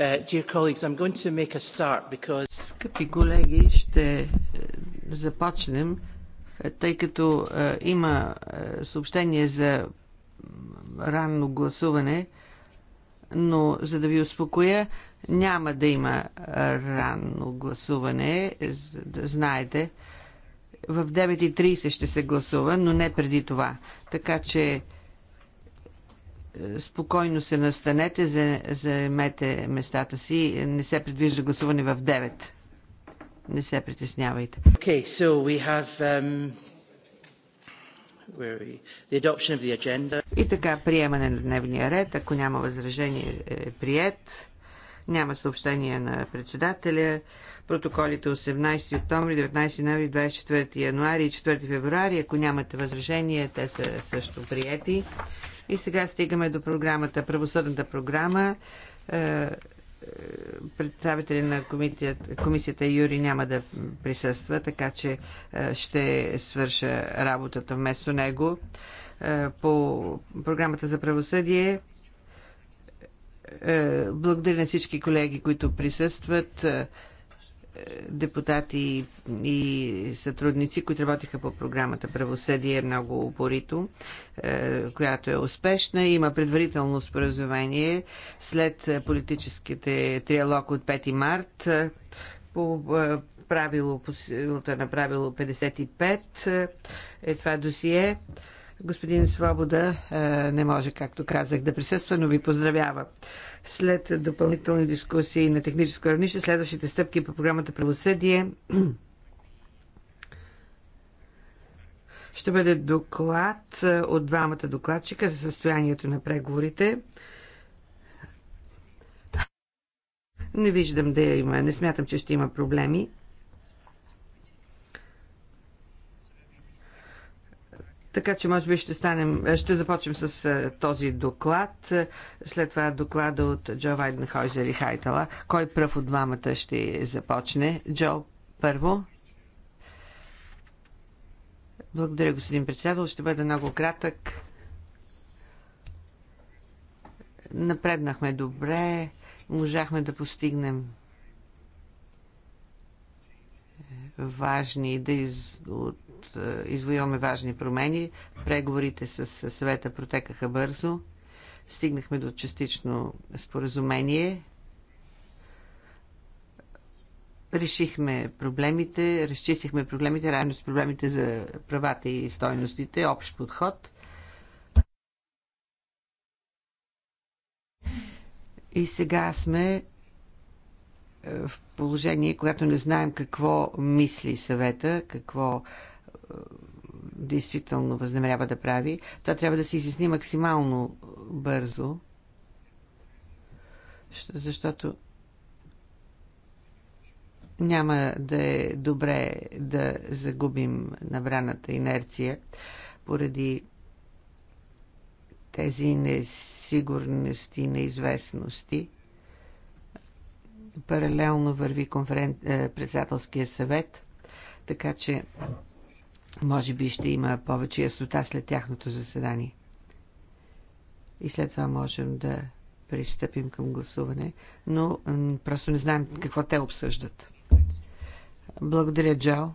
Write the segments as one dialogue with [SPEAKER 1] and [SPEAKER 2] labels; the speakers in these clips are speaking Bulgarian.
[SPEAKER 1] Uh, Скъпи колеги, ще е,
[SPEAKER 2] започнем, е, тъй като е, има съобщение за ранно гласуване, но за да ви успокоя, няма да има ранно гласуване, да знаете. В 9.30 ще се гласува, но не преди това. Така че спокойно се настанете, заемете местата си. Не се предвижда гласуване в 9. Не се притеснявайте.
[SPEAKER 1] Okay, so we have, um...
[SPEAKER 2] И така, приемане на дневния ред, ако няма възражение, е, е прият. Няма съобщение на председателя. Протоколите 18 октомври, 19 ноември, 24 януари и 4 февруари. Ако нямате възражение, те са също прияти. И сега стигаме до програмата, правосъдната програма. Е, е, представители на комисията, комисията Юри няма да присъства, така че е, ще свърша работата вместо него. По програмата за правосъдие благодаря на всички колеги, които присъстват депутати и сътрудници, които работиха по програмата Правосъдие е много упорито, е, която е успешна. Има предварително споразумение след политическите триалог от 5 март е, по правило, по силата на правило 55 е това досие. Господин Свобода не може, както казах, да присъства, но ви поздравява. След допълнителни дискусии на техническо равнище, следващите стъпки по програмата правосъдие ще бъде доклад от двамата докладчика за състоянието на преговорите. Не виждам да има, не смятам, че ще има проблеми. Така че може би ще, станем, е, ще започнем с е, този доклад. Е, след това доклада от Джо Вайденхойзер и Хайтала. Кой пръв от двамата ще започне? Джо, първо. Благодаря, господин председател. Ще бъда много кратък. Напреднахме добре. Можахме да постигнем важни, да из... от е, извоюваме важни промени. Преговорите с съвета протекаха бързо. Стигнахме до частично споразумение. Решихме проблемите, разчистихме проблемите, равно с проблемите за правата и стойностите, общ подход. И сега сме е, в положение, когато не знаем какво мисли съвета, какво действително възнамерява да прави. Това трябва да се изясни максимално бързо, защото няма да е добре да загубим набраната инерция поради тези несигурности, неизвестности. Паралелно върви конферен... Е, председателския съвет, така че може би ще има повече яснота след тяхното заседание. И след това можем да пристъпим към гласуване, но просто не знаем какво те обсъждат. Благодаря, Джо.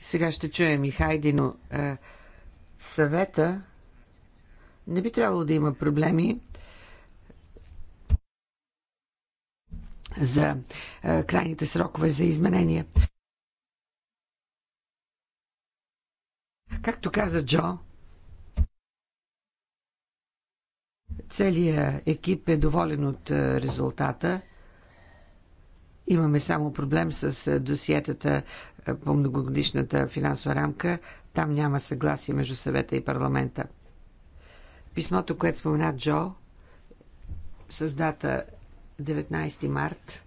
[SPEAKER 2] Сега ще чуем и Хайди, но е, съвета не би трябвало да има проблеми за е, крайните срокове за изменения. Както каза Джо, целият екип е доволен от е, резултата. Имаме само проблем с е, досиетата е, по многогодишната финансова рамка. Там няма съгласие между съвета и парламента. Писмото, което спомена Джо, с дата 19 март,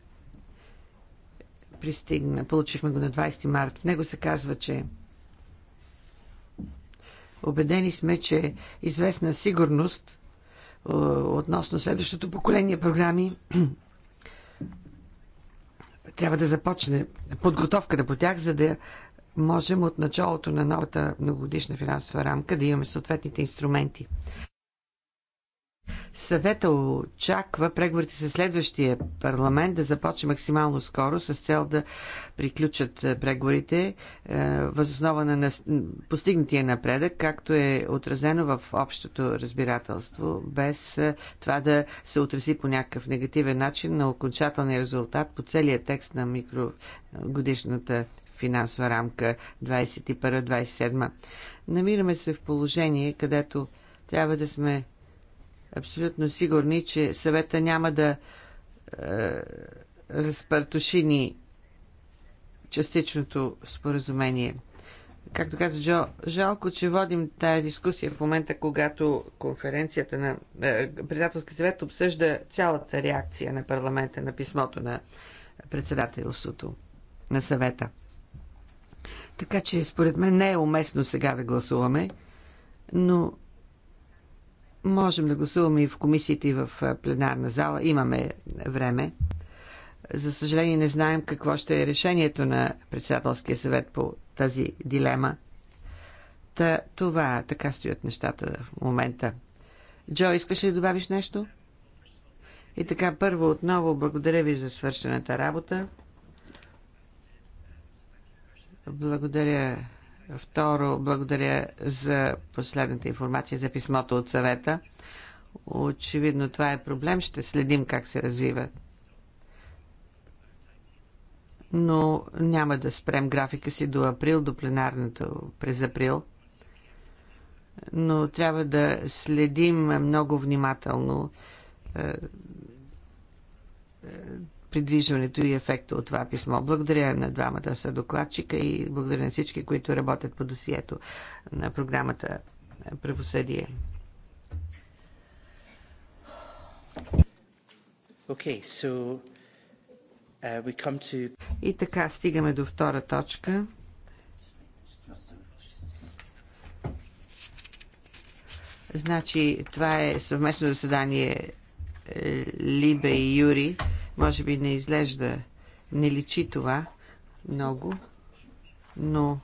[SPEAKER 2] пристигна, получихме го на 20 март. В него се казва, че Обедени сме, че известна сигурност е, относно следващото поколение програми трябва да започне подготовката по тях, за да можем от началото на новата многогодишна финансова рамка да имаме съответните инструменти. Съвета очаква преговорите с следващия парламент да започне максимално скоро с цел да приключат преговорите е, възоснова на постигнатия напредък, както е отразено в общото разбирателство, без е, това да се отрази по някакъв негативен начин на окончателния резултат по целия текст на микрогодишната финансова рамка 21-27. Намираме се в положение, където трябва да сме абсолютно сигурни, че съвета няма да е, ни частичното споразумение. Както каза Джо, жалко, че водим тая дискусия в момента, когато конференцията на е, председателски съвет обсъжда цялата реакция на парламента на писмото на председателството на съвета. Така че, според мен, не е уместно сега да гласуваме, но Можем да гласуваме и в комисиите, и в пленарна зала. Имаме време. За съжаление не знаем какво ще е решението на председателския съвет по тази дилема. Та, това, така стоят нещата в момента. Джо, искаш ли да добавиш нещо? И така, първо отново благодаря ви за свършената работа. Благодаря Второ, благодаря за последната информация за писмото от съвета. Очевидно това е проблем. Ще следим как се развива. Но няма да спрем графика си до април, до пленарното през април. Но трябва да следим много внимателно е, е, придвижването и ефекта от това писмо. Благодаря на двамата са докладчика и благодаря на всички, които работят по досието на програмата Правосъдие.
[SPEAKER 1] Okay, so, uh, we come to...
[SPEAKER 2] И така стигаме до втора точка. Значи, това е съвместно заседание е, Либе и Юри може би не изглежда, не личи това много, но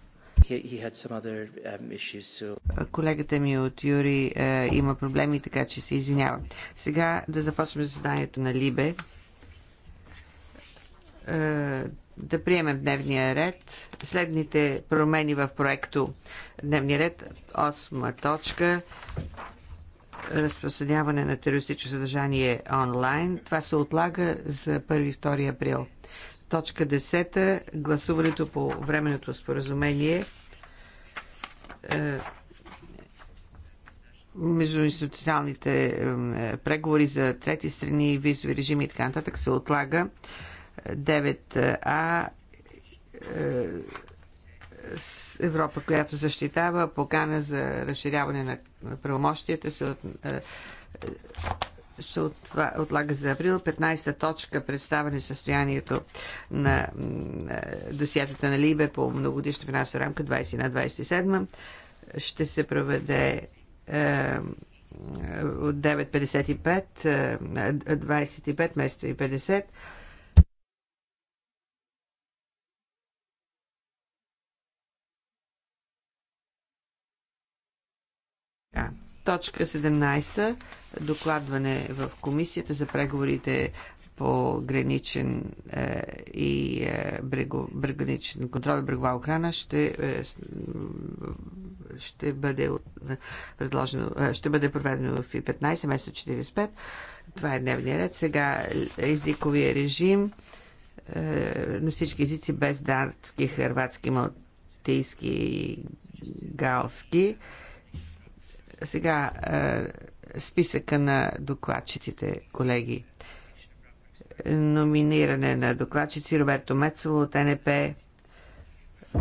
[SPEAKER 1] um,
[SPEAKER 2] Колегата ми от Юри е, има проблеми, така че се извинявам. Сега да започнем заседанието на Либе. Е, да приемем дневния ред. Следните промени в проекто дневния ред. Осма точка разпространяване на терористично съдържание онлайн. Това се отлага за 1-2 април. Точка 10. Гласуването по временното споразумение е, между институционалните е, преговори за трети страни, визови режими и така нататък се отлага. 9А Европа, която защитава, покана за разширяване на правомощията се от, е, се отлага за април. 15-та точка представане състоянието на е, досиятата на Либе по многодишна финансова рамка 21-27. Ще се проведе е, от 9.55, 25 место и 50. Точка 17. Докладване в комисията за преговорите по граничен е, и е, брего, граничен контрол и брегова охрана ще, е, ще бъде предложено, е, ще бъде проведено в 15 место 45. Това е дневния ред. Сега езиковия режим е, на всички езици без датски, хърватски, малтийски и галски. Сега е, списъка на докладчиците, колеги. Номиниране на докладчици Роберто Мецело от НП.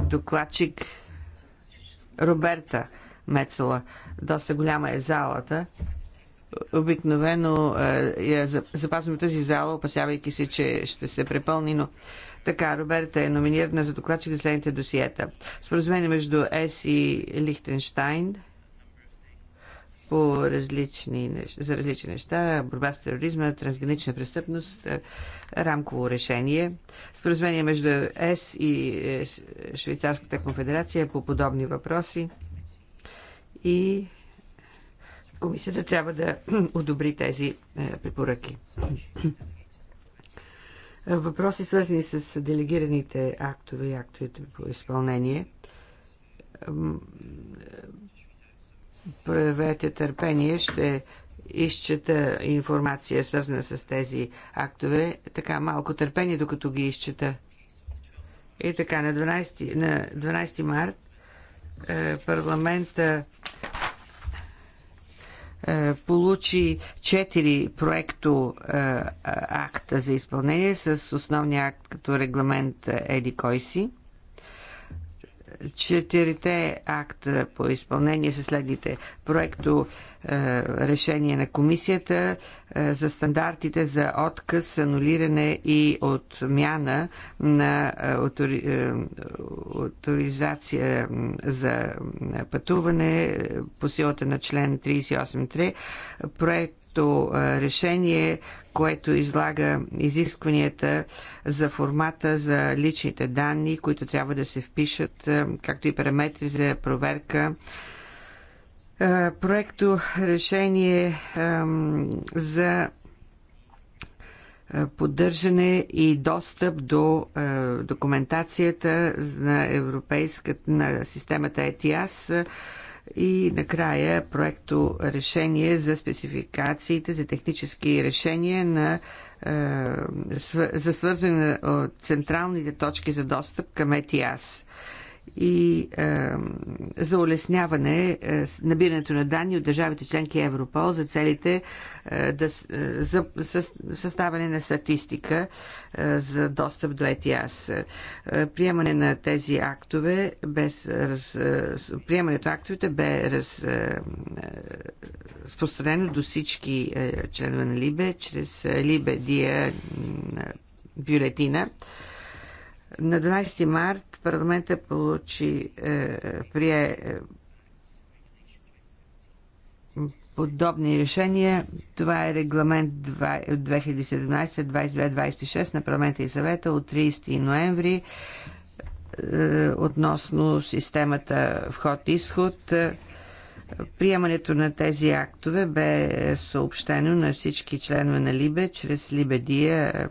[SPEAKER 2] Докладчик Роберта Мецела. Доста голяма е залата. Обикновено е, запазваме тази зала, опасявайки се, че ще се препълни, но така, Роберта е номинирана за докладчик за следните досиета. Споразумение между ЕС и Лихтенштайн – по различни, неща, за различни неща, борба с тероризма, трансгранична престъпност, е, рамково решение. Споразумение между ЕС и е, Швейцарската конфедерация по подобни въпроси. И комисията трябва да одобри тези е, препоръки. Въпроси свързани с делегираните актове и актовете по изпълнение проявете търпение, ще изчета информация, свързана с тези актове. Така, малко търпение, докато ги изчета. И така, на 12, на 12 март е, парламента е, получи 4 проекто е, акта за изпълнение с основния акт като регламент Еди Койси четирите акта по изпълнение са следните. Проекто е, решение на комисията е, за стандартите за отказ, анулиране и отмяна на е, е авторизация за пътуване е, по силата на член 38.3. Проект като решение, което излага изискванията за формата за личните данни, които трябва да се впишат, както и параметри за проверка проекто решение за поддържане и достъп до документацията на европейската на системата ETIAS и накрая проекто решение за спецификациите за технически решения на е, за свързване на е, централните точки за достъп към ETIAS и е, за улесняване е, набирането на данни от държавите членки Европол за целите е, да, е, за със, съставане на статистика е, за достъп до ЕТИАС. Е, приемане на тези актове без раз, е, приемането на актовете бе раз, е, разпространено до всички е, членове на Либе чрез е, Либе Дия бюлетина. На 12 март Парламента получи, е, прие е, подобни решения. Това е регламент 2017-2226 на парламента и съвета от 30 ноември е, относно системата вход-изход. Приемането на тези актове бе съобщено на всички членове на Либе чрез Либедия е,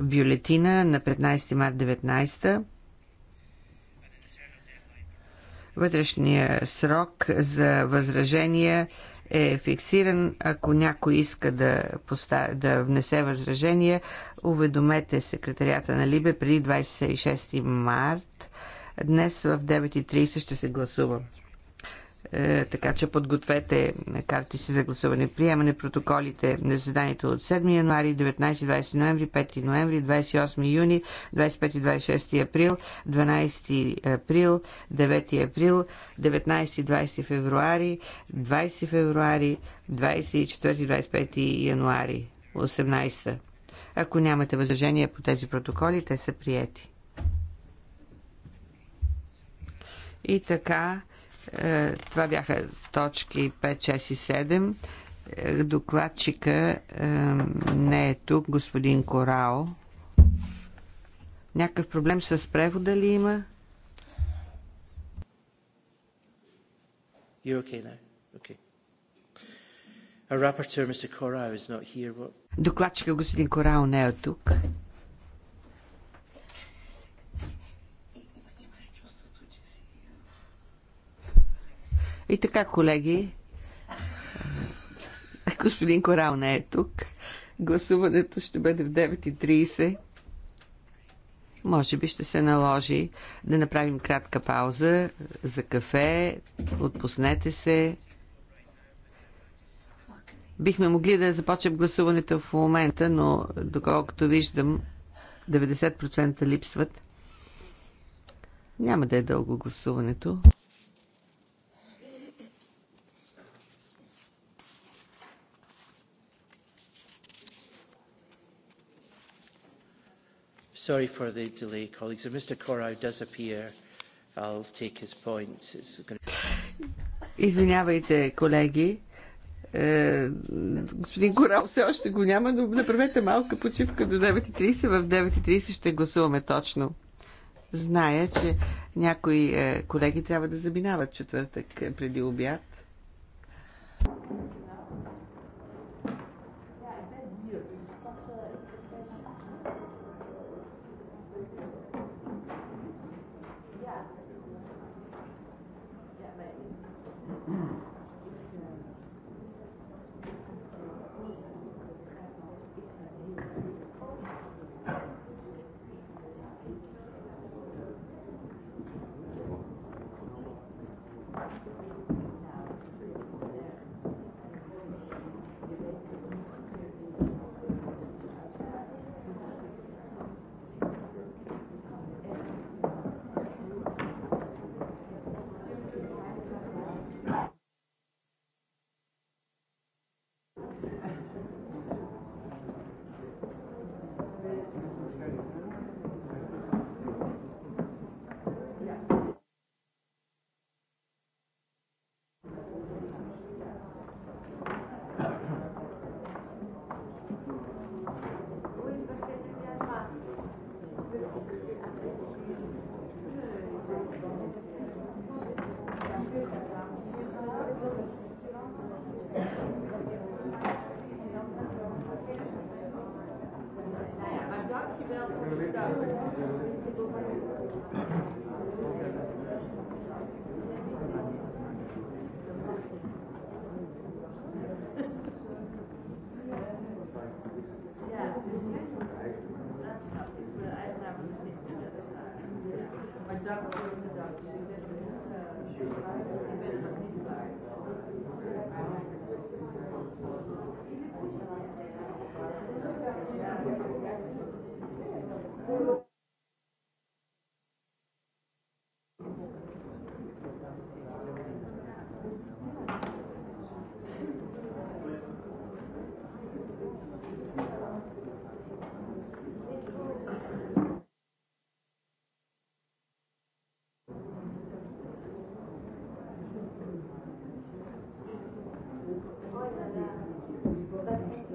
[SPEAKER 2] бюлетина на 15 марта 19 Вътрешния срок за възражения е фиксиран. Ако някой иска да, постав... да внесе възражение, уведомете секретарията на Либе преди 26 март. Днес в 9.30 ще се гласува. Е, така че подгответе карти си за гласуване. Приемане протоколите на заседанието от 7 януари, 19-20 ноември, 5 ноември, 28 юни, 25-26 април, 12 април, 9 април, 19-20 февруари, 20 февруари, 24-25 януари, 18. Ако нямате възражения по тези протоколи, те са приети. И така, е, това бяха точки 5, 6 и 7 е, докладчика е, не е тук, господин Корао. Някакъв проблем с превода ли има?
[SPEAKER 1] You're okay now. Okay. rapporteur, Mr. Corral, is not here. What...
[SPEAKER 2] Докладчика господин Корао не е тук. И така, колеги, господин Корал не е тук. Гласуването ще бъде в 9.30. Може би ще се наложи да направим кратка пауза за кафе. Отпуснете се. Бихме могли да започнем гласуването в момента, но доколкото виждам, 90% липсват. Няма да е дълго гласуването.
[SPEAKER 1] Sorry for the delay, colleagues. If Mr. Corrow does appear, I'll take his point. It's
[SPEAKER 2] Извинявайте, колеги. Е, господин Корал все още го няма, но направете малка почивка до 9.30. В 9.30 ще гласуваме точно. Зная, че някои е, колеги трябва да заминават четвъртък е, преди обяд.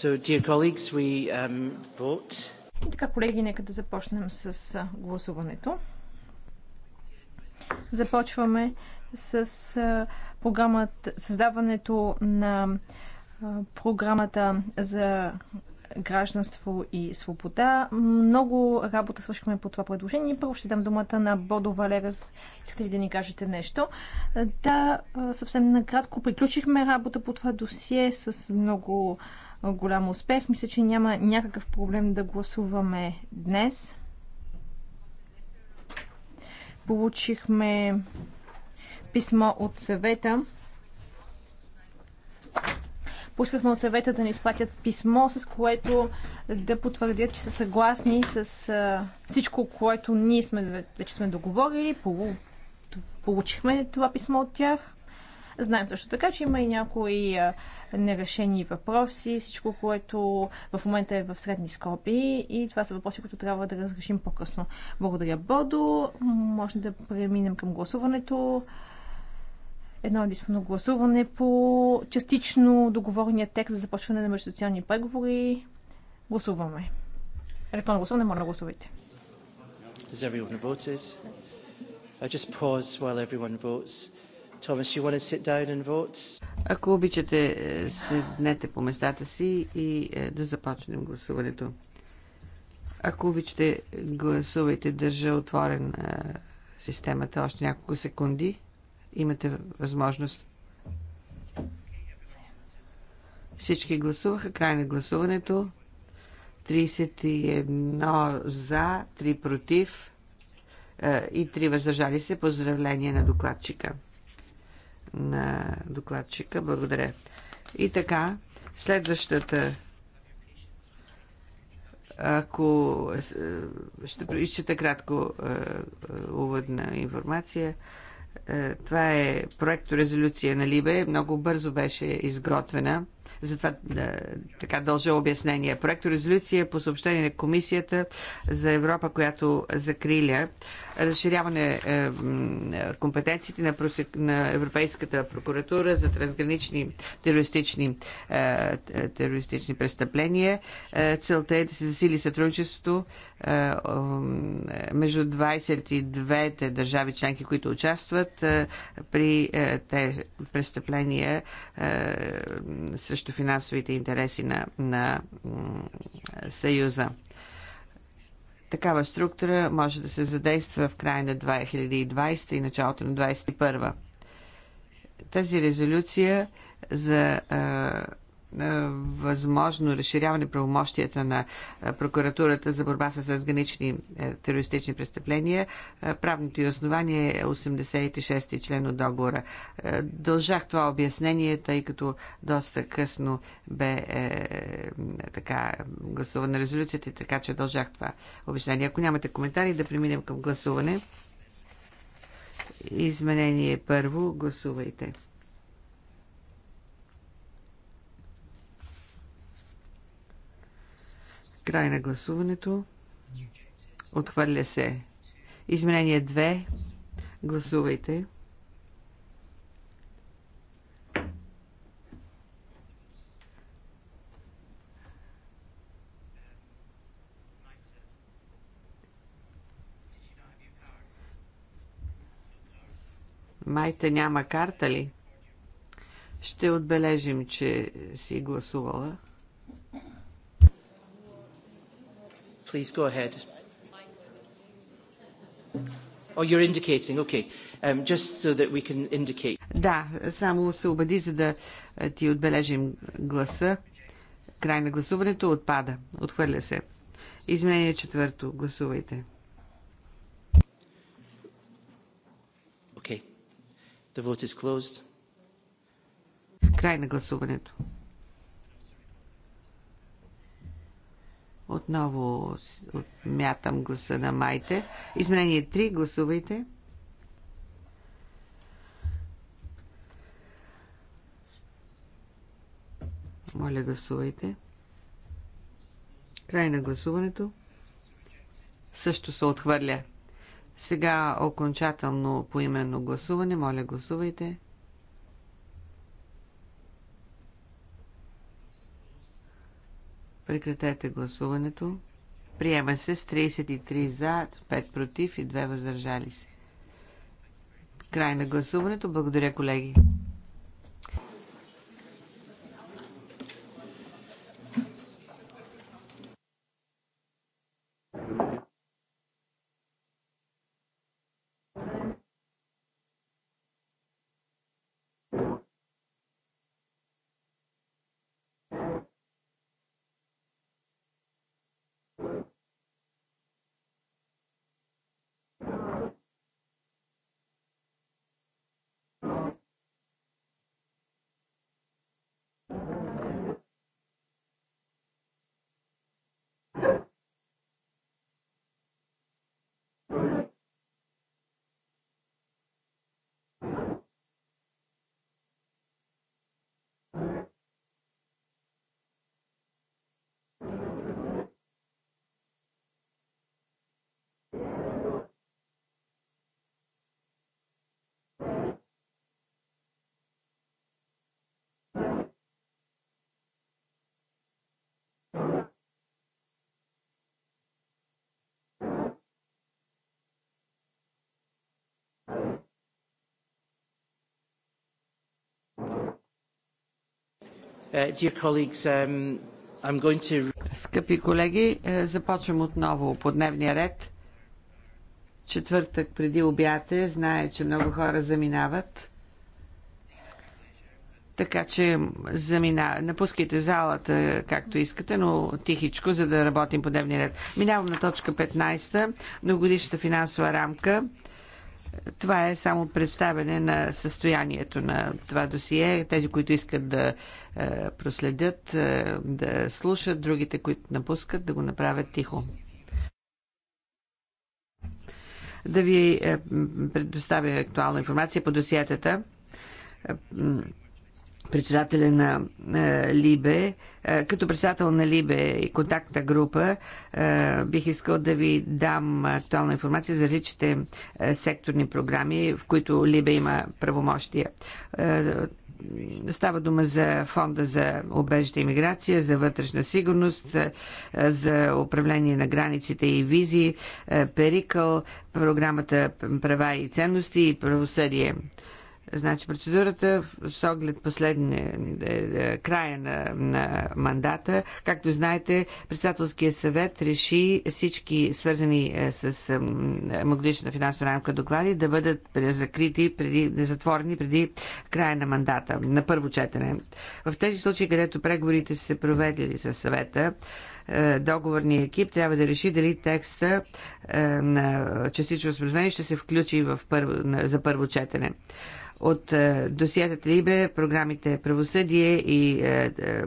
[SPEAKER 1] So, dear colleagues, we um, vote.
[SPEAKER 3] И така, колеги, нека да започнем с гласуването. Започваме с програмата, създаването на програмата за гражданство и свобода. Много работа свършихме по това предложение. Първо ще дам думата на Бодо Валера. Искате ли да ни кажете нещо? Да, съвсем накратко приключихме работа по това досие с много голям успех. Мисля, че няма някакъв проблем да гласуваме днес. Получихме писмо от съвета. Пускахме от съвета да ни изплатят писмо, с което да потвърдят, че са съгласни с всичко, което ние сме, вече сме договорили. Получихме това писмо от тях. Знаем също така, че има и някои нерешени въпроси, всичко, което в момента е в средни скоби и това са въпроси, които трябва да разрешим по-късно. Благодаря, Бодо. Може да преминем към гласуването едно единствено гласуване по частично договорения текст за започване на междусоциални преговори. Гласуваме. Електронно гласуване, моля да гласувайте.
[SPEAKER 1] Has everyone voted? I just pause while everyone votes. Thomas, you want to sit down and vote?
[SPEAKER 2] Ако обичате, е, седнете по местата си и е, да започнем гласуването. Ако обичате, гласувайте, държа отворен е, системата още няколко секунди. Имате възможност. Всички гласуваха. Край на гласуването. 31 за, 3 против и 3 въздържали се. Поздравление на докладчика на докладчика. Благодаря. И така, следващата ако е, ще изчета кратко е, е, уводна информация. Това е проект резолюция на Либе. Много бързо беше изготвена. Затова така дължа обяснение. Проект резолюция по съобщение на Комисията за Европа, която закриля разширяване е, компетенциите на, Европейската прокуратура за трансгранични терористични, е, терористични престъпления. Е, целта е да се засили сътрудничеството между 22-те държави членки, които участват при те престъпления срещу финансовите интереси на, на Съюза. Такава структура може да се задейства в края на 2020 и началото на 2021. Тази резолюция за е, възможно разширяване правомощията на е, прокуратурата за борба с разгранични е, терористични престъпления. Правното и основание е 86 член от договора. Дължах това обяснение, тъй като доста късно бе е, така гласувана резолюцията, така че дължах това обяснение. Ако нямате коментари, да преминем към гласуване. Изменение първо. Гласувайте. Край на гласуването. Отхвърля се. Изменение 2. Гласувайте. Майте няма карта ли? Ще отбележим, че си гласувала.
[SPEAKER 1] Please go ahead. Oh, you're indicating, okay. Um, just so that we can indicate.
[SPEAKER 2] Да, само се убеди, за да е, ти отбележим гласа. Край на гласуването отпада. Отхвърля се. Изменение четвърто. Гласувайте.
[SPEAKER 1] Okay. The vote is closed.
[SPEAKER 2] Край на гласуването. Отново отмятам гласа на майте. Изменение 3. Гласувайте. Моля, гласувайте. Край на гласуването. Също се отхвърля. Сега окончателно поименно гласуване. Моля, гласувайте. Прекратете гласуването. Приема се с 33 за, 5 против и 2 въздържали се. Край на гласуването. Благодаря, колеги.
[SPEAKER 1] Uh, um,
[SPEAKER 2] Скъпи колеги, е, започвам отново по дневния ред. Четвъртък преди обяд е, знае, че много хора заминават. Така че замина... напускайте залата както искате, но тихичко, за да работим по дневния ред. Минавам на точка 15, многогодишната финансова рамка. Това е само представене на състоянието на това досие. Тези, които искат да е, проследят, е, да слушат, другите, които напускат, да го направят тихо. Да ви е, предоставя актуална информация по досиетата председателя на е, Либе, е, като председател на Либе и контактна група, е, бих искал да ви дам актуална информация за различните е, секторни програми, в които Либе има правомощия. Е, Става дума за фонда за обежда и миграция, за вътрешна сигурност, е, за управление на границите и визи, е, Перикъл, програмата права и ценности и правосъдие. Значи процедурата с оглед последния е, е, края на, на мандата, както знаете, председателския съвет реши всички свързани е, с многодишната финансова рамка доклади да бъдат закрити, преди, затворени преди края на мандата, на първо четене. В тези случаи, където преговорите са се проведели със съвета, договорния екип трябва да реши дали текста на частично споразумение ще се включи в първо, за първо четене от е, досиетата Либе, програмите правосъдие и е, е,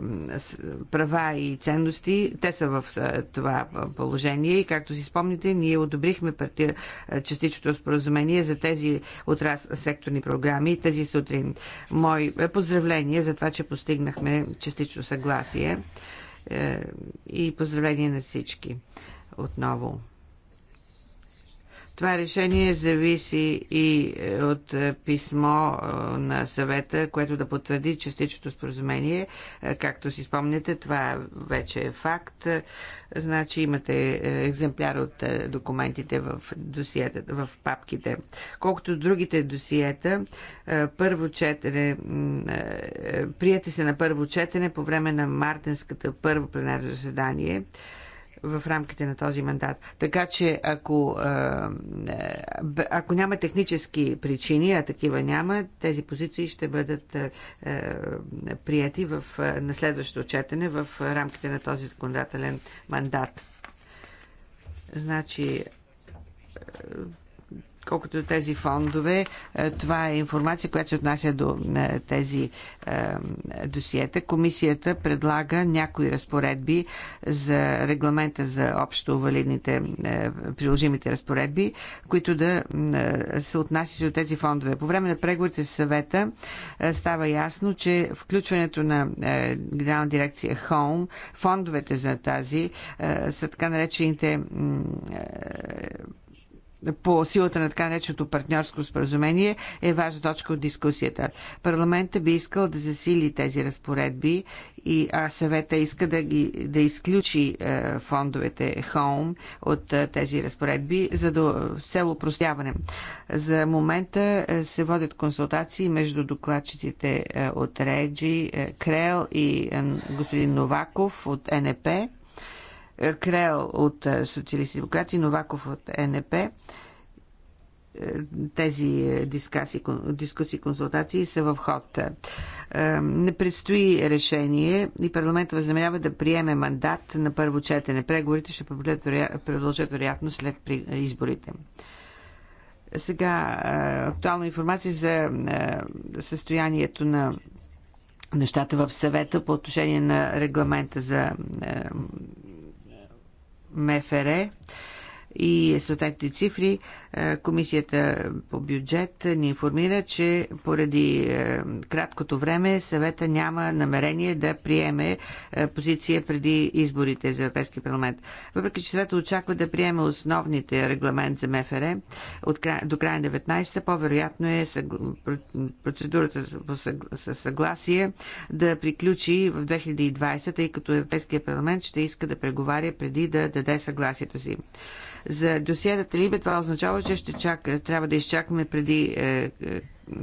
[SPEAKER 2] права и ценности. Те са в това положение и както си спомните, ние одобрихме партия, частичното споразумение за тези отрас секторни програми Тези сутрин. Мой поздравление за това, че постигнахме частично съгласие и поздравление на всички отново. Това решение зависи и е, от е, писмо е, на съвета, което да потвърди частичното споразумение. Както си спомняте, това вече е факт. Значи имате екземпляр от документите в досиета, в папките. Колкото другите досиета, първо четене, прияте се на първо четене по време на мартенската първо пленарно заседание в рамките на този мандат. Така че ако, ако няма технически причини, а такива няма, тези позиции ще бъдат прияти в, на следващото четене в рамките на този законодателен мандат. Значи, Колкото тези фондове, е, това е информация, която се отнася до е, тези е, досиета. Комисията предлага някои разпоредби за регламента за общо валидните приложимите разпоредби, които да се отнасят до тези фондове. По време на преговорите с съвета става ясно, че включването на генерална дирекция Home, фондовете за тази са така наречените по силата на така нареченото партньорско споразумение е важна точка от дискусията. Парламентът би искал да засили тези разпоредби, и, а съвета иска да, ги, да изключи е, фондовете Home от е, тези разпоредби за да, цело простяване. За момента е, се водят консултации между докладчиците е, от Реджи, е, Крел и е, господин Новаков от НП Крел от е, Социалисти демократи, Новаков от НП. Е, тези е, дискусии, дискусии, консултации са в ход. Не предстои решение и парламентът възнамерява да приеме мандат на първо четене. Преговорите ще продължат вероятно след изборите. Сега актуална информация за състоянието на нещата в съвета по отношение на регламента за МФР и съответните цифри, е, Комисията по бюджет ни информира, че поради е, краткото време съвета няма намерение да приеме е, позиция преди изборите за Европейски парламент. Въпреки, че съвета очаква да приеме основните регламент за МФР до края на 19-та, по-вероятно е процедурата с съгласие да приключи в 2020, тъй като Европейския парламент ще иска да преговаря преди да даде съгласието си. За досиетата Либе това означава, че ще чак, трябва да изчакаме преди е, е,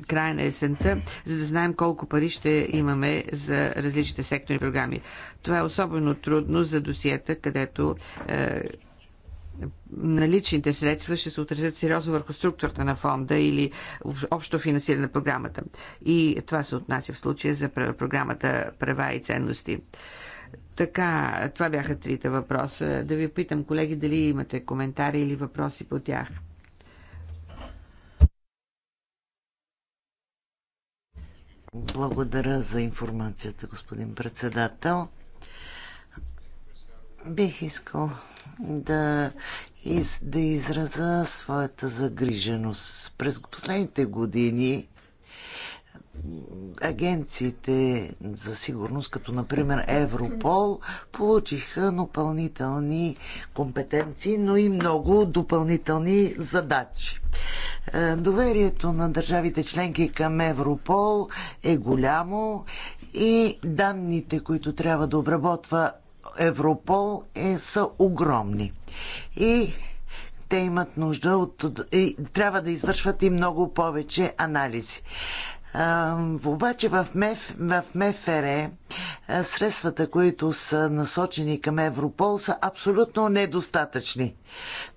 [SPEAKER 2] края на есента, за да знаем колко пари ще имаме за различните секторни програми. Това е особено трудно за досиета, където е, наличните средства ще се отразят сериозно върху структурата на фонда или общо финансиране на програмата. И това се отнася в случая за програмата права и ценности. Така, това бяха трите въпроса. Да ви питам, колеги, дали имате коментари или въпроси по
[SPEAKER 4] тях. Благодаря за информацията, господин председател. Бих искал да, из, да израза своята загриженост. През последните години агенциите за сигурност, като например Европол, получиха допълнителни компетенции, но и много допълнителни задачи. Е, доверието на държавите членки към Европол е голямо и данните, които трябва да обработва Европол е, са огромни. И те имат нужда от... И трябва да извършват и много повече анализи. Обаче в, МЕФ, в а, средствата, които са насочени към Европол, са абсолютно недостатъчни.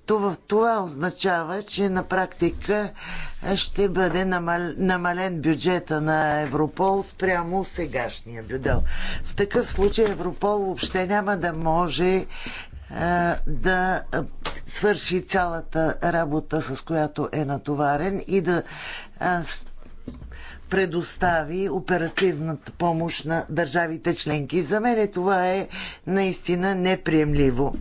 [SPEAKER 4] Това, това означава, че на практика ще бъде намал, намален бюджета на Европол спрямо сегашния бюдел. В такъв случай Европол въобще няма да може да свърши цялата работа, с която е натоварен и да предостави оперативната помощ на държавите членки. За мен това е наистина неприемливо.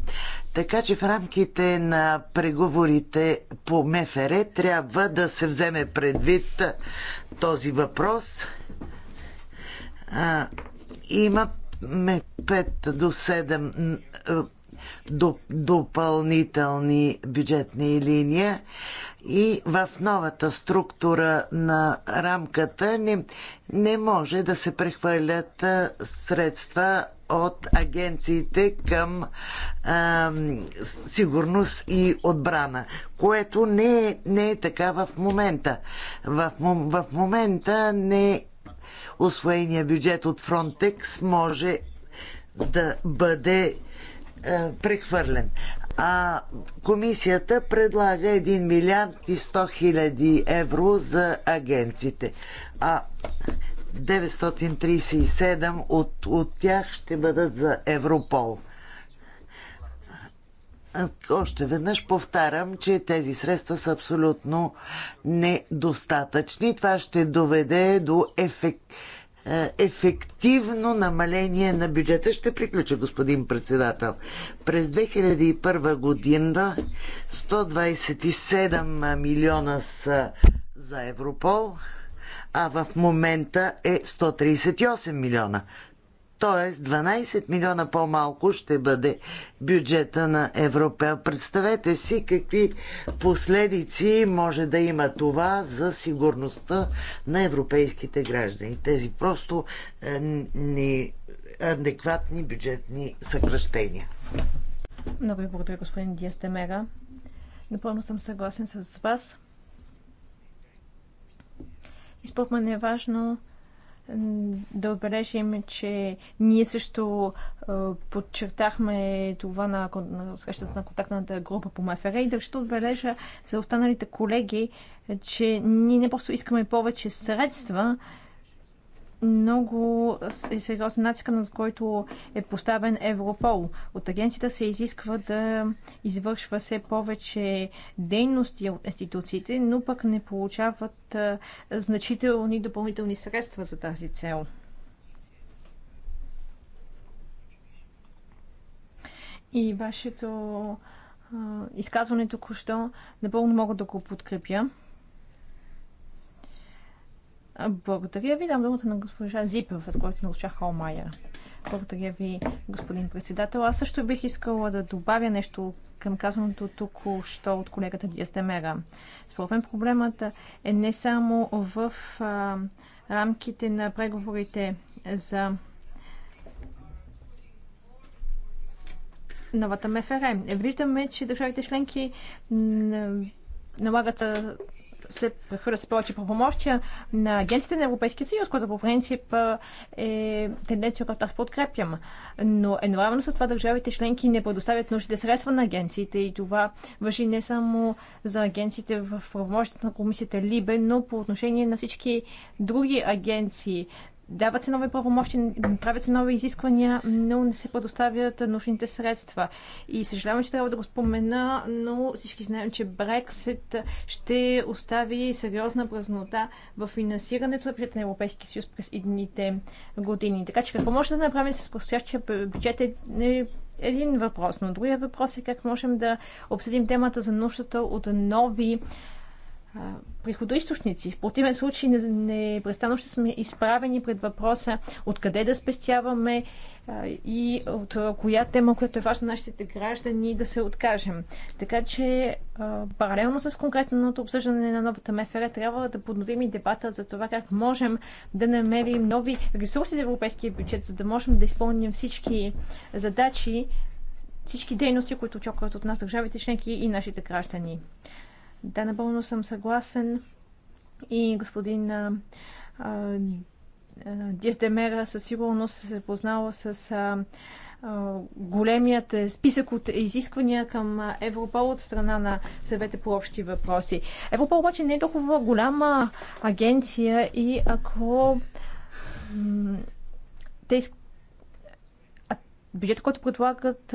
[SPEAKER 4] Така че в рамките на преговорите по МФР трябва да се вземе предвид този въпрос. А, има 5 до 7 е, допълнителни бюджетни линия и в новата структура на рамката не, не може да се прехвърлят средства от агенциите към а, сигурност и отбрана, което не е, не е така в момента. В, в момента не освоения бюджет от Фронтекс може да бъде а, прехвърлен а комисията предлага 1 милиард и 100 хиляди евро за агенците. А 937 от, от тях ще бъдат за Европол. Още веднъж повтарям, че тези средства са абсолютно недостатъчни. Това ще доведе до ефект е, ефективно намаление на бюджета. Ще приключа, господин председател. През 2001 година 127 милиона са за Европол, а в момента е 138 милиона. Тоест 12 милиона по-малко ще бъде бюджета на Европа. Представете си какви последици може да има това за сигурността на европейските граждани. Тези просто е, адекватни бюджетни съкръщения.
[SPEAKER 3] Много ви благодаря, господин Диастемега. Напълно съм съгласен с вас. Изпълнен е важно да отбележим, че ние също подчертахме това на, на срещата на контактната група по МФР и да ще отбележа за останалите колеги, че ние не просто искаме повече средства, много е сериозен натиск, над който е поставен Европол. От агенцията се изисква да извършва все повече дейности от институциите, но пък не получават значителни допълнителни средства за тази цел. И вашето изказване току-що напълно мога да го подкрепя. Благодаря ви. Дам думата на госпожа Зипев, от който науча Холмайер. Благодаря ви, господин председател. Аз също бих искала да добавя нещо към казаното тук, що от колегата Диастемера. Според мен проблемът е не само в а, рамките на преговорите за новата МФР. Виждаме, че държавите членки налагат се прехвърля се повече правомощия на агенцията на Европейския съюз, което по принцип е тенденция, която аз подкрепям. Но едновременно с това държавите членки не предоставят нужните средства на агенциите и това въжи не само за агенциите в правомощията на комисията Либе, но по отношение на всички други агенции дават се нови правомощи, правят се нови изисквания, но не се предоставят нужните средства. И съжалявам, че трябва да го спомена, но всички знаем, че Брексит ще остави сериозна празнота в финансирането на бюджета на Европейския съюз през идните години. Така че какво може да направим с предстоящия бюджет е един въпрос, но другия въпрос е как можем да обсъдим темата за нуждата от нови приходоисточници. В противен случай непрестанно ще сме изправени пред въпроса откъде да спестяваме и от коя тема, която е важна нашите граждани, да се откажем. Така че, паралелно с конкретното обсъждане на новата МФР, трябва да подновим и дебата за това как можем да намерим нови ресурси за европейския бюджет, за да можем да изпълним всички задачи, всички дейности, които очакват от нас държавите членки и нашите граждани. Да, напълно съм съгласен. И господин а, а, Диздемера със сигурност се е познава с а, големият е, списък от изисквания към Европол от страна на съвета по общи въпроси. Европол обаче не е толкова голяма агенция и ако те бюджетът, който предлагат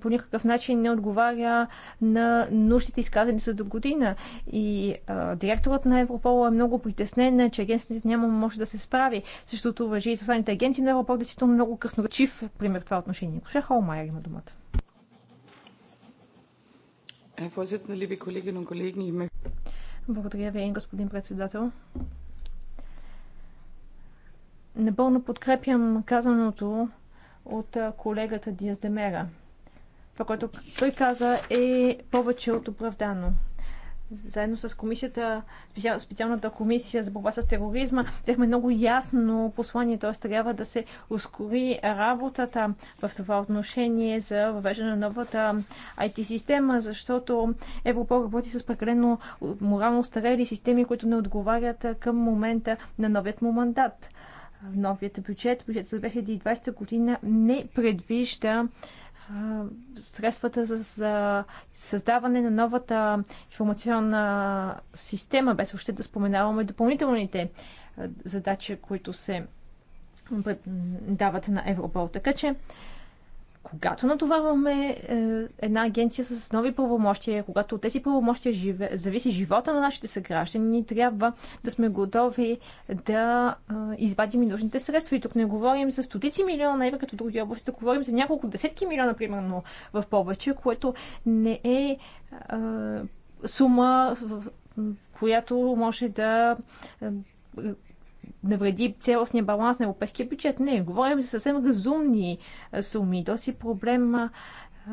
[SPEAKER 3] по никакъв начин не отговаря на нуждите изказани за до година. И а, директорът на Европол е много притеснен, че агенцията няма може да се справи. Същото въжи и за агенти агенции на Европол, действително много красноречив пример в това отношение. Коша Холмайер има думата.
[SPEAKER 2] Е,
[SPEAKER 3] Благодаря ви, господин председател. Напълно подкрепям казаното от колегата Диаздемера. Това, което той каза, е повече от оправдано заедно с комисията, специалната комисия за борба с тероризма, взехме много ясно послание, т.е. трябва да се ускори работата в това отношение за въвеждане на новата IT-система, защото Европол работи с прекалено морално старели системи, които не отговарят към момента на новият му мандат новият бюджет, бюджет за 2020 година, не предвижда средствата за, за създаване на новата информационна система, без още да споменаваме допълнителните задачи, които се дават на Европол. Така че когато натоварваме е, една агенция с нови правомощия, когато от тези правомощия живе, зависи живота на нашите съграждани, трябва да сме готови да е, извадим и нужните средства. И тук не говорим за стотици милиона евро, като други области, тук говорим за няколко десетки милиона, примерно, в повече, което не е, е сума, която може да навреди цялостния баланс на европейския бюджет. Не, говорим за съвсем разумни суми. Този проблем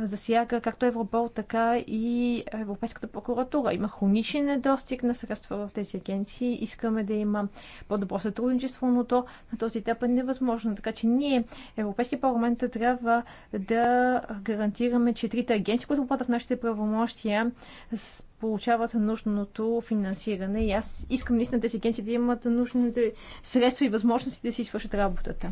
[SPEAKER 3] засяга както Европол, така и Европейската прокуратура. Има хроничен недостиг на средства в тези агенции. Искаме да има по-добро сътрудничество, но то на този етап е невъзможно. Така че ние, Европейския парламент, трябва да гарантираме, че трите агенции, които попадат в нашите правомощия, получават нужното финансиране. И аз искам наистина тези агенции да имат нужните средства и възможности да си свършат работата.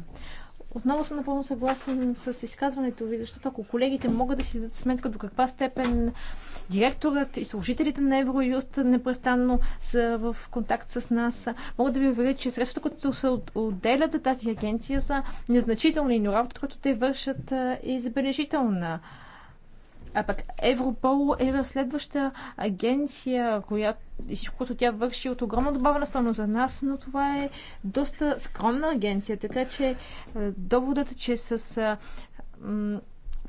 [SPEAKER 3] Отново съм напълно съгласен с изказването ви, защото ако колегите могат да си дадат сметка до каква степен директорът и служителите на Евроюст непрестанно са в контакт с нас, могат да ви уверят, че средствата, които се отделят за тази агенция са незначителни, но работата, която те вършат е забележителна. А пък Европол е разследваща агенция, която и всичко, което тя върши е от огромна добавена стойност за нас, но това е доста скромна агенция, така че е, доводът, че с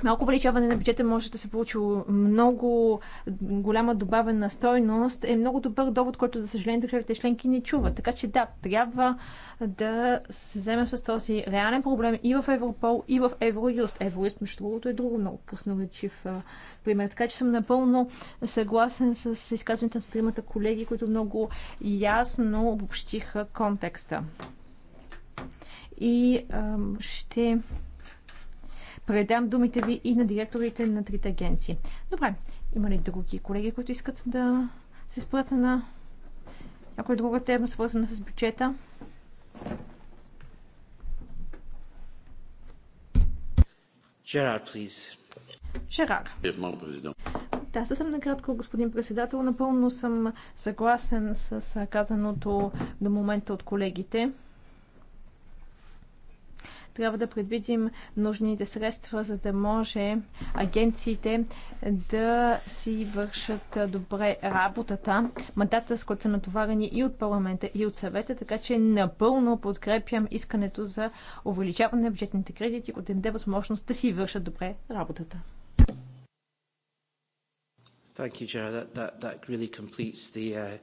[SPEAKER 3] малко увеличаване на бюджета може да се получи много голяма добавена стойност, е много добър довод, който, за съжаление, държавите членки не чуват. Така че да, трябва да се вземем с този реален проблем и в Европол, и в Евроюст. Евроюст, между другото, е друго много красноречив пример. Така че съм напълно съгласен с изказването на тримата колеги, които много ясно обобщиха контекста. И ам, ще предам думите ви и на директорите на трите агенции. Добре, има ли други колеги, които искат да се спрат на някоя друга тема, свързана с бюджета?
[SPEAKER 1] Жерар, please.
[SPEAKER 3] Жерар. Да, съвсем накратко, господин председател. Напълно съм съгласен с казаното до момента от колегите. Трябва да предвидим нужните средства, за да може агенциите да си вършат добре работата, мандата, с който са натоварени и от парламента, и от съвета, така че напълно подкрепям искането за увеличаване на бюджетните кредити, от им даде възможност да си вършат добре работата.
[SPEAKER 1] Thank you, Jara. That, that, that really completes the, uh,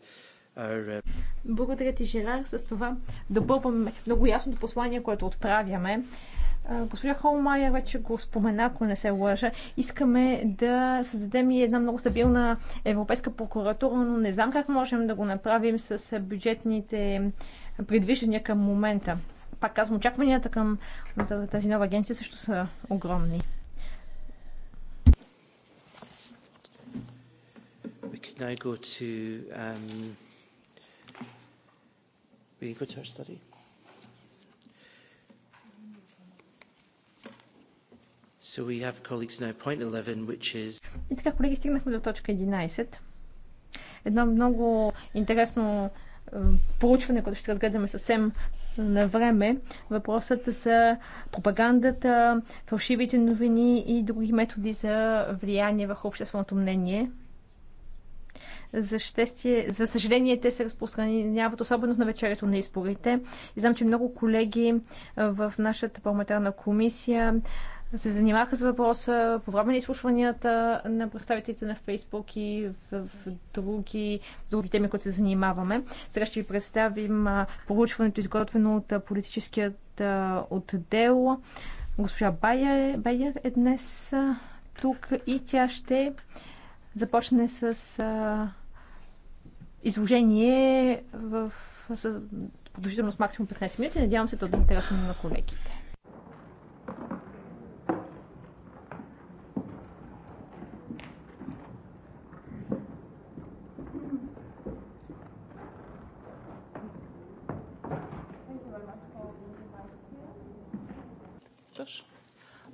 [SPEAKER 3] благодаря ти, Жерар. С това допълваме много ясното послание, което отправяме. Госпожа Холмайер вече го спомена, ако не се лъжа. Искаме да създадем и една много стабилна европейска прокуратура, но не знам как можем да го направим с бюджетните предвиждания към момента. Пак казвам, очакванията към тази нова агенция също са огромни.
[SPEAKER 1] We now go to um, be eager to study. So we have colleagues now point 11, which is...
[SPEAKER 3] И така, колеги, стигнахме до точка 11. Едно много интересно е, проучване, което ще разгледаме съвсем на време. Въпросът за пропагандата, фалшивите новини и други методи за влияние върху общественото мнение – за, щастие, за съжаление, те се разпространяват, особено на вечерято на изборите. И знам, че много колеги в нашата парламентарна комисия се занимаха с въпроса по време на изслушванията на представителите на Фейсбук и в, в други, други теми, които се занимаваме. Сега ще ви представим проучването, изготвено от политическият отдел. Госпожа Байер, Байер е днес тук и тя ще започне с а, изложение в, с продължителност максимум 15 минути. Надявам се то да е интересно на колегите.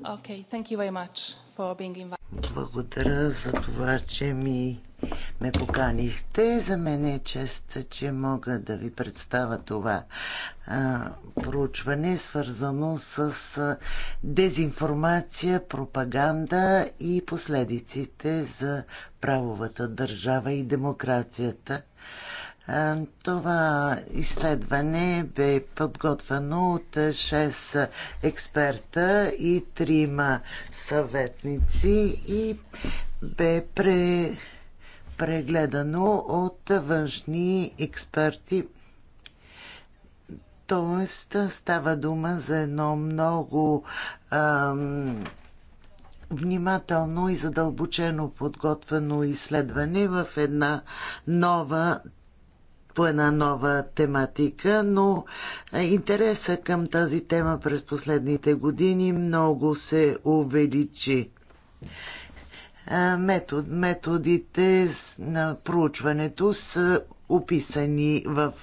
[SPEAKER 3] Okay, thank you very much for being invited.
[SPEAKER 4] Благодаря за това, че ми ме поканихте. За мен е чест, че мога да ви представя това а, проучване, свързано с а, дезинформация, пропаганда и последиците за правовата държава и демокрацията. Е, това изследване бе подготвено от 6 експерта и 3 съветници и бе пре, прегледано от външни експерти. Тоест става дума за едно много ам, внимателно и задълбочено подготвено изследване в една нова по една нова тематика, но интереса към тази тема през последните години много се увеличи. Метод, методите на проучването са описани в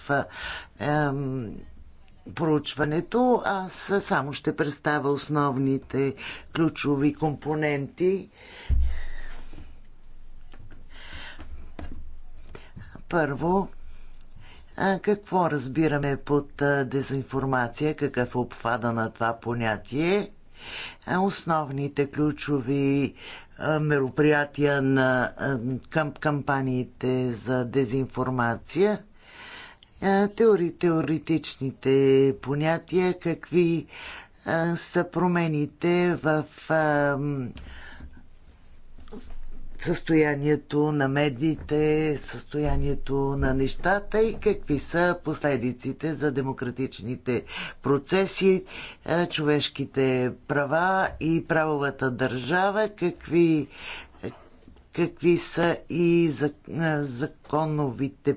[SPEAKER 4] ем, проучването. Аз само ще представя основните ключови компоненти. Първо, какво разбираме под дезинформация, какъв е обхвата на това понятие, основните ключови мероприятия на към, кампаниите за дезинформация, теори, теоретичните понятия, какви са промените в състоянието на медиите, състоянието на нещата и какви са последиците за демократичните процеси, е, човешките права и правовата държава, какви, е, какви са и е, законовите,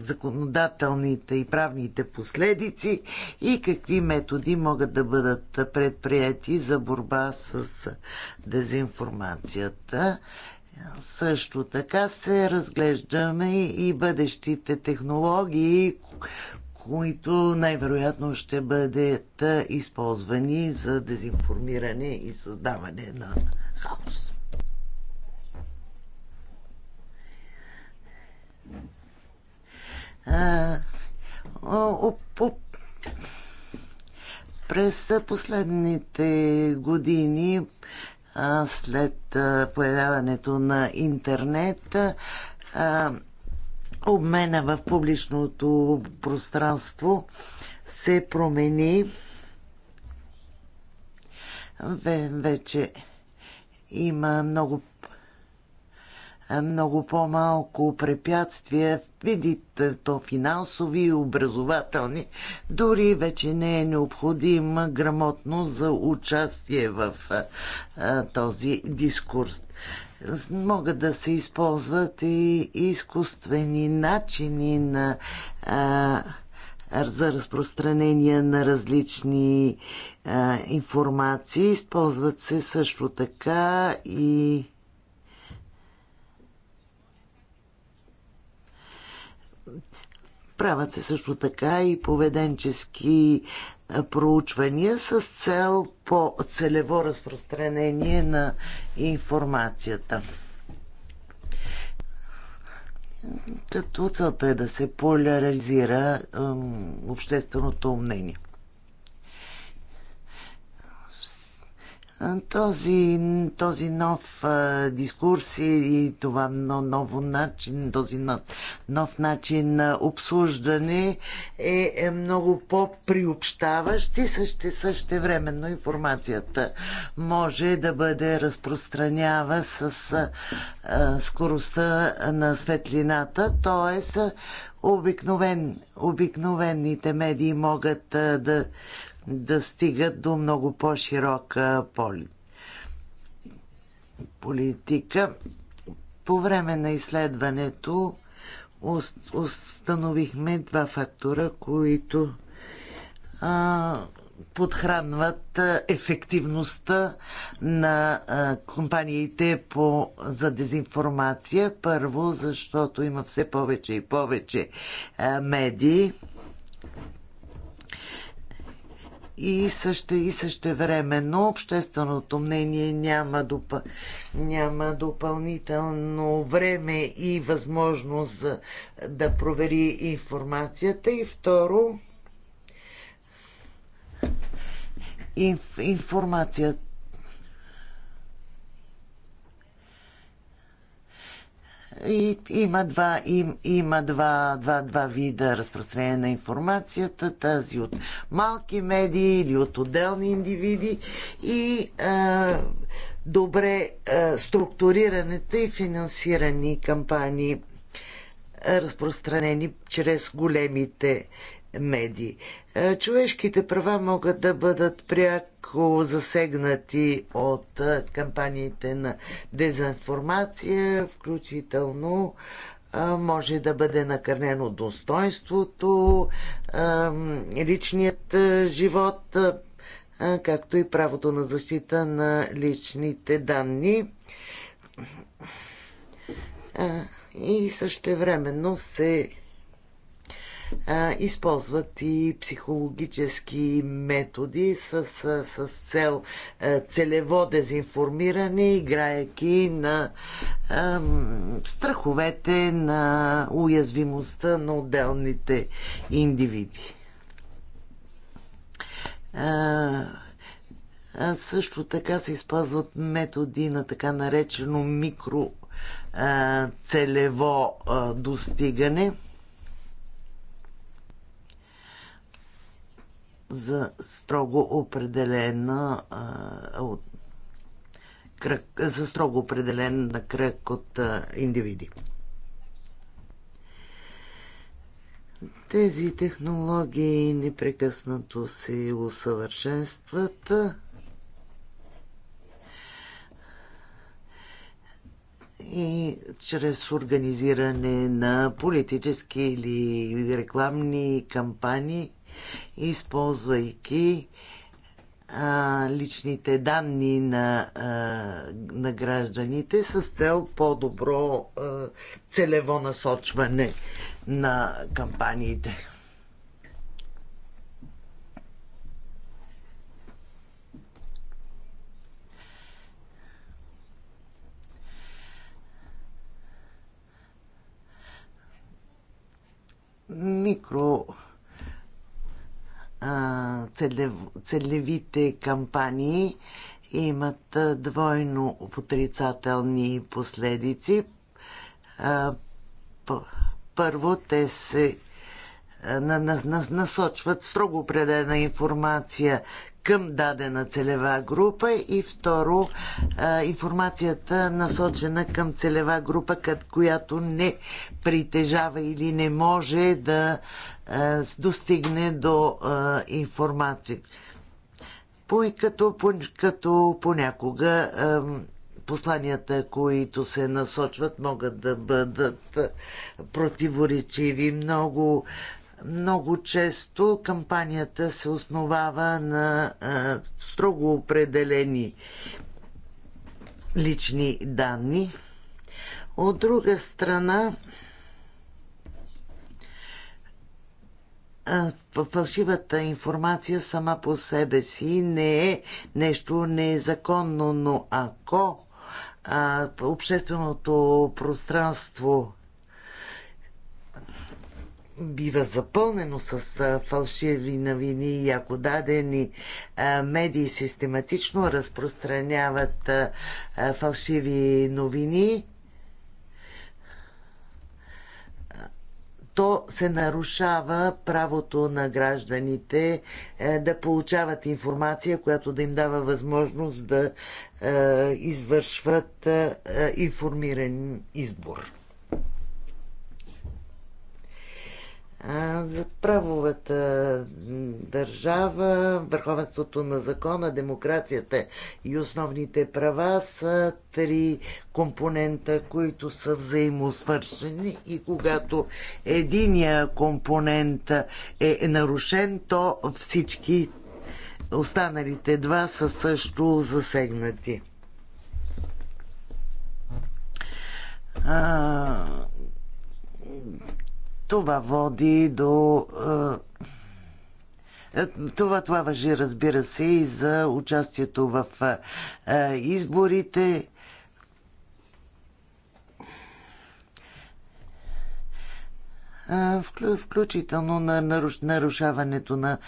[SPEAKER 4] законодателните и правните последици и какви методи могат да бъдат предприяти за борба с дезинформацията. Също така се разглеждаме и бъдещите технологии, които най-вероятно ще бъдат използвани за дезинформиране и създаване на хаос. През последните години след появяването на интернет обмена в публичното пространство се промени. Вече има много много по-малко препятствия, видит то финансови, образователни, дори вече не е необходима грамотно за участие в този дискурс. Могат да се използват и изкуствени начини на а, за разпространение на различни а, информации. Използват се също така и Правят се също така и поведенчески проучвания с цел по целево разпространение на информацията. Като целта е да се поляризира общественото мнение. този, този нов а, дискурс и това ново начин, този нов, нов начин на обслуждане е, е много по-приобщаващ и също, също временно информацията може да бъде разпространява с а, скоростта на светлината, т.е. Обикновен, обикновените медии могат а, да да стигат до много по-широка поли... политика. По време на изследването установихме два фактора, които а, подхранват ефективността на компаниите по, за дезинформация. Първо, защото има все повече и повече медии, и също и също време, но общественото мнение няма, доп... няма допълнително време и възможност да провери информацията. И второ, информацията И, има два, им, има два, два, два вида разпространение на информацията, тази от малки медии или от отделни индивиди и а, добре а, структурираните и финансирани кампании разпространени чрез големите медии. Е, човешките права могат да бъдат пряко засегнати от е, кампаниите на дезинформация, включително е, може да бъде накърнено достоинството, личният живот, както и правото на защита на личните данни. И времено се а, използват и психологически методи с, с, с цел а, целево дезинформиране, играеки на а, страховете, на уязвимостта на отделните индивиди. А, а също така се използват методи на така наречено микро а, целево а, достигане – за строго определена кръг, за строго определен на кръг от а, индивиди. Тези технологии непрекъснато се усъвършенстват. и чрез организиране на политически или рекламни кампании използвайки а, личните данни на, а, на гражданите с цел по-добро целево насочване на кампаниите. микро целев, целевите кампании имат двойно отрицателни последици. Първо, те се насочват строго определена информация към дадена целева група и второ информацията насочена към целева група, която не притежава или не може да достигне до информация. По, като, по, като понякога посланията, които се насочват, могат да бъдат противоречиви. Много много често кампанията се основава на а, строго определени лични данни. От друга страна, фалшивата информация сама по себе си не е нещо незаконно, но ако а, общественото пространство бива запълнено с фалшиви новини и ако дадени медии систематично разпространяват фалшиви новини, то се нарушава правото на гражданите е, да получават информация, която да им дава възможност да е, извършват е, информиран избор. за правовата държава, върховенството на закона, демокрацията и основните права са три компонента, които са взаимосвършени и когато единия компонент е нарушен, то всички останалите два са също засегнати. А, това води до. Е, е, това, това въжи, разбира се, и за участието в е, изборите. включително на нарушаването на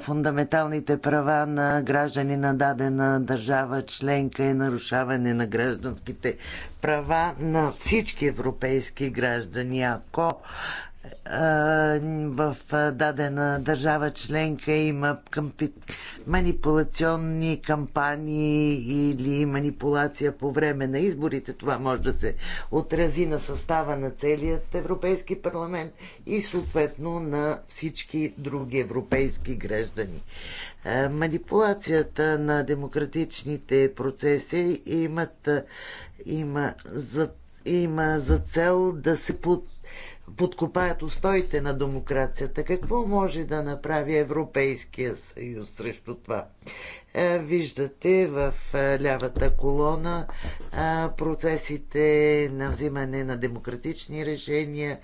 [SPEAKER 4] фундаменталните права на граждани на дадена държава членка и нарушаване на гражданските права на всички европейски граждани. Ако в дадена държава членка има манипулационни кампании или манипулация по време на изборите. Това може да се отрази на състава на целият Европейски парламент и съответно на всички други европейски граждани. Манипулацията на демократичните процеси имат, има за, има за цел да се под подкопаят устоите на демокрацията. Какво може да направи Европейския съюз срещу това? Е, виждате в е, лявата колона е, процесите на взимане на демократични решения,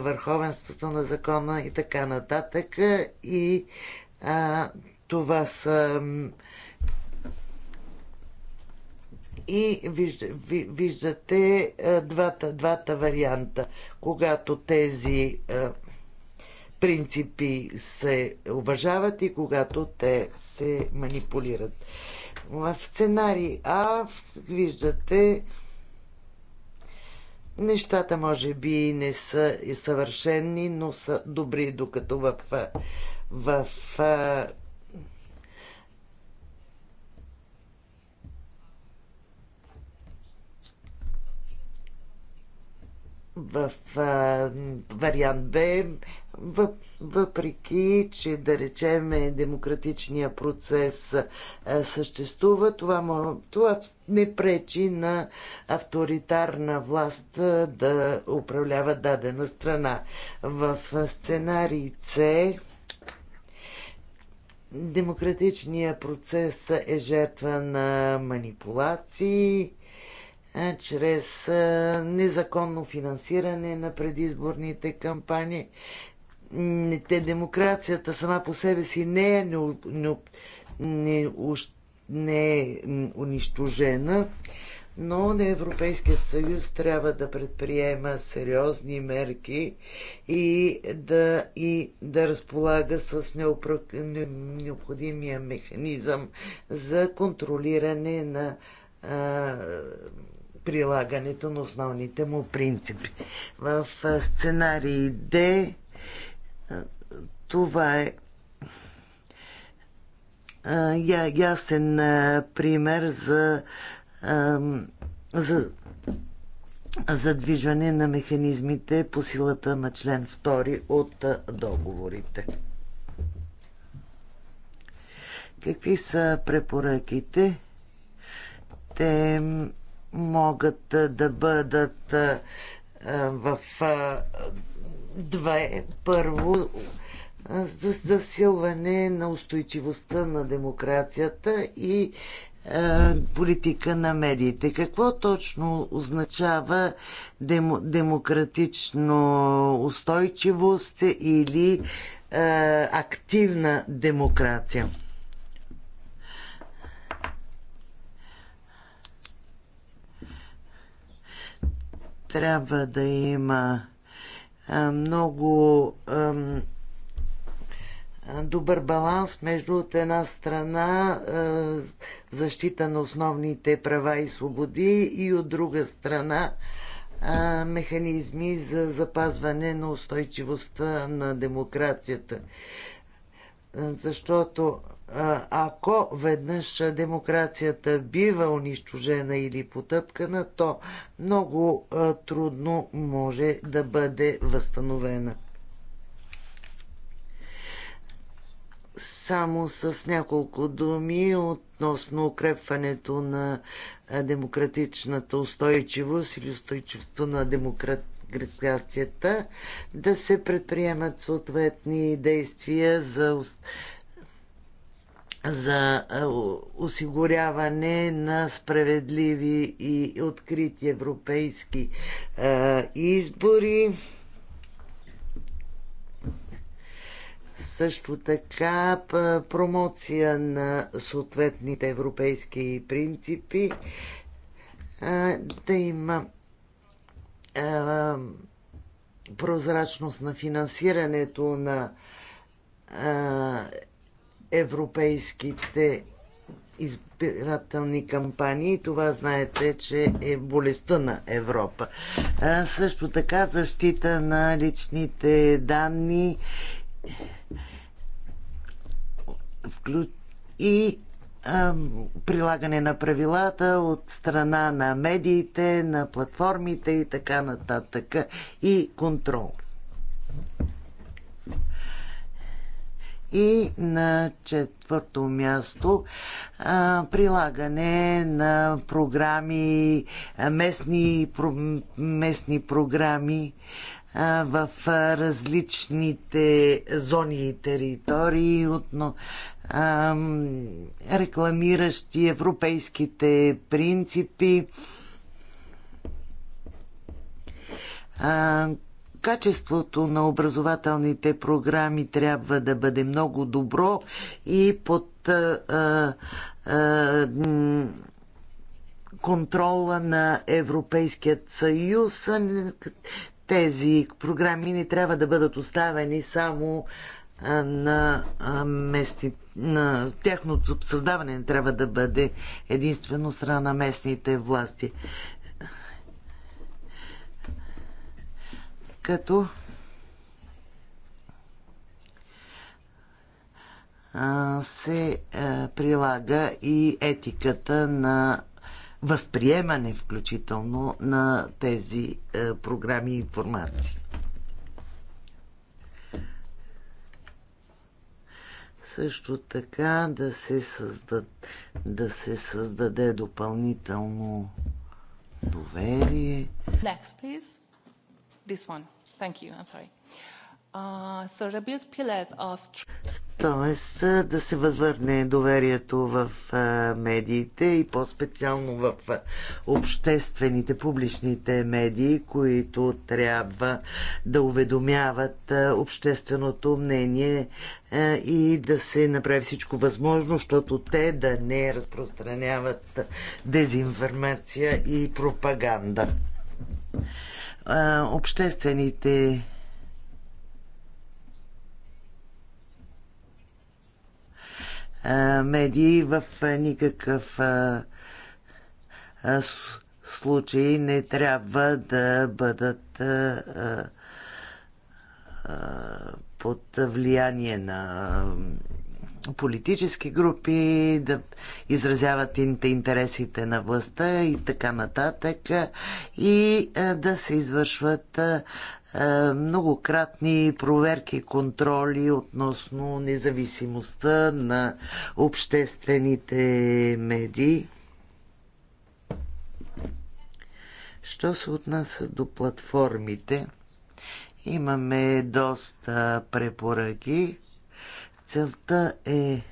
[SPEAKER 4] върховенството на закона и така нататък. И това са и виждате е, двата, двата варианта. Когато тези е, принципи се уважават и когато те се манипулират. В сценарий А виждате нещата може би не са съвършенни, но са добри, докато в, в е, в а, вариант Б, въпреки, че да речем демократичния процес а, съществува, това, това не пречи на авторитарна власт а, да управлява дадена страна. В сценарий С демократичният процес е жертва на манипулации, чрез незаконно финансиране на предизборните кампании. Те демокрацията сама по себе си не е, не, не, не, не е унищожена, но на Европейският съюз трябва да предприема сериозни мерки и да, и да разполага с необходимия механизъм за контролиране на а, прилагането на основните му принципи. В сценарий Д това е я, ясен пример за, за задвижване на механизмите по силата на член 2 от договорите. Какви са препоръките? Те могат да бъдат в две. Първо, за засилване на устойчивостта на демокрацията и политика на медиите. Какво точно означава дем, демократично устойчивост или е, активна демокрация? трябва да има много добър баланс между от една страна защита на основните права и свободи и от друга страна механизми за запазване на устойчивостта на демокрацията. Защото ако веднъж демокрацията бива унищожена или потъпкана, то много трудно може да бъде възстановена. Само с няколко думи относно укрепването на демократичната устойчивост или устойчивостта на демократ да се предприемат съответни действия за за осигуряване на справедливи и открити европейски избори. също така промоция на съответните европейски принципи, да има прозрачност на финансирането на европейските избирателни кампании. Това знаете, че е болестта на Европа. А, също така защита на личните данни и а, прилагане на правилата от страна на медиите, на платформите и така нататък и контрол. И на четвърто място а, прилагане на програми, местни, про, местни програми а, в различните зони и територии, отно, а, рекламиращи европейските принципи. А, качеството на образователните програми трябва да бъде много добро и под а, а, а, контрола на Европейският съюз. Тези програми не трябва да бъдат оставени само на местни, на тяхното създаване не трябва да бъде единствено страна на местните власти. като се прилага и етиката на възприемане, включително на тези програми и информации. Също така да се, създад, да се създаде допълнително доверие.
[SPEAKER 5] Next, please. This one. Thank you. I'm sorry. So rebuild pillars of...
[SPEAKER 4] Тоест да се възвърне доверието в медиите и по-специално в обществените, публичните медии, които трябва да уведомяват общественото мнение и да се направи всичко възможно, защото те да не разпространяват дезинформация и пропаганда а, обществените а, медии в никакъв а, а, случай не трябва да бъдат а, а, под влияние на политически групи да изразяват интересите на властта и така нататък и е, да се извършват е, е, многократни проверки контроли относно независимостта на обществените медии. Що се отнася до платформите, имаме доста препоръки целта е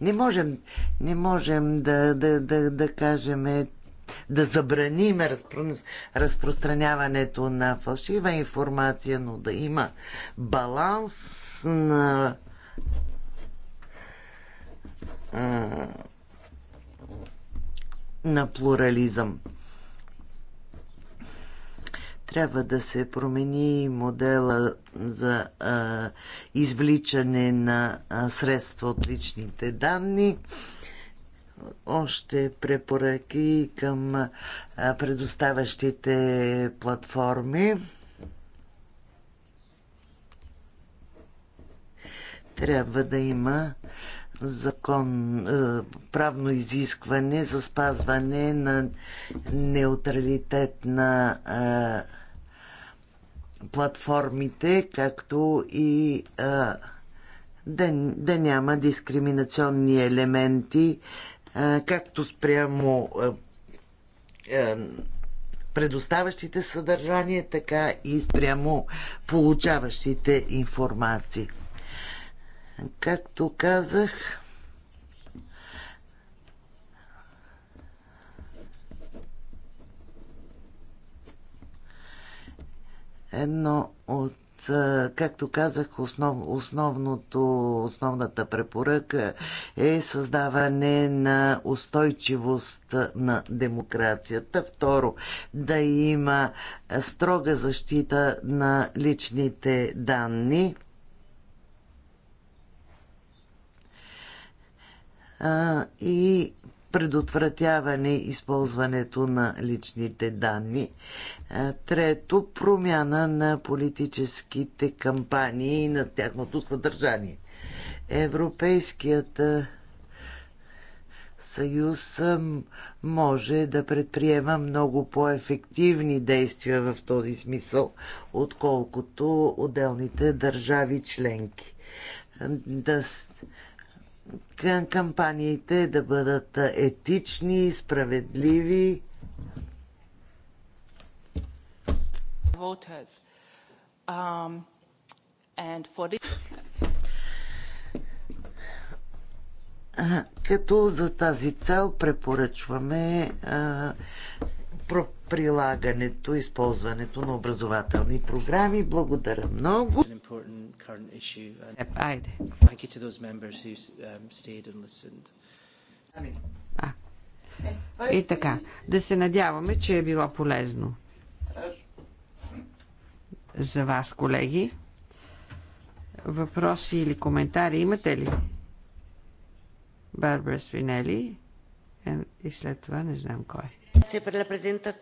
[SPEAKER 4] не можем, не можем да, да, да, да кажем да забраним разпро... разпространяването на фалшива информация, но да има баланс на на плурализъм. Трябва да се промени модела за а, извличане на а, средства от личните данни. Още препоръки към а, платформи. Трябва да има закон, правно изискване за спазване на неутралитет на платформите, както и а, да, да няма дискриминационни елементи, а, както спрямо а, а, предоставащите съдържание, така и спрямо получаващите информации. Както казах, Едно от както казах, основ, основното, основната препоръка е създаване на устойчивост на демокрацията. Второ, да има строга защита на личните данни. и предотвратяване използването на личните данни. Трето, промяна на политическите кампании и на тяхното съдържание. Европейският съюз може да предприема много по-ефективни действия в този смисъл, отколкото отделните държави членки. Да кампаниите да бъдат етични, справедливи. Um, като за тази цел препоръчваме про прилагането, използването на образователни програми. Благодаря много
[SPEAKER 1] important current issue. And Айде. Thank you to those members who um, stayed and listened. А.
[SPEAKER 4] Ah. И така,
[SPEAKER 2] да се надяваме, че е било полезно за вас, колеги. Въпроси или коментари имате ли? Барбара Свинели и след това не знам кой.
[SPEAKER 4] E,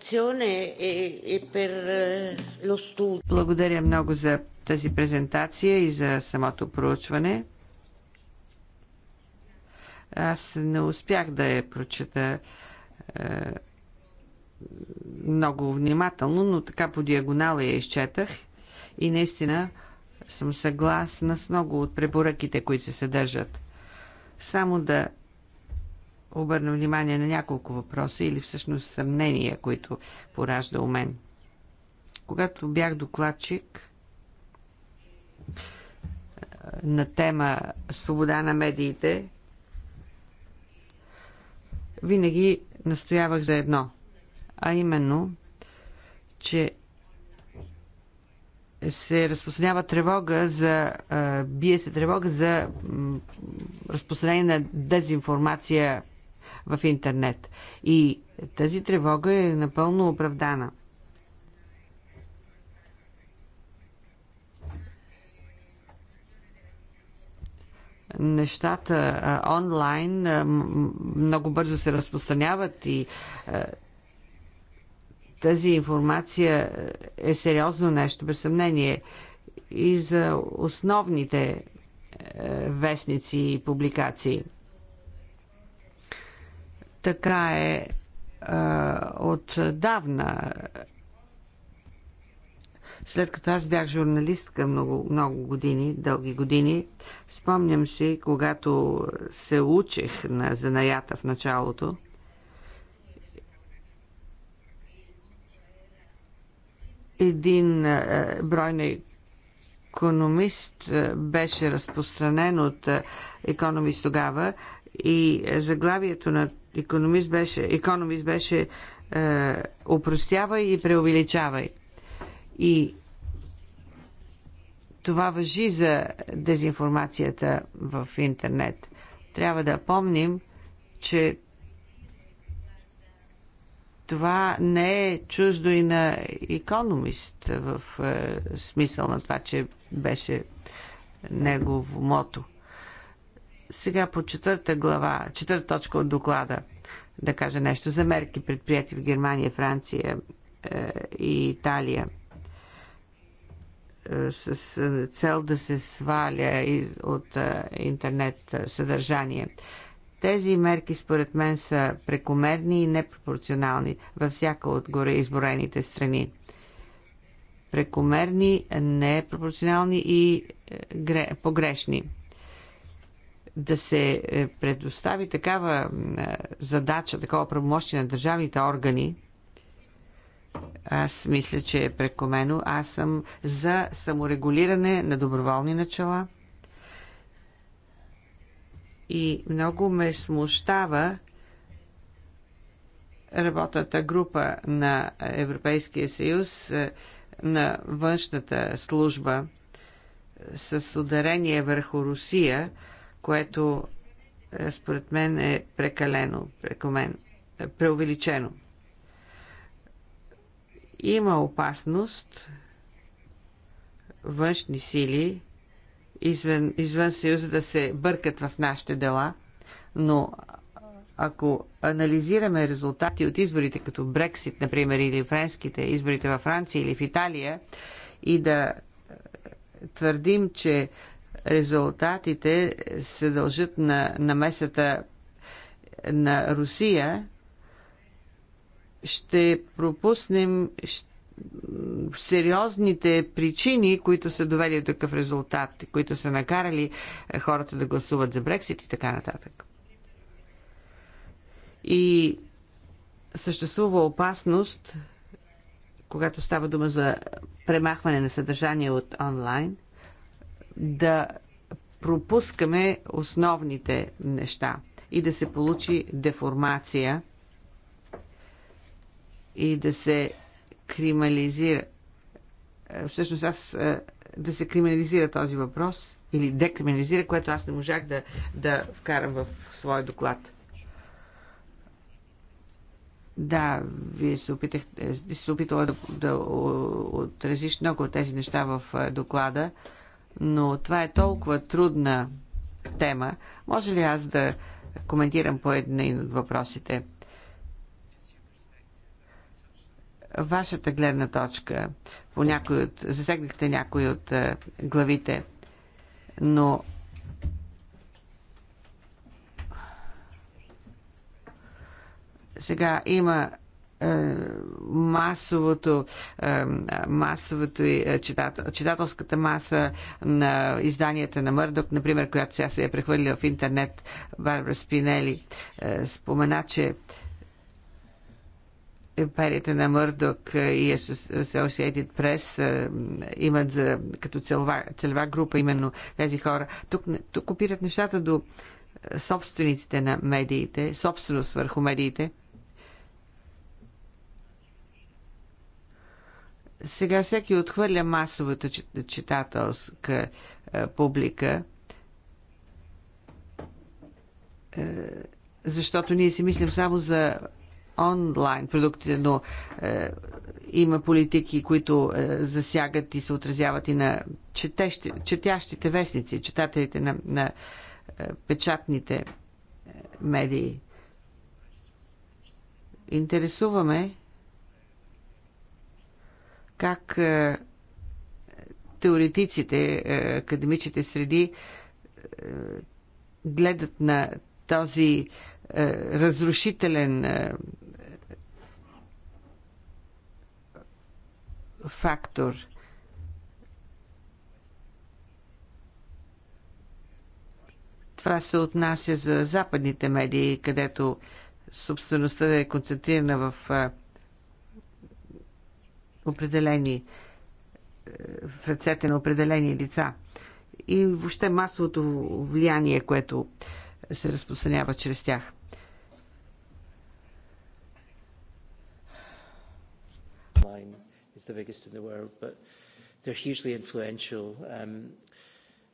[SPEAKER 4] e eh, Благодаря
[SPEAKER 2] много за тази презентация и за самото проучване. Аз не успях да я прочета е, много внимателно, но така по диагонала я изчетах и наистина съм съгласна с много от препоръките, които се съдържат. Само да обърна внимание на няколко въпроса или всъщност съмнения, които поражда у мен. Когато бях докладчик, на тема свобода на медиите, винаги настоявах за едно, а именно, че се разпространява тревога за, бие се тревога за разпространение на дезинформация в интернет. И тази тревога е напълно оправдана – нещата онлайн много бързо се разпространяват и тази информация е, е сериозно нещо, без съмнение. И за основните е, вестници и публикации. Така е отдавна след като аз бях журналистка много, много години, дълги години, спомням си, когато се учех на занаята в началото, един е, брой на економист е, беше разпространен от економист тогава и заглавието на економист беше, економист беше е, опростявай и преувеличавай. И това въжи за дезинформацията в интернет. Трябва да помним, че това не е чуждо и на економист в е, смисъл на това, че беше негово мото. Сега по четвърта глава, четвърта точка от доклада, да кажа нещо за мерки предприяти в Германия, Франция е, и Италия – е, с е, цел да се сваля от е, интернет съдържание. Тези мерки според мен са прекомерни и непропорционални във всяка от горе изборените страни. Прекомерни, непропорционални и погрешни. Да се предостави такава задача, такова правомощие на държавните органи, аз мисля, че е прекомено. Аз съм за саморегулиране на доброволни начала. И много ме смущава работата група на Европейския съюз е, на външната служба с ударение върху Русия, което е, според мен е прекалено, прекомен, е, преувеличено. Има опасност външни сили извън, извън Съюза да се бъркат в нашите дела, но ако анализираме резултати от изборите като Брексит, например, или френските изборите във Франция или в Италия, и да е, твърдим, че резултатите се дължат на намесата на Русия, ще пропуснем сериозните причини, които са довели до такъв резултат, които са накарали е, хората да гласуват за Брексит и така нататък. И съществува опасност, когато става дума за премахване на съдържание от онлайн, да пропускаме основните неща и да се получи деформация и да се криминализира. Е, всъщност аз е, да се криминализира този въпрос или декриминализира, което аз не можах да, да вкарам в своя доклад. Да, вие се, опитах, е, се опитала да, да отразиш много от тези неща в доклада, но това е толкова трудна тема. Може ли аз да коментирам по един от въпросите? вашата гледна точка по някой от, засегнахте някои от е, главите, но сега има е, масовото, е, масовото и читател, читателската маса на изданията на Мърдок, например, която сега се е прехвърлила в интернет, Барбара Спинели спомена, че империята на Мърдок и Associated Press имат за, като целва, целева група именно тези хора. Тук, тук опират нещата до собствениците на медиите, собственост върху медиите. Сега всеки отхвърля масовата читателска публика защото ние си мислим само за онлайн продуктите, но е, има политики, които е, засягат и се отразяват и на четещи, четящите вестници, читателите на, на е, печатните е, медии. Интересуваме как е, теоретиците, е, академичните среди е, гледат на този е, разрушителен е, фактор. Това се отнася за западните медии, където собствеността е концентрирана в определени в ръцете на определени лица и въобще масовото влияние, което се разпространява чрез тях.
[SPEAKER 1] Line is the biggest in the world, but they're hugely influential. Um,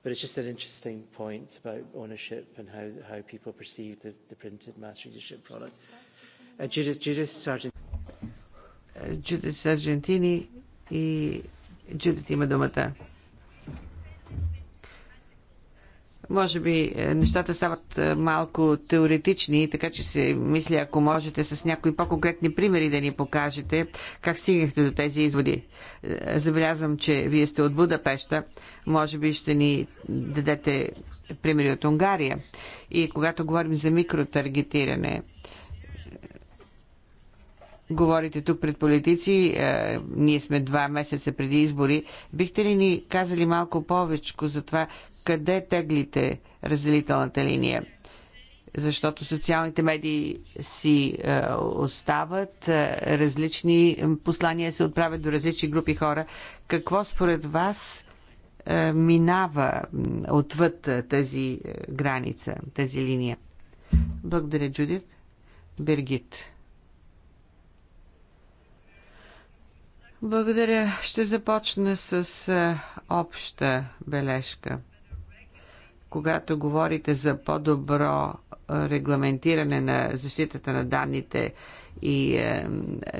[SPEAKER 1] but it's just an interesting point about ownership and how, how people perceive the, the printed mass readership product. Uh, Judith, Judith Sargent.
[SPEAKER 2] uh Judith Sargentini и Judith има думата. Може би е, нещата стават е, малко теоретични, така че се мисля, ако можете с някои по-конкретни примери да ни покажете как стигнахте до тези изводи. Е, забелязвам, че вие сте от Будапешта. Може би ще ни дадете примери от Унгария. И когато говорим за микротаргетиране, говорите тук пред политици, ние сме два месеца преди избори. Бихте ли ни казали малко повече за това къде теглите разделителната линия? защото социалните медии си е, остават, е, различни послания се отправят до различни групи хора. Какво според вас е, минава отвъд е, тази е, граница, тази линия? Благодаря, Джудит. Бергит. Благодаря. Ще започна с е, обща бележка когато говорите за по-добро регламентиране на защитата на данните и е,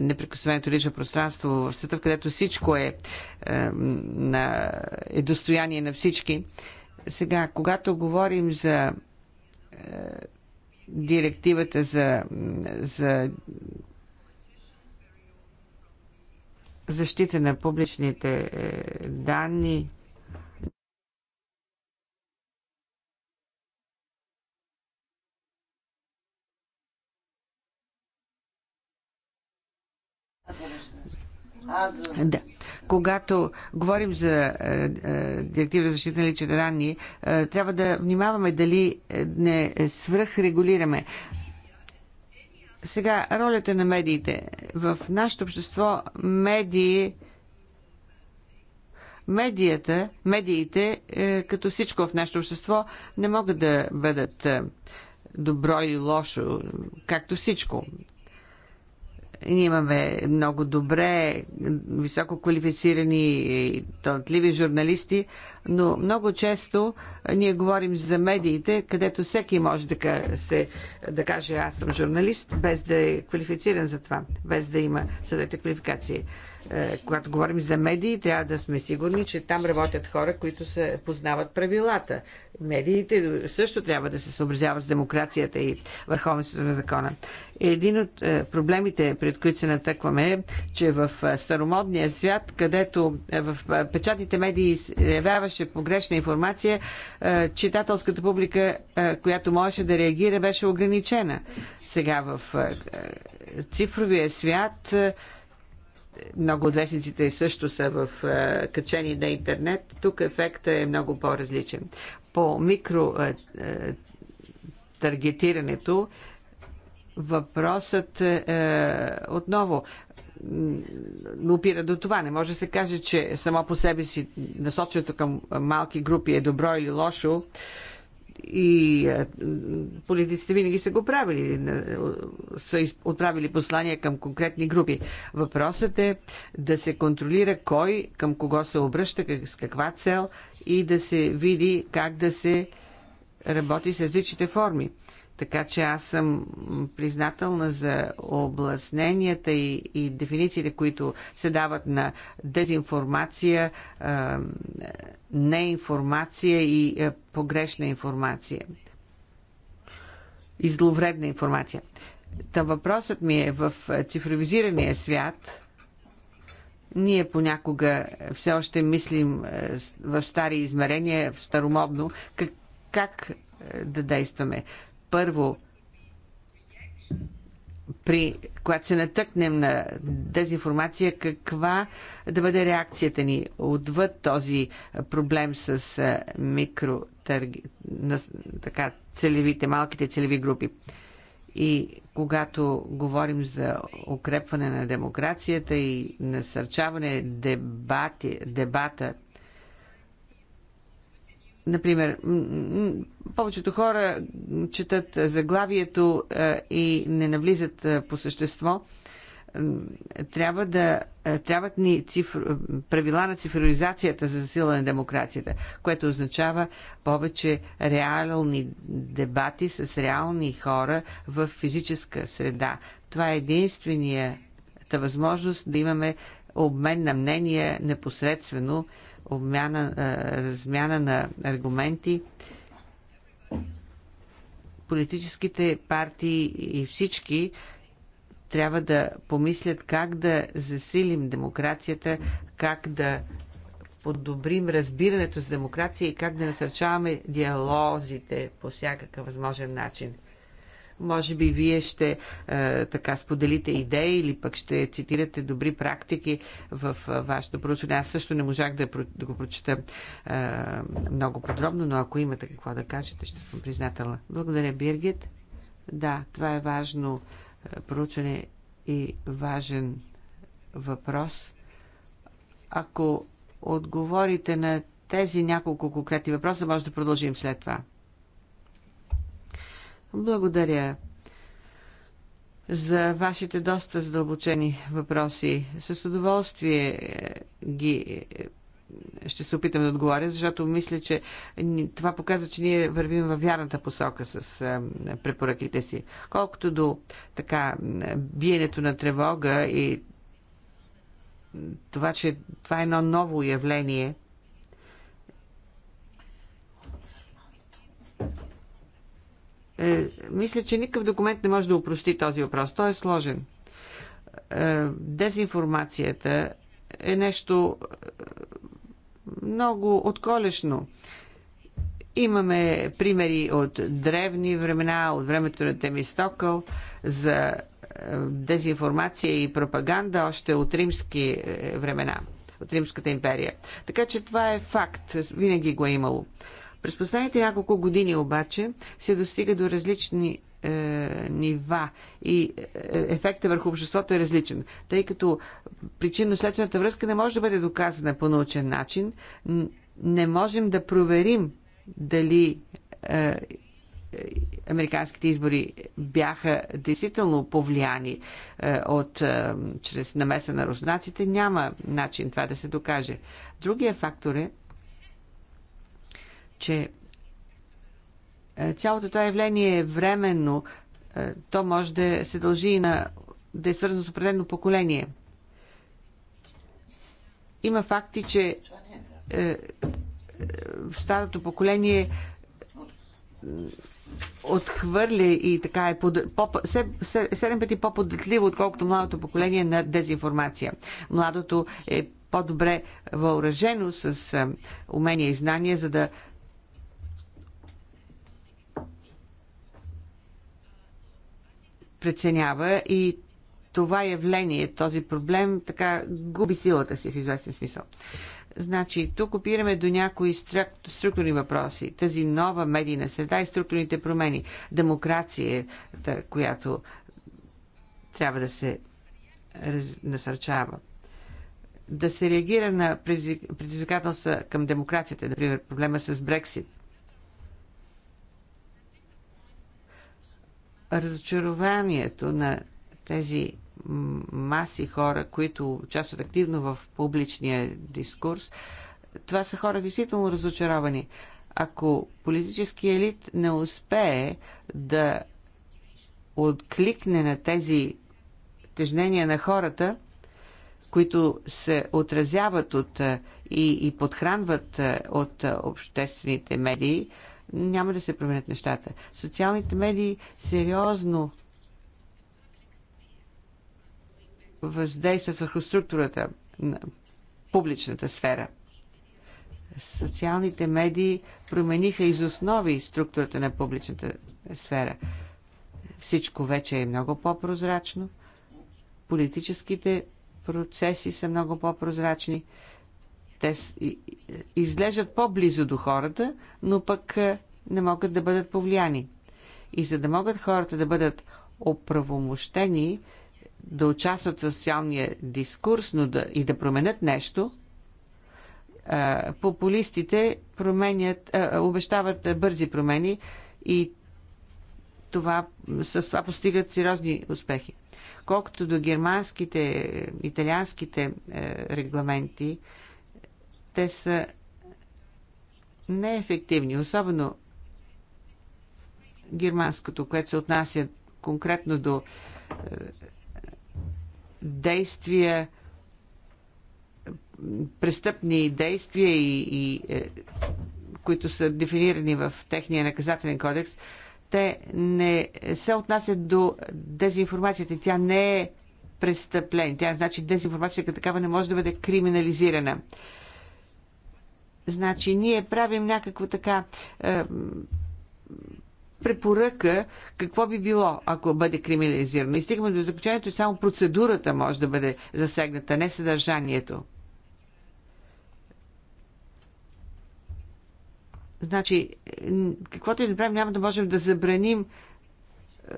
[SPEAKER 2] неприкосновеното лично пространство в света, в където всичко е, е, на, е достояние на всички. Сега, когато говорим за е, директивата за, за защита на публичните е, данни, Да. Когато говорим за е, е, директива за защита на личните данни, е, трябва да внимаваме дали не свръхрегулираме. Сега, ролята на медиите. В нашето общество медии медията, медиите, е, като всичко в нашето общество, не могат да бъдат е, добро и лошо, както всичко. Ние имаме много добре, високо квалифицирани и талантливи журналисти, но много често ние говорим за медиите, където всеки може да, се, да каже аз съм журналист, без да е квалифициран за това, без да има съдете квалификация. Е, когато говорим за медии, трябва да сме сигурни, че там работят хора, които се познават правилата. Медиите също трябва да се съобразяват с демокрацията и върховенството на закона. Един от е, проблемите, пред които се натъкваме е, че в е, старомодния свят, където в печатните медии се явяваше беше погрешна информация, е, читателската публика, е, която можеше да реагира, беше ограничена. Сега в е, цифровия свят много от вестниците също са в качени на интернет. Тук ефектът е много по-различен. По микро таргетирането въпросът отново опира до това. Не може да се каже, че само по себе си насочването към малки групи е добро или лошо. И е, политиците винаги са го правили, е, са отправили послания към конкретни групи. Въпросът е да се контролира кой към кого се обръща, с каква цел и да се види как да се работи с различните форми. Така че аз съм признателна за обласненията и, и дефинициите, които се дават на дезинформация, неинформация и погрешна информация. И зловредна информация. Та въпросът ми е в цифровизирания свят. Ние понякога все още мислим в стари измерения, в старомодно, как, как да действаме. Първо, при, когато се натъкнем на дезинформация, каква да бъде реакцията ни отвъд този проблем с микротърги, на, така, целевите, малките целеви групи. И когато говорим за укрепване на демокрацията и насърчаване дебати, дебата Например, повечето хора четат заглавието и не навлизат по същество. Трябва да, трябват ни цифр, правила на цифровизацията за засилване на демокрацията, което означава повече реални дебати с реални хора в физическа среда. Това е единствената възможност да имаме обмен на мнение непосредствено обмяна, е, размяна на аргументи. Политическите партии и всички трябва да помислят как да засилим демокрацията, как да подобрим разбирането с демокрация и как да насърчаваме диалозите по всякакъв възможен начин. Може би вие ще е, така споделите идеи или пък ще цитирате добри практики в е, вашето проучване. Аз също не можах да, да го прочета е, много подробно, но ако имате какво да кажете, ще съм признателна. Благодаря, Биргит. Да, това е важно е, проучване и важен въпрос. Ако отговорите на тези няколко конкретни въпроса, може да продължим след това. Благодаря за вашите доста задълбочени въпроси. С удоволствие е, ги е, ще се опитам да отговоря, защото мисля, че това показва, че ние вървим във вярната посока с е, препоръките си. Колкото до така биенето на тревога и това, че това е едно ново явление – Е, мисля, че никакъв документ не може да упрости този въпрос. Той е сложен. Е, дезинформацията е нещо е, много отколешно. Имаме примери от древни времена, от времето на Темистокъл, за е, дезинформация и пропаганда още от римски е, времена, от Римската империя. Така че това е факт, винаги го е имало. През последните няколко години обаче се достига до различни е, нива и е, ефекта върху обществото е различен, тъй като причинно-следствената връзка не може да бъде доказана по научен начин. Не можем да проверим дали е, американските избори бяха действително повлияни е, от е, чрез намеса на руснаците, няма начин това да се докаже. Другия фактор е, че е, цялото това явление е временно. Е, то може да се дължи и на да е свързано с определено поколение. Има факти, че е, е старото поколение отхвърля и така е под, по, се, се, седем пъти по-податливо, отколкото младото поколение на дезинформация. Младото е по-добре въоръжено с умения и знания, за да преценява и това явление, този проблем, така губи силата си в известен смисъл. Значи, тук опираме до някои структурни въпроси. Тази нова медийна среда и структурните промени. Демокрацията, която трябва да се насърчава. Да се реагира на предизвикателства към демокрацията, например проблема с Брексит. разочарованието на тези маси хора, които участват активно в публичния дискурс, това са хора действително разочаровани. Ако политически елит не успее да откликне на тези тежнения на хората, които се отразяват от и, и подхранват от обществените медии, няма да се променят нещата. Социалните медии сериозно въздействат върху структурата на публичната сфера. Социалните медии промениха из основи структурата на публичната сфера. Всичко вече е много по-прозрачно. Политическите процеси са много по-прозрачни. Те изглеждат по-близо до хората, но пък е, не могат да бъдат повлияни. И за да могат хората да бъдат оправомощени, да участват в социалния дискурс но да, и да променят нещо, е, популистите променят, е, обещават бързи промени и това, с това постигат сериозни успехи. Колкото до германските, италианските регламенти, те са неефективни, особено германското, което се отнася конкретно до е, действия, престъпни действия и, и е, които са дефинирани в техния наказателен кодекс, те не се отнасят до дезинформацията. Тя не е престъпление. Тя значи дезинформацията такава не може да бъде криминализирана. Значи ние правим някакво така е, препоръка какво би било, ако бъде криминализирано. И стигаме до заключението, само процедурата може да бъде засегната, не съдържанието. Значи, каквото и да правим, няма да можем да забраним е,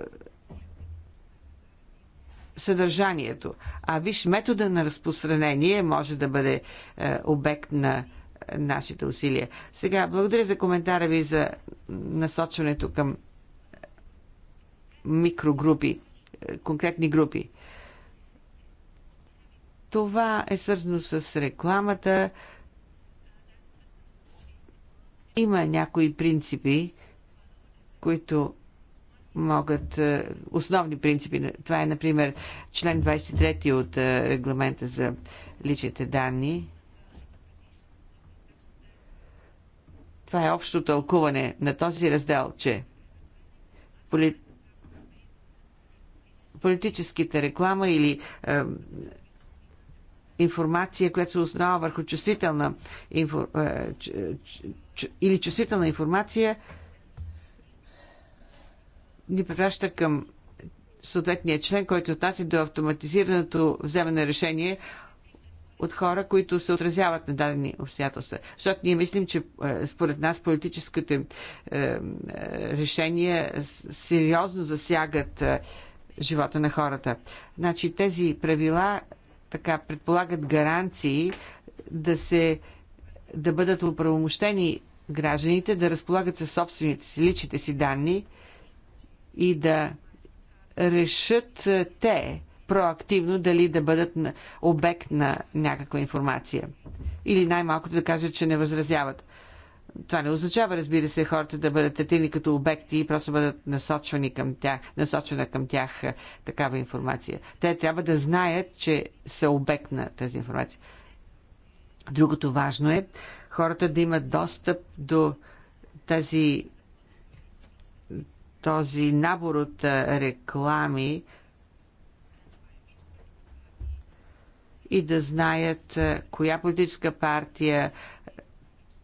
[SPEAKER 2] съдържанието. А виж, метода на разпространение може да бъде е, обект на нашите усилия. Сега, благодаря за коментара ви за насочването към микрогрупи, конкретни групи. Това е свързано с рекламата. Има някои принципи, които могат. Е, основни принципи. Това е, например, член 23 от е, регламента за личните данни. Това е общо тълкуване на този раздел, че поли... политическите реклама или е, информация, която се основа върху чувствителна инфор... Е, е, ч... Ч... или чувствителна информация, ни превръща към съответния член, който отнася е до автоматизираното вземане решение от хора, които се отразяват на дадени обстоятелства. Защото ние мислим, че е, според нас политическите е, е, решения сериозно засягат живота на хората. Значи тези правила така предполагат гаранции да се да бъдат оправомощени гражданите да разполагат със собствените си, личните си данни и да решат те проактивно дали да бъдат обект на някаква информация. Или най-малкото да кажат, че не възразяват. Това не означава, разбира се, хората да бъдат третирани като обекти и просто бъдат насочвани към тях, насочена към тях е, такава информация. Те трябва да знаят, че са обект на тази информация. Другото важно е хората да имат достъп до тази, този набор от е, реклами, и да знаят е, коя политическа партия е,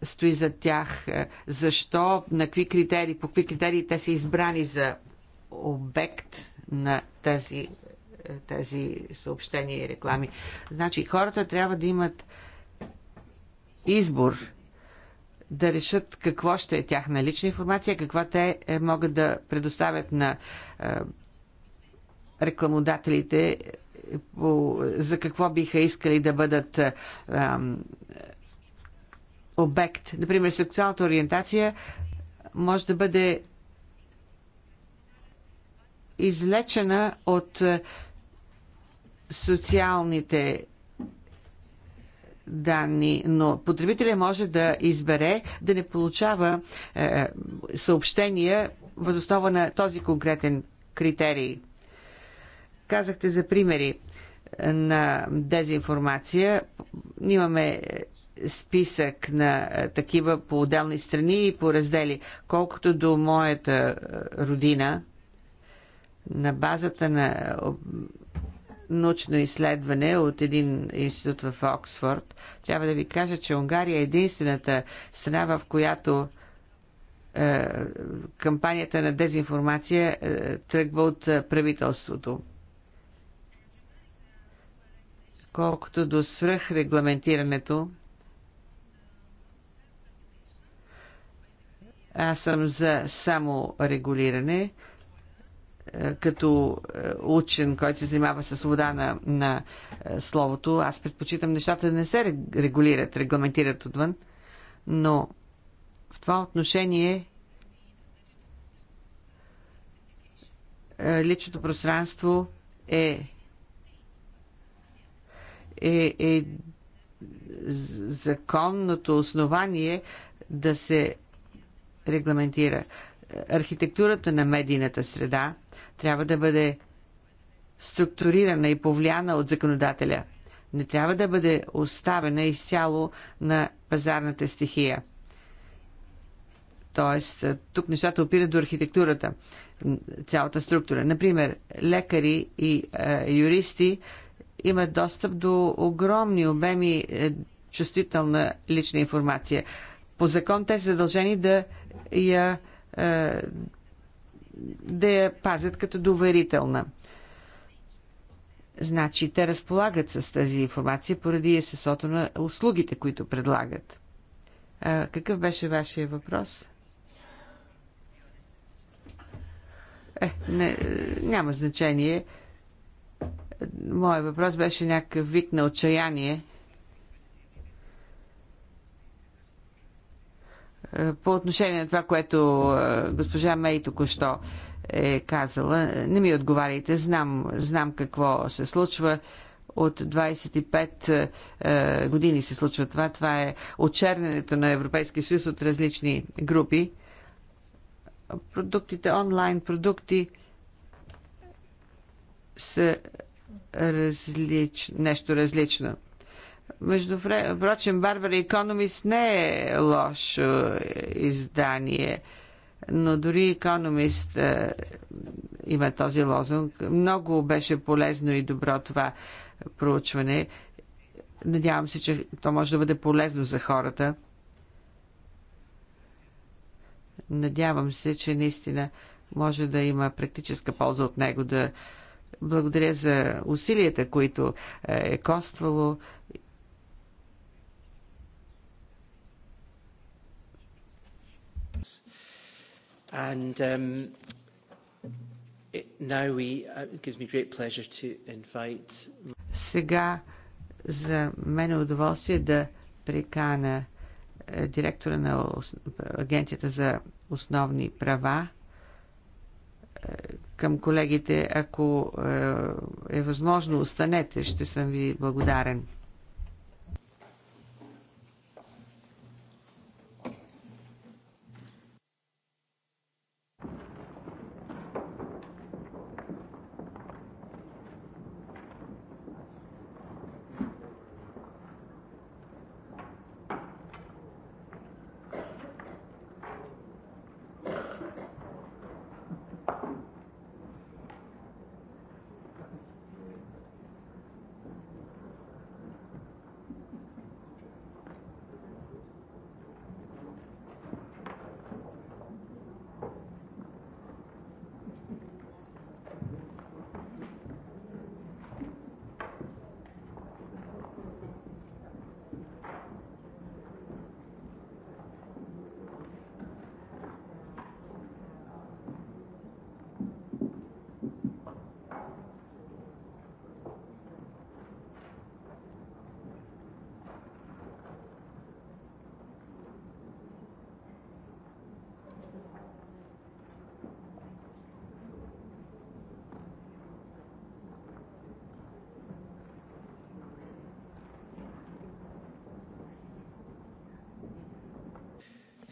[SPEAKER 2] стои за тях, е, защо, на какви критерии, по какви критерии те са избрани за обект на тези, тези съобщения и реклами. Значи хората трябва да имат избор да решат какво ще е тяхна лична информация, каква те могат да предоставят на рекламодателите за какво биха искали да бъдат обект. Например, сексуалната ориентация може да бъде излечена от социалните данни, но потребителя може да избере да не получава е, е съобщения възоснова на този конкретен критерий. Казахте за примери е, на дезинформация. Имаме е, списък на е, такива по отделни страни и по раздели. Колкото до моята родина, на базата на научно изследване от един институт в Оксфорд, трябва да ви кажа, че Унгария е единствената страна, в която е, кампанията на дезинформация е, тръгва от правителството. Колкото до свръхрегламентирането, аз съм за само регулиране, е, като е, учен, който се занимава с вода на, на е, словото, аз предпочитам нещата да не се регулират, регламентират отвън, но в това отношение личното пространство е е, е законното основание да се регламентира. Архитектурата на медийната среда трябва да бъде структурирана и повлияна от законодателя. Не трябва да бъде оставена изцяло на пазарната стихия. Тоест, тук нещата опират до архитектурата, цялата структура. Например, лекари и е, юристи имат достъп до огромни обеми е, чувствителна лична информация. По закон те са задължени да я, е, да я пазят като доверителна. Значи те разполагат с тази информация поради естеството на услугите, които предлагат. А, какъв беше вашия въпрос? Е, не, е, няма значение. Моят въпрос беше някакъв вид на отчаяние. Е, по отношение на това, което е, госпожа Мей току-що е казала, не ми отговаряйте. Знам, знам какво се случва. От 25 е, години се случва това. Това е очерненето на Европейския съюз от различни групи. Продуктите, онлайн продукти, са различ, нещо различно. Между прочим, Барбара Economist не е лошо е, издание, но дори економист е, има този лозунг. Много беше полезно и добро това проучване. Надявам се, че то може да бъде полезно за хората. Надявам се, че наистина може да има практическа полза от него да благодаря за усилията, които е, е коствало.
[SPEAKER 1] And um, it, now we, uh, it gives me great pleasure to invite...
[SPEAKER 2] Сега за мен е удоволствие да прикана е, директора на Агенцията за основни права към колегите, ако е, е възможно, останете, ще съм ви благодарен.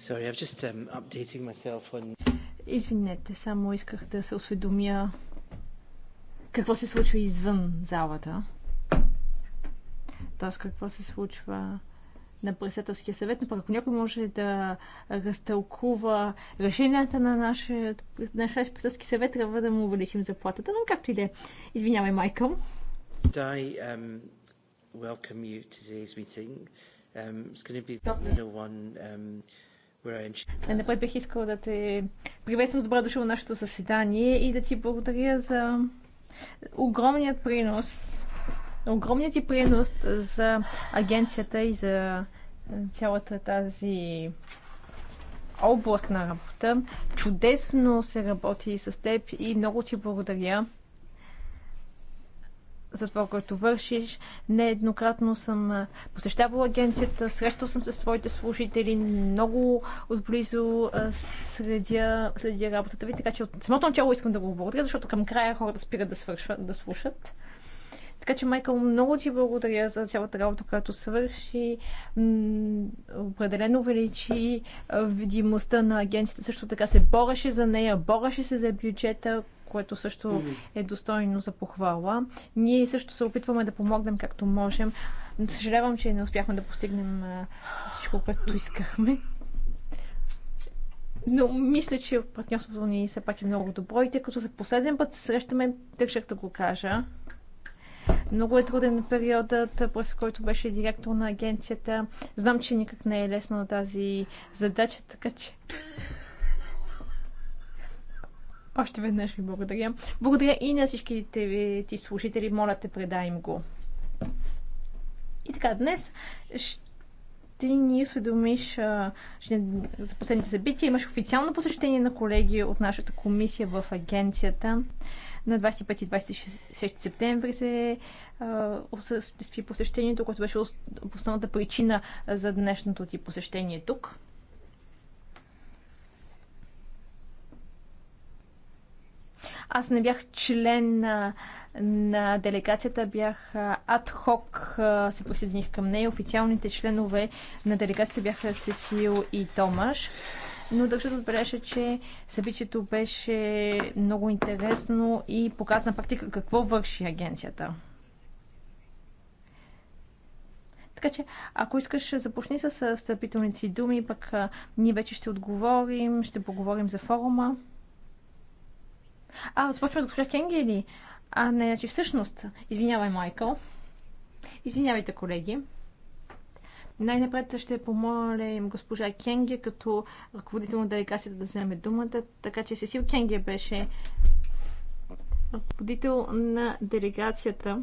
[SPEAKER 1] Sorry, I've just um, updating myself on...
[SPEAKER 3] Извинете, само исках да се осведомя какво се случва извън залата. Тоест какво се случва на председателския съвет, но пък ако някой може да разтълкува решенията на нашия, нашия председателски съвет, трябва да му увеличим заплатата. Но както и да е. Извинявай, Майкъл.
[SPEAKER 1] I um, welcome you to today's meeting. Um, it's going to be no one um,
[SPEAKER 3] най-напред бих искала да те приветствам с добра дошъл в нашето съседание и да ти благодаря за огромният принос, огромният ти принос за агенцията и за цялата тази област на работа. Чудесно се работи с теб и много ти благодаря за това, което вършиш. Нееднократно съм посещавала агенцията, срещал съм се с своите служители, много отблизо следя, следя работата ви, така че от самото начало искам да го благодаря, защото към края хората спират да, свършват, да слушат. Така че, Майкъл, много ти благодаря за цялата работа, която свърши. Определено увеличи видимостта на агенцията. Също така се бореше за нея, бореше се за бюджета, което също е достойно за похвала. Ние също се опитваме да помогнем както можем. Съжалявам, че не успяхме да постигнем всичко, което искахме. Но мисля, че партньорството ни все пак е много добро и тъй като за последен път се срещаме, държах да го кажа. Много е труден периодът, през който беше директор на агенцията. Знам, че никак не е лесна на тази задача, така че още веднъж ви благодаря. Благодаря и на всичките ти служители. Моля те, предай им го. И така, днес ще ни осведомиш ще, за последните събития. Имаш официално посещение на колеги от нашата комисия в агенцията. На 25 и 26 септември се осъществи посещението, което беше основната причина за днешното ти посещение тук. Аз не бях член на, на делегацията, бях адхок, се присъединих към нея. Официалните членове на делегацията бяха Сесил и Томаш. Но държа да отбележа, че събитието беше много интересно и показа на практика какво върши агенцията. Така че, ако искаш, започни с стъпителници думи, пък ние вече ще отговорим, ще поговорим за форума. А, започваме с госпожа Кенгели. А, не, значи всъщност, извинявай, Майкъл. Извинявайте, колеги. Най-напред ще помолим госпожа Кенге като ръководител на делегацията да вземе думата, така че Сесил Кенге беше ръководител на делегацията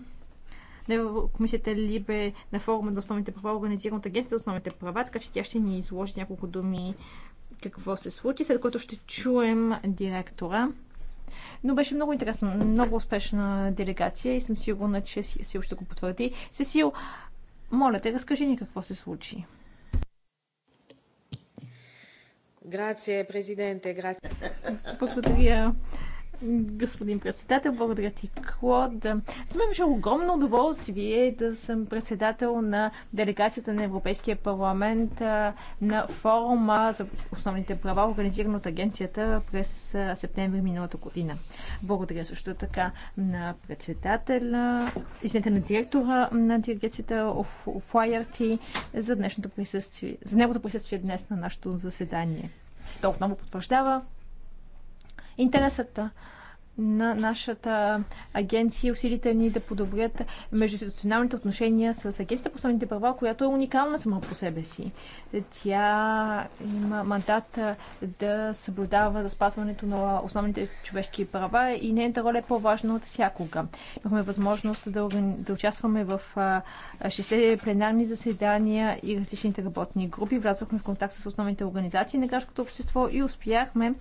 [SPEAKER 3] на комисията Либе на форума на основните права, организиран от агенцията на основните права, така че тя ще ни изложи няколко думи какво се случи, след което ще чуем директора но беше много интересно, много успешна делегация и съм сигурна, че Сил ще го потвърди. Сесил, моля те, разкажи ни какво се случи. Грация, президенте, грация. Благодаря, господин председател. Благодаря ти, Клод. Съм мен беше огромно удоволствие да съм председател на делегацията на Европейския парламент на форума за основните права, организиран от агенцията през септември миналата година. Благодаря също така на председателя, изнете на директора на дирекцията Флайерти за днешното присъствие, за неговото присъствие днес на нашето заседание. То отново потвърждава интересът на нашата агенция и усилите ни да подобрят междуинституционалните отношения с Агенцията по основните права, която е уникална сама по себе си. Тя има мандат да съблюдава за спазването на основните човешки права и нейната роля е по-важна от всякога. Имахме възможност да, да участваме в шесте пленарни заседания и различните работни групи. Влязохме в контакт с основните организации на гражданското общество и успяхме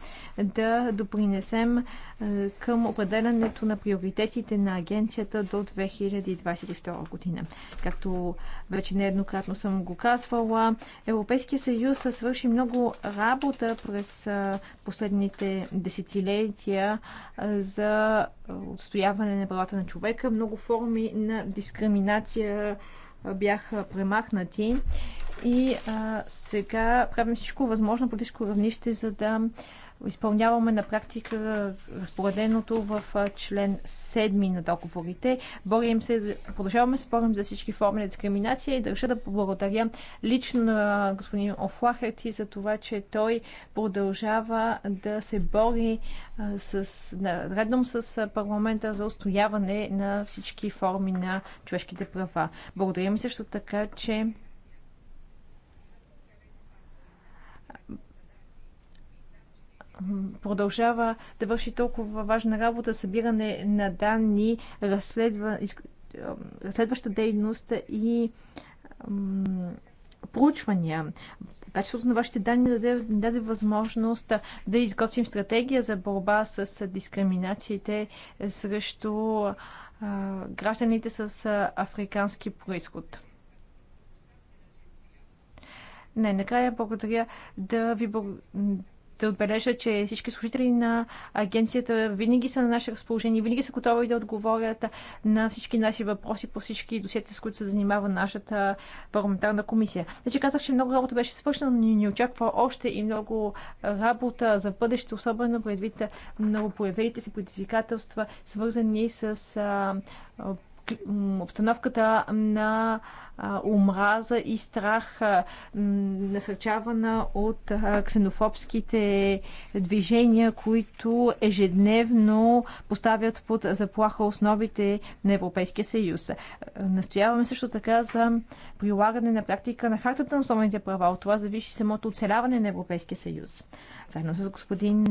[SPEAKER 3] да допринесем към определянето на приоритетите на агенцията до 2022 година. Както вече нееднократно съм го казвала, Европейския съюз свърши много работа през последните десетилетия за отстояване на правата на човека. Много форми на дискриминация бяха премахнати и а, сега правим всичко възможно политическо равнище, за да изпълняваме на практика разпореденото в член 7 на договорите. Борим се, продължаваме се борим за всички форми на дискриминация и държа да поблагодаря лично на господин Офлахерти за това, че той продължава да се бори с, редом с парламента за устояване на всички форми на човешките права. Благодаря ми също така, че продължава да върши толкова важна работа, събиране на данни, разследва, разследваща дейност и проучвания. Качеството на вашите данни даде, даде възможност да изготвим стратегия за борба с дискриминациите срещу а, гражданите с а, африкански происход. Не, накрая благодаря да ви, да отбележа, че всички служители на агенцията винаги са на наше разположение, винаги са готови да отговорят на всички наши въпроси по всички досиета, с които се занимава нашата парламентарна комисия. Значи казах, че много работа беше свършена, но ни очаква още и много работа за бъдеще, особено предвид появените се предизвикателства, свързани с обстановката на омраза и страх, насърчавана от ксенофобските движения, които ежедневно поставят под заплаха основите на Европейския съюз. Настояваме също така за прилагане на практика на хартата на основните права. От това зависи самото оцеляване на Европейския съюз. Заедно с господин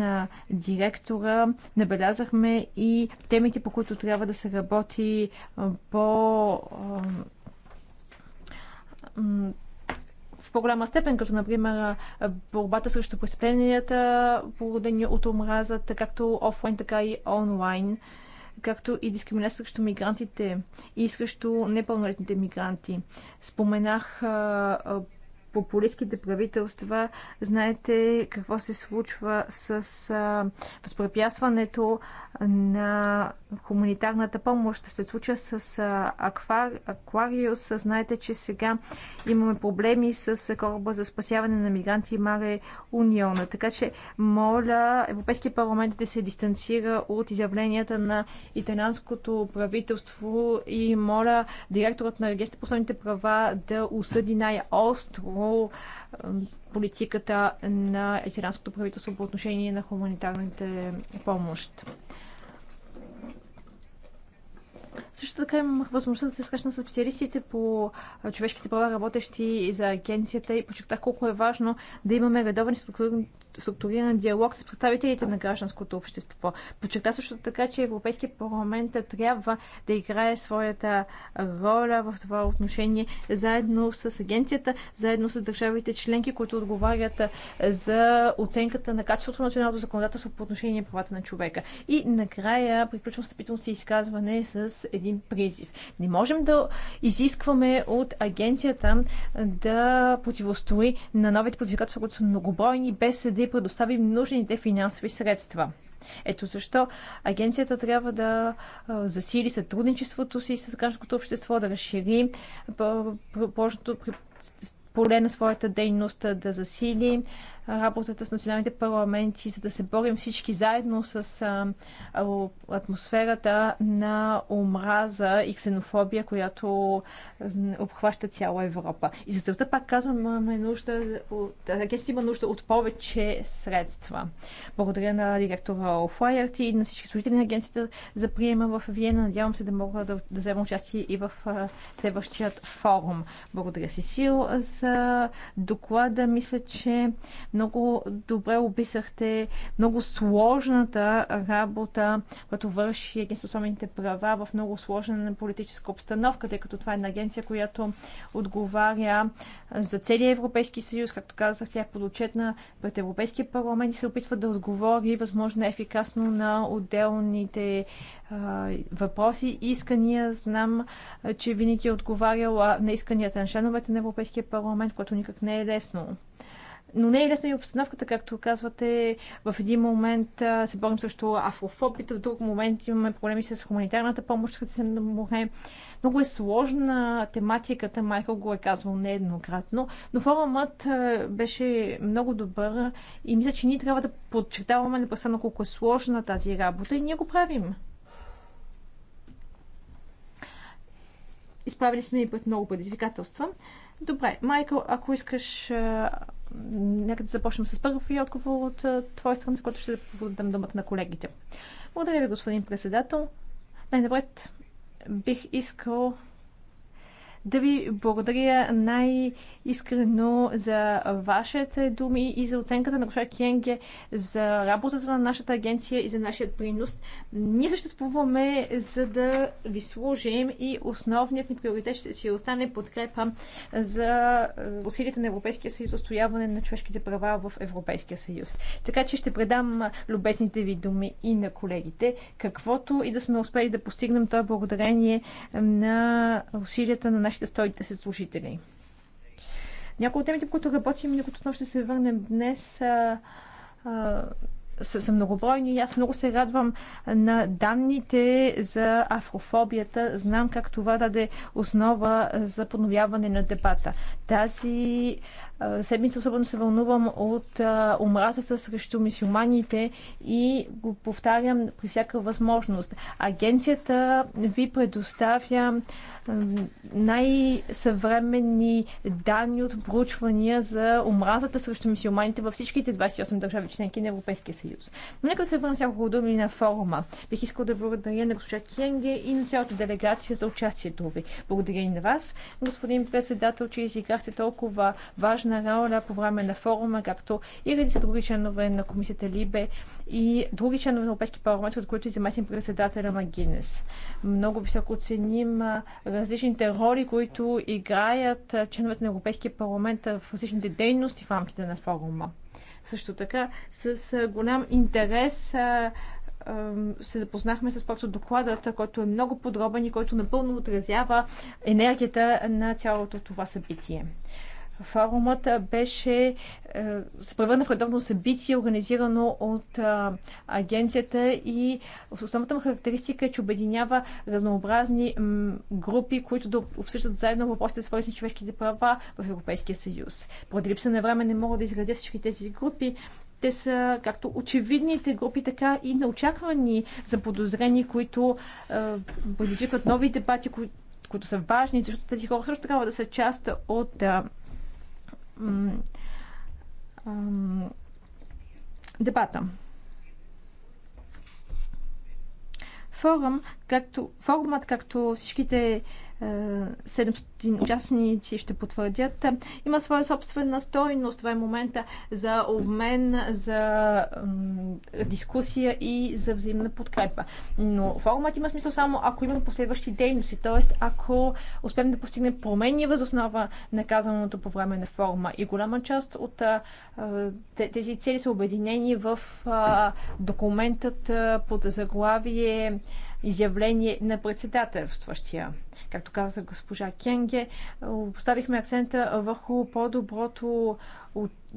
[SPEAKER 3] директора набелязахме и темите, по които трябва да се работи по в по-голяма степен, като например борбата срещу престъпленията, породени от омразата, както офлайн, така и онлайн, както и дискриминация срещу мигрантите и срещу непълнолетните мигранти. Споменах популистските правителства. Знаете какво се случва с а, възпрепятстването на хуманитарната помощ. се случва с а, аквар, Аквариус, знаете, че сега имаме проблеми с кораба за спасяване на мигранти и Маре Униона. Така че, моля Европейския парламент да се дистанцира от изявленията на италянското правителство и моля директорът на регистър по права да осъди най-остро контрол политиката на етиранското правителство по отношение на хуманитарните помощ. Също така имах възможността да се срещна с специалистите по човешките права, работещи за агенцията и почетах колко е важно да имаме редовен структурен структуриран диалог с представителите на гражданското общество. Почерта също така, че Европейския парламент трябва да играе своята роля в това отношение заедно с агенцията, заедно с държавите членки, които отговарят за оценката на качеството на националното законодателство по отношение на правата на човека. И накрая приключвам стъпително си изказване с един призив. Не можем да изискваме от агенцията да противостои на новите подвигателства, които са многобройни, без да да й предоставим нужните финансови средства. Ето защо агенцията трябва да засили сътрудничеството си с гражданското общество, да разшири поле на своята дейност, да засили работата с националните парламенти, за да се борим всички заедно с атмосферата на омраза и ксенофобия, която обхваща цяла Европа. И за целта, пак казвам, имаме нужда от... Агенцията има нужда от повече средства. Благодаря на директора Офлайерт и на всички служители на агенцията за приема в Виена. Надявам се да мога да, да взема участие и в следващият форум. Благодаря си, Сил, за доклада. Мисля, че много добре описахте много сложната работа, която върши Агенция основните права в много сложна политическа обстановка, тъй като това е една агенция, която отговаря за целия Европейски съюз. Както казах, тя е подочетна пред Европейския парламент и се опитва да отговори възможно ефикасно на отделните въпроси и искания. Знам, че винаги е отговаряла на исканията на членовете на Европейския парламент, което никак не е лесно. Но не е лесна и обстановката, както казвате. В един момент се борим срещу афрофобите, в друг момент имаме проблеми с хуманитарната помощ, като се наморе. Много е сложна тематиката, Майкъл го е казвал нееднократно, но форумът беше много добър и мисля, че ние трябва да подчертаваме непрестанно колко е сложна тази работа и ние го правим. Изправили сме и пред много предизвикателства. Добре, Майкъл, ако искаш, нека да започнем с първи отговор от твоя страна, с който ще дам думата на колегите. Благодаря ви, господин председател. Най-напред бих искал да ви благодаря най-искрено за вашите думи и за оценката на госпожа Кенге, за работата на нашата агенция и за нашия принос. Ние съществуваме за да ви служим и основният ни приоритет ще си остане подкрепа за е, усилите на Европейския съюз, устояване на човешките права в Европейския съюз. Така че ще предам е, любезните ви думи и на колегите. Каквото и да сме успели да постигнем, то е благодарение на усилията на нашите нашите 110 служители. Някои от темите, по които работим и на които отново ще се върнем днес, а, са, са многобройни и аз много се радвам на данните за афрофобията. Знам как това даде основа за подновяване на дебата. Тази седмица особено се вълнувам от омразата срещу мисюманите и го повтарям при всяка възможност. Агенцията ви предоставя най-съвременни данни от проучвания за омразата срещу мисиоманите във всичките 28 държави членки на Европейския съюз. Но нека да се върна няколко думи на форума. Бих искал да благодаря на госпожа Кенге и на цялата делегация за участието ви. Благодаря и на вас, господин председател, че изиграхте толкова важна роля по време на форума, както и редица други членове на комисията Либе и други членове на Европейски парламент, от които и заместим председателя Магинес. Много високо ценим различните роли, които играят членовете на Европейския парламент в различните дейности в рамките на форума. Също така, с голям интерес се запознахме с просто докладът, който е много подробен и който напълно отразява енергията на цялото това събитие форумът беше е, се превърна в редовно събитие, организирано от е, агенцията и основната му характеристика е, че обединява разнообразни групи, които да обсъждат заедно въпросите, свързани с човешките права в Европейския съюз. Поради липса на време не мога да изградя всички тези групи, те са както очевидните групи, така и неочаквани за подозрени, които е, предизвикват нови дебати, кои, които са важни, защото тези хора също трябва да са част от а, дебата. Форум, както, форумът, както всичките 700 участници ще потвърдят, има своя собствена стойност. Това е момента за обмен, за дискусия и за взаимна подкрепа. Но форумът има смисъл само ако има последващи дейности, т.е. ако успеем да постигнем промени въз основа на казаното по време на форума. И голяма част от тези цели са обединени в документът под заглавие изявление на председателстващия. Както каза госпожа Кенге, поставихме акцента върху по-доброто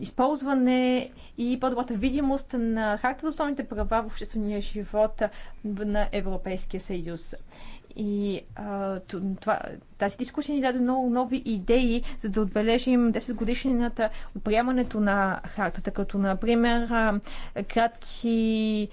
[SPEAKER 3] използване и по-добрата видимост на харта за основните права в обществения живот на Европейския съюз. И а, това, тази дискусия ни даде много нови идеи, за да отбележим 10 годишнината от приемането на хартата, като например кратки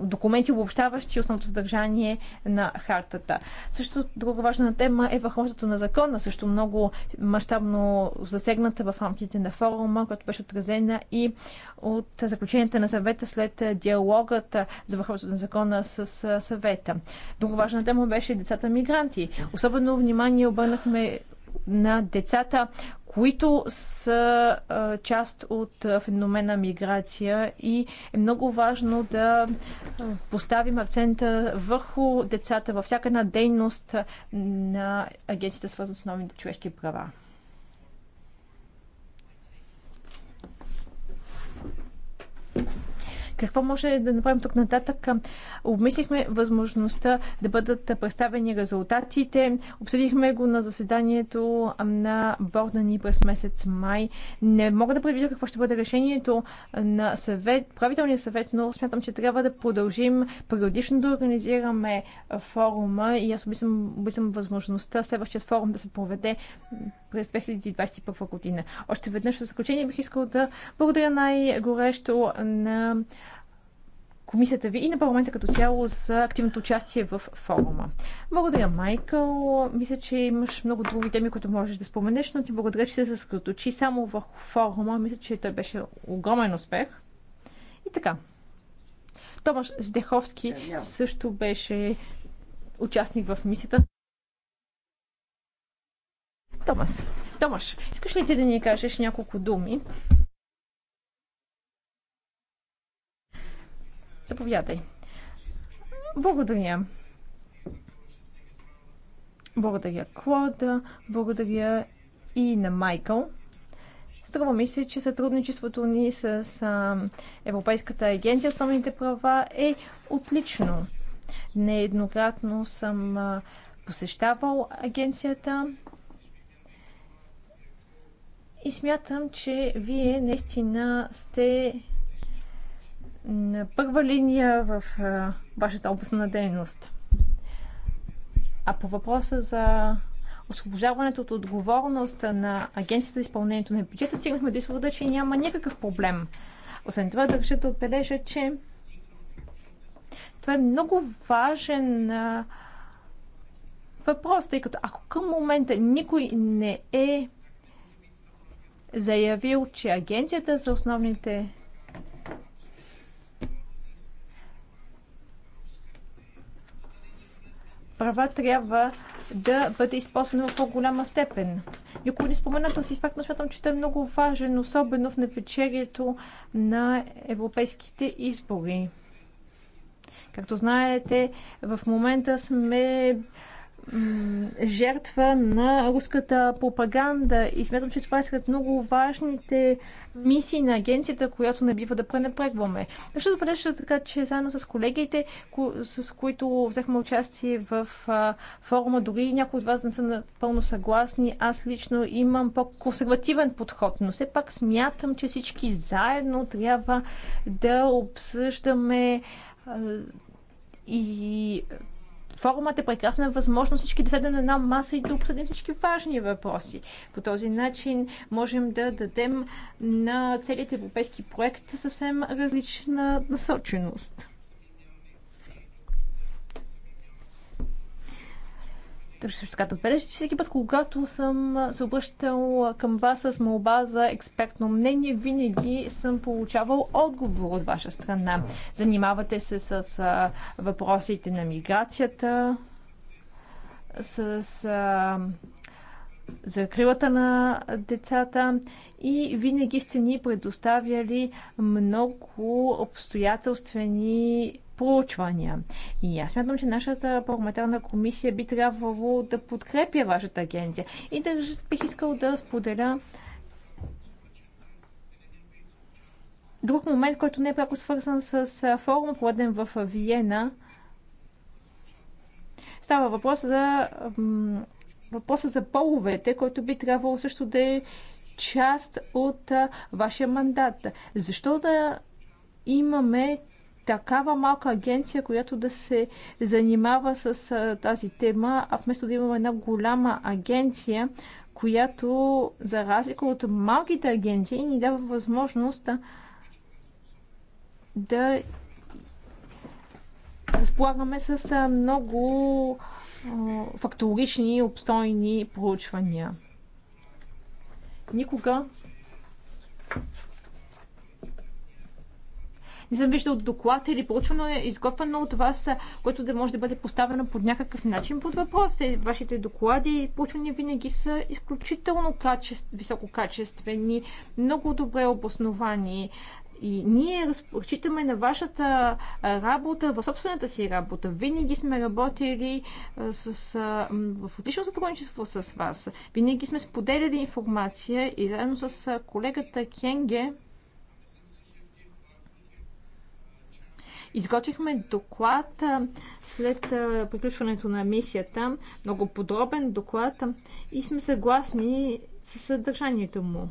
[SPEAKER 3] документи, обобщаващи основното съдържание на хартата. Също друга важна тема е върховенството на закона, също много мащабно засегната в рамките на форума, която беше отразена и от заключенията на съвета след диалогът за върховенството на закона с съвета. Друга важна тема беше децата мигранти, особено внимание обърнахме на децата, които са а, част от феномена миграция и е много важно да поставим акцента върху децата във всяка една дейност на Агенцията свързана с основните човешки права. Какво може да направим тук нататък? Обмислихме възможността да бъдат представени резултатите. Обсъдихме го на заседанието на борда ни през месец май. Не мога да предвидя какво ще бъде решението на съвет, правителния съвет, но смятам, че трябва да продължим периодично да организираме форума и аз обмислям възможността следващия форум да се проведе през 2021 година. Още веднъж в заключение бих искал да благодаря най-горещо на комисията ви и на парламента като цяло за активното участие в форума. Благодаря, Майкъл. Мисля, че имаш много други теми, които можеш да споменеш, но ти благодаря, че се съсредоточи само в форума. Мисля, че той беше огромен успех. И така. Томаш Здеховски е, също беше участник в мисията. Томас. Томаш, искаш ли ти да ни кажеш няколко думи? Заповядай. Благодаря. Благодаря Клода, благодаря и на Майкъл. Струва ми се, че сътрудничеството ни с Европейската агенция основните права е отлично. Нееднократно съм посещавал агенцията и смятам, че вие наистина сте на първа линия в вашата област на дейност. А по въпроса за освобождаването от отговорност на агенцията за изпълнението на бюджета, стигнахме до извода, че няма никакъв проблем. Освен това, държа да отбележа, че това е много важен въпрос, тъй като ако към момента никой не е заявил, че Агенцията за основните права трябва да бъде използвана в по-голяма степен. Никой не спомена този факт, но смятам, че той е много важен, особено в навечерието на европейските избори. Както знаете, в момента сме жертва на руската пропаганда. И смятам, че това е сред много важните мисии на агенцията, която не бива да пренепрегваме. Защото предишно така, че заедно с колегите, ко- с които взехме участие в а, форума, дори някои от вас не са напълно съгласни, аз лично имам по-консервативен подход, но все пак смятам, че всички заедно трябва да обсъждаме а, и Форумът е прекрасна възможност всички да седнем на една маса и да обсъдим всички важни въпроси. По този начин можем да дадем на целият европейски проект съвсем различна насоченост. също така да че всеки път, когато съм се обръщал към вас с молба за експертно мнение, винаги съм получавал отговор от ваша страна. Занимавате се с въпросите на миграцията, с закрилата на децата и винаги сте ни предоставяли много обстоятелствени проучвания. И аз смятам, че нашата парламентарна комисия би трябвало да подкрепя вашата агенция. И да, бих искал да споделя друг момент, който не е пряко свързан с форум, проведен в Виена. Става въпрос за въпроса за половете, който би трябвало също да е част от вашия мандат. Защо да имаме такава малка агенция, която да се занимава с тази тема, а вместо да имаме една голяма агенция, която, за разлика от малките агенции, ни дава възможност да разполагаме с много фактологични и обстойни проучвания. Никога не съм виждал доклад или е изготвено от вас, което да може да бъде поставено под някакъв начин под въпрос. Вашите доклади и поручвания винаги са изключително висококачествени, много добре обосновани. И ние разчитаме на вашата работа, в собствената си работа. Винаги сме работили с, в отлично сътрудничество с вас. Винаги сме споделяли информация и заедно с колегата Кенге Изготвихме доклад след приключването на мисията, много подробен доклад и сме съгласни с съдържанието му.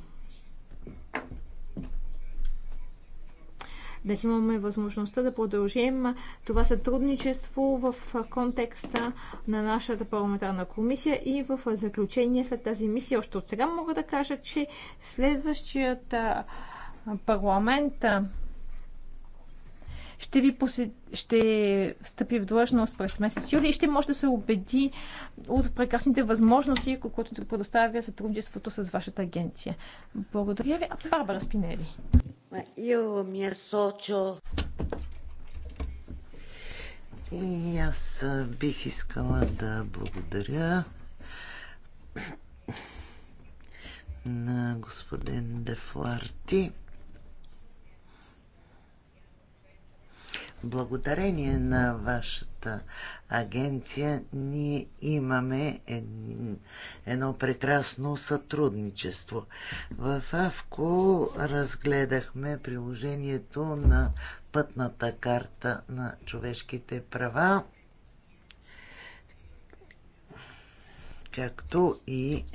[SPEAKER 3] Днес имаме възможността да продължим това сътрудничество в контекста на нашата парламентарна комисия и в заключение след тази мисия. Още от сега мога да кажа, че следващият парламент ще ви посет... ще встъпи в длъжност през месец юли и ще може да се убеди от прекрасните възможности, които да предоставя сътрудничеството с вашата агенция. Благодаря ви. Барбара Спинели.
[SPEAKER 4] Io mi associo. И аз бих искала да благодаря на господин Дефларти благодарение на вашата агенция ние имаме едно прекрасно сътрудничество. В АВКО разгледахме приложението на пътната карта на човешките права, както и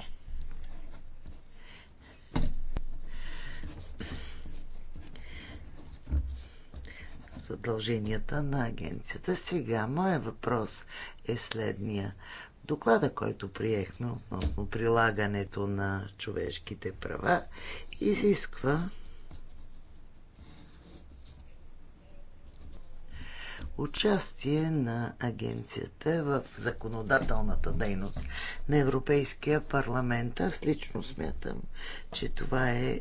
[SPEAKER 4] задълженията на агенцията. Сега, моя въпрос е следния. Доклада, който приехме относно прилагането на човешките права, изисква участие на агенцията в законодателната дейност на Европейския парламент. Аз лично смятам, че това е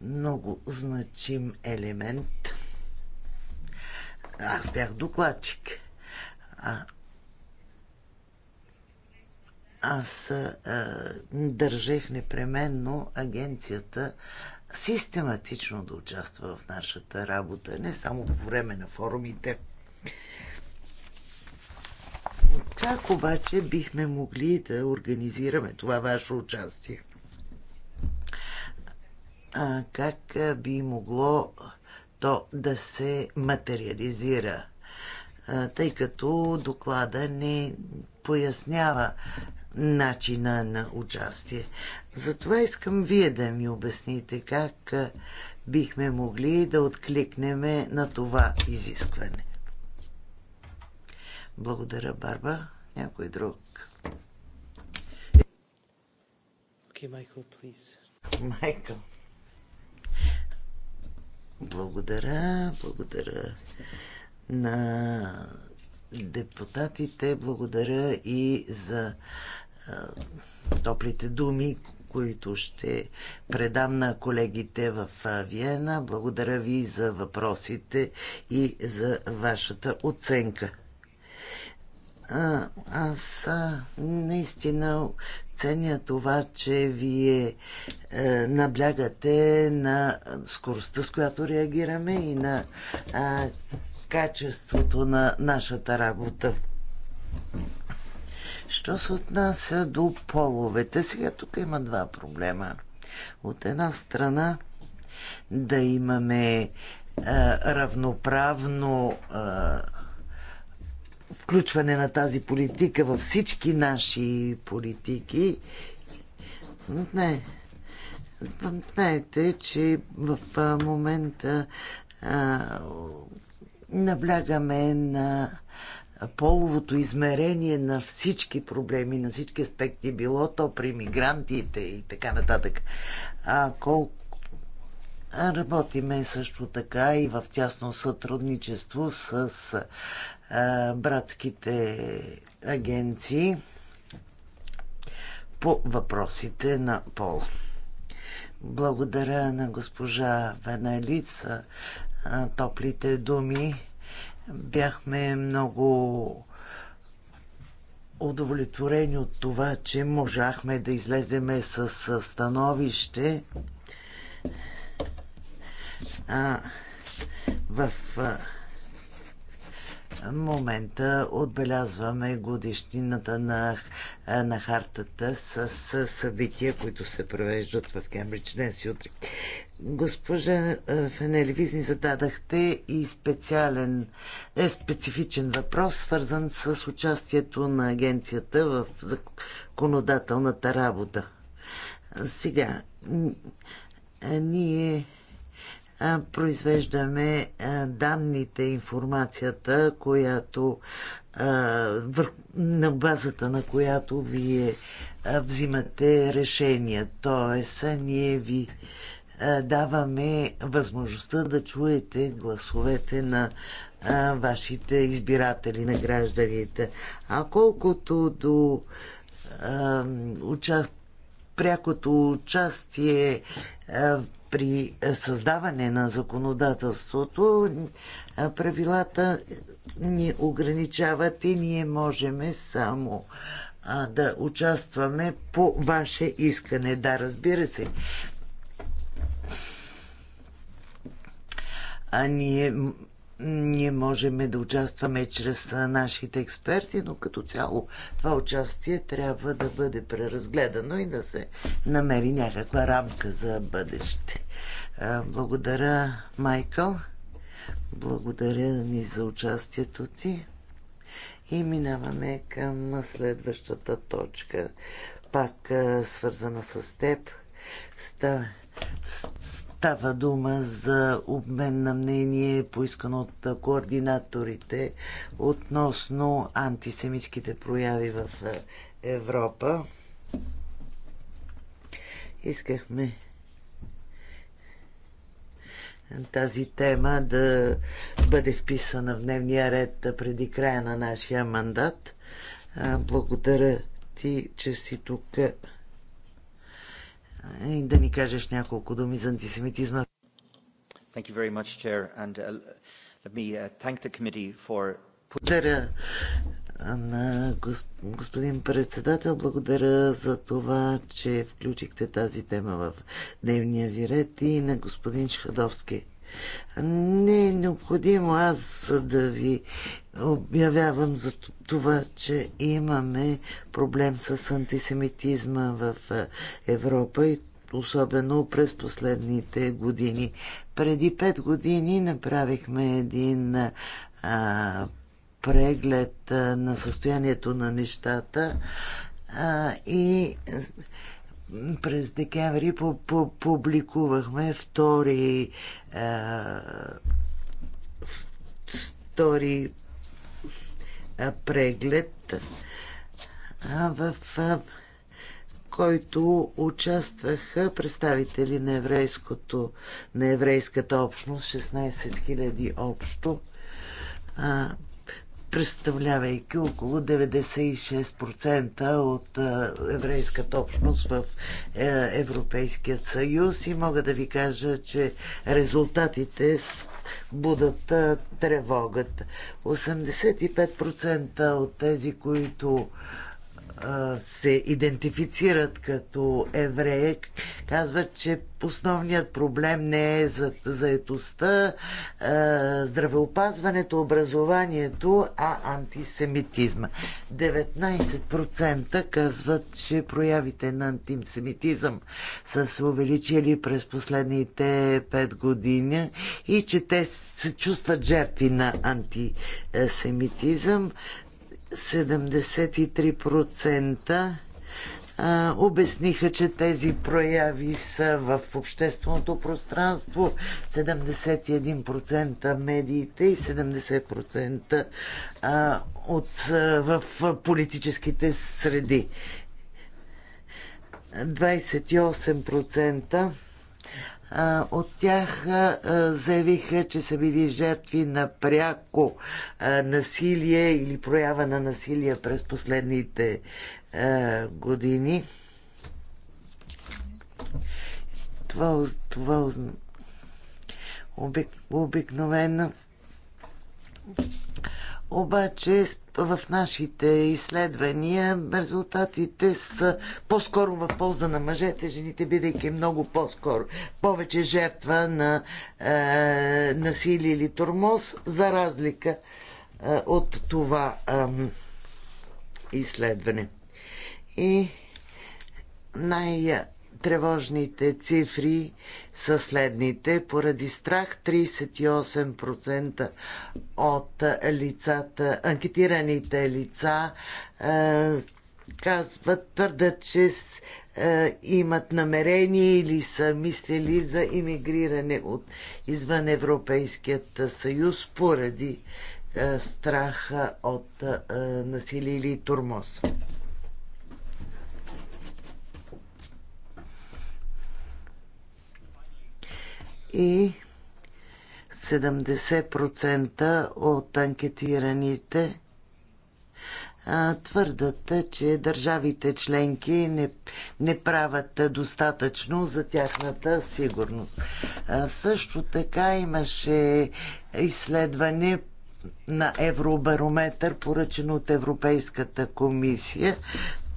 [SPEAKER 4] много значим елемент аз бях докладчик. А, аз а, държех непременно агенцията систематично да участва в нашата работа, не само по време на форумите. Как обаче бихме могли да организираме това ваше участие? А, как би могло а, то да се материализира, тъй като доклада не пояснява начина на участие. Затова искам вие да ми обясните как бихме могли да откликнем на това изискване. Благодаря, Барба. Някой друг?
[SPEAKER 1] Okay, please.
[SPEAKER 4] Майкъл. Благодаря, благодаря на депутатите, благодаря и за топлите думи, които ще предам на колегите в Виена. Благодаря ви за въпросите и за вашата оценка. А, аз а, наистина ценя това, че вие е, наблягате на скоростта, с която реагираме и на качеството на нашата работа. Що се отнася до половете, сега тук има два проблема. От една страна да имаме равноправно включване на тази политика във всички наши политики. Не. Знаете, че в момента а, наблягаме на половото измерение на всички проблеми, на всички аспекти, било то при мигрантите и така нататък. А, колко Работиме също така и в тясно сътрудничество с а, братските агенции по въпросите на пол. Благодаря на госпожа Венелица топлите думи. Бяхме много удовлетворени от това, че можахме да излеземе с становище а, в а, момента отбелязваме годишнината на, на хартата с, с събития, които се провеждат в Кембридж днес и утре. Госпожа Фенели, ви ни зададахте и специален, е, специфичен въпрос, свързан с участието на агенцията в законодателната работа. Сега, ние произвеждаме данните, информацията, която на базата на която вие взимате решения. Тоест, ние ви даваме възможността да чуете гласовете на вашите избиратели, на гражданите. А колкото до а, участ... прякото участие а, при създаване на законодателството правилата ни ограничават и ние можем само а, да участваме по ваше искане. Да, разбира се. А ние ние можем да участваме чрез нашите експерти, но като цяло това участие трябва да бъде преразгледано и да се намери някаква рамка за бъдеще. Благодаря, Майкъл. Благодаря ни за участието ти. И минаваме към следващата точка, пак свързана с теб. с. Става дума за обмен на мнение, поискано от координаторите относно антисемитските прояви в е, Европа. Искахме тази тема да бъде вписана в дневния ред преди края на нашия мандат. Благодаря ти, че си тук и е, да ни кажеш няколко думи за антисемитизма.
[SPEAKER 5] Thank you very much, Chair, and uh, let me uh, thank the committee for...
[SPEAKER 4] Благодаря на господин председател. Благодаря за това, че включихте тази тема в дневния ви ред и на господин Шхадовски. Не е необходимо аз да ви обявявам за това, че имаме проблем с антисемитизма в Европа и особено през последните години. Преди пет години направихме един а, преглед а, на състоянието на нещата а, и през декември публикувахме втори а, втори преглед, в който участваха представители на, еврейското, на еврейската общност, 16 000 общо, представлявайки около 96% от еврейската общност в е, Европейският съюз. И мога да ви кажа, че резултатите будат тревогата. 85% от тези, които се идентифицират като евреи, казват, че основният проблем не е за заетостта, здравеопазването, образованието, а антисемитизма. 19% казват, че проявите на антисемитизъм са се увеличили през последните 5 години и че те се чувстват жертви на антисемитизъм. 73% обясниха, че тези прояви са в общественото пространство, 71% медиите и 70% от, в политическите среди. 28% от тях заявиха, че са били жертви на пряко насилие или проява на насилие през последните години. Това, това обик, обикновено обаче в нашите изследвания резултатите са по-скоро в полза на мъжете, жените бидейки много по-скоро, повече жертва на е, насилие или тормоз, за разлика е, от това е, изследване. И най- тревожните цифри са следните. Поради страх 38% от лицата, анкетираните лица е, казват, твърдат, че е, имат намерение или са мислили за иммигриране от извън Европейският съюз поради е, страха от е, насилие или турмоз. и 70% от анкетираните твърдат, че държавите членки не, не правят достатъчно за тяхната сигурност. Също така имаше изследване на Евробарометър, поръчено от Европейската комисия,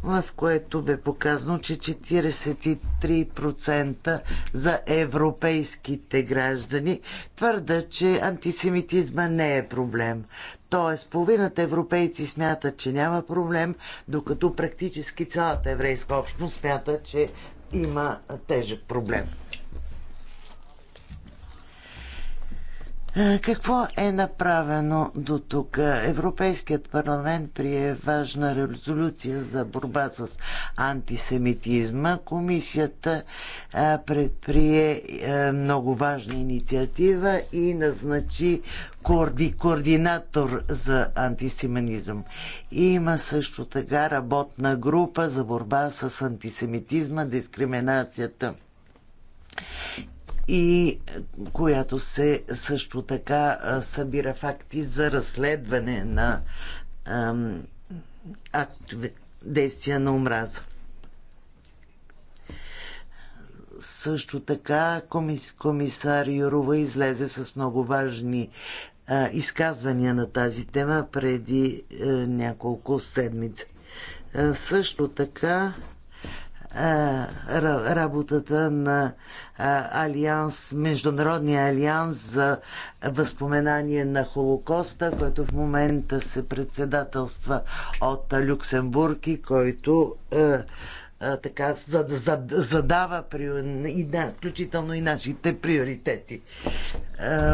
[SPEAKER 4] в което бе показано, че 43% за европейските граждани твърдат, че антисемитизма не е проблем. Тоест, половината европейци смятат, че няма проблем, докато практически цялата еврейска общност смята, че има тежък проблем. Е, какво е направено до тук? Европейският парламент прие важна резолюция за борба с антисемитизма. Комисията е, предприе е, много важна инициатива и назначи коорди, координатор за антисемитизъм. Има също така работна група за борба с антисемитизма, дискриминацията и която се също така събира факти за разследване на ам, актове, действия на омраза. Също така комис, комисар Юрова излезе с много важни а, изказвания на тази тема преди а, е, няколко седмици. А, е, също така е, работата на е, Алианс, Международния алианс за възпоменание на Холокоста, който в момента се председателства от Люксембург и който е, така задава включително и нашите приоритети.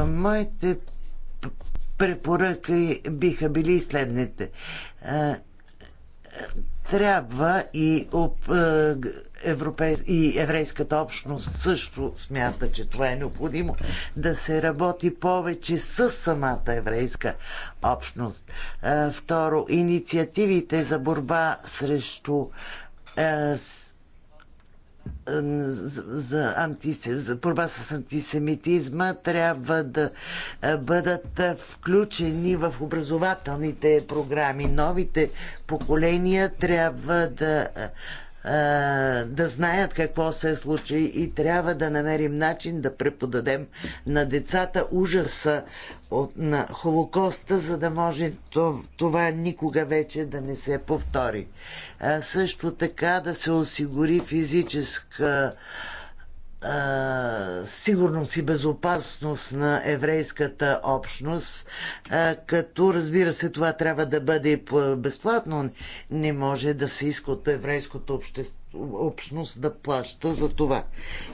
[SPEAKER 4] моите препоръки биха били следните трябва и, е, европейс... и еврейската общност също смята, че това е необходимо да се работи повече с самата еврейска общност. Е, второ, инициативите за борба срещу е, за, антисем, за борба с антисемитизма трябва да бъдат включени в образователните програми. Новите поколения трябва да да знаят какво се случи и трябва да намерим начин да преподадем на децата ужаса от, на Холокоста, за да може това никога вече да не се повтори. А, също така да се осигури физическа сигурност и безопасност на еврейската общност, като разбира се това трябва да бъде безплатно. Не може да се иска от еврейското общество общност да плаща за това.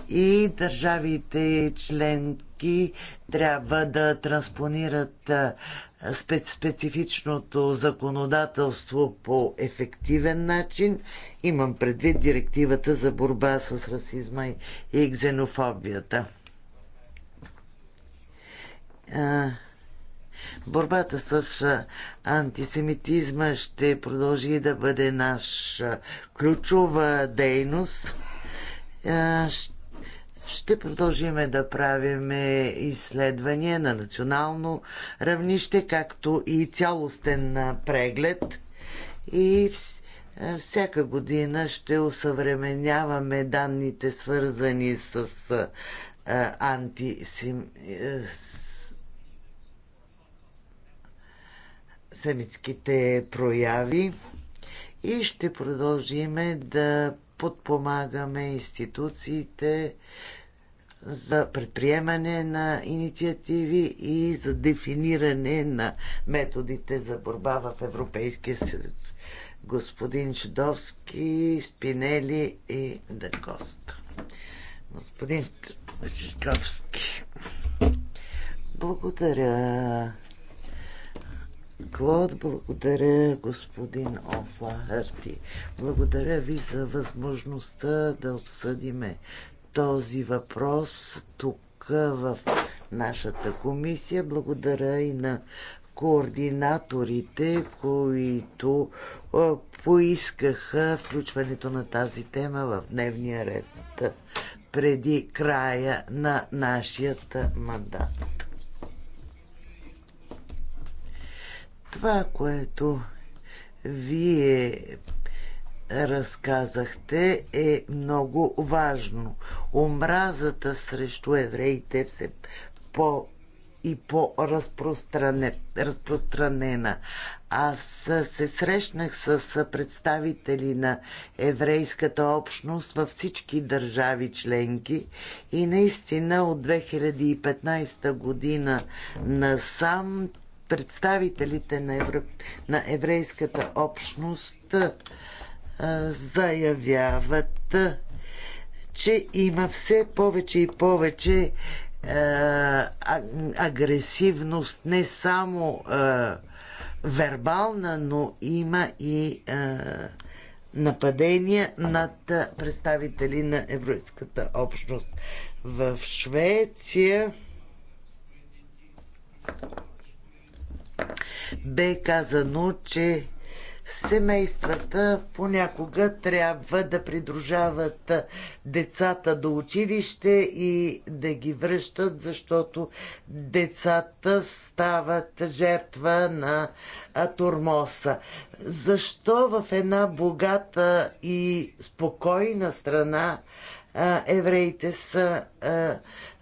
[SPEAKER 4] И държавите членки трябва да транспонират специфичното законодателство по ефективен начин. Имам предвид директивата за борба с расизма и ксенофобията. Борбата с антисемитизма ще продължи да бъде наша ключова дейност. Ще продължиме да правим изследвания на национално равнище, както и цялостен преглед. И всяка година ще усъвременяваме данните, свързани с антисемитизма антисемитските прояви и ще продължиме да подпомагаме институциите за предприемане на инициативи и за дефиниране на методите за борба в Европейския съюз. Господин Шидовски, Спинели и Дакост. Господин Шидовски, благодаря Клод, благодаря господин Офлахарти. Благодаря ви за възможността да обсъдиме този въпрос тук в нашата комисия. Благодаря и на координаторите, които поискаха включването на тази тема в дневния ред преди края на нашия мандат. Това, което вие разказахте е много важно. Омразата срещу евреите все по и по-разпространена. Аз се срещнах с представители на еврейската общност във всички държави членки и наистина от 2015 година насам представителите на, евро... на еврейската общност заявяват, че има все повече и повече агресивност, не само вербална, но има и нападения над представители на еврейската общност. В Швеция бе казано, че семействата понякога трябва да придружават децата до училище и да ги връщат, защото децата стават жертва на турмоса. Защо в една богата и спокойна страна евреите са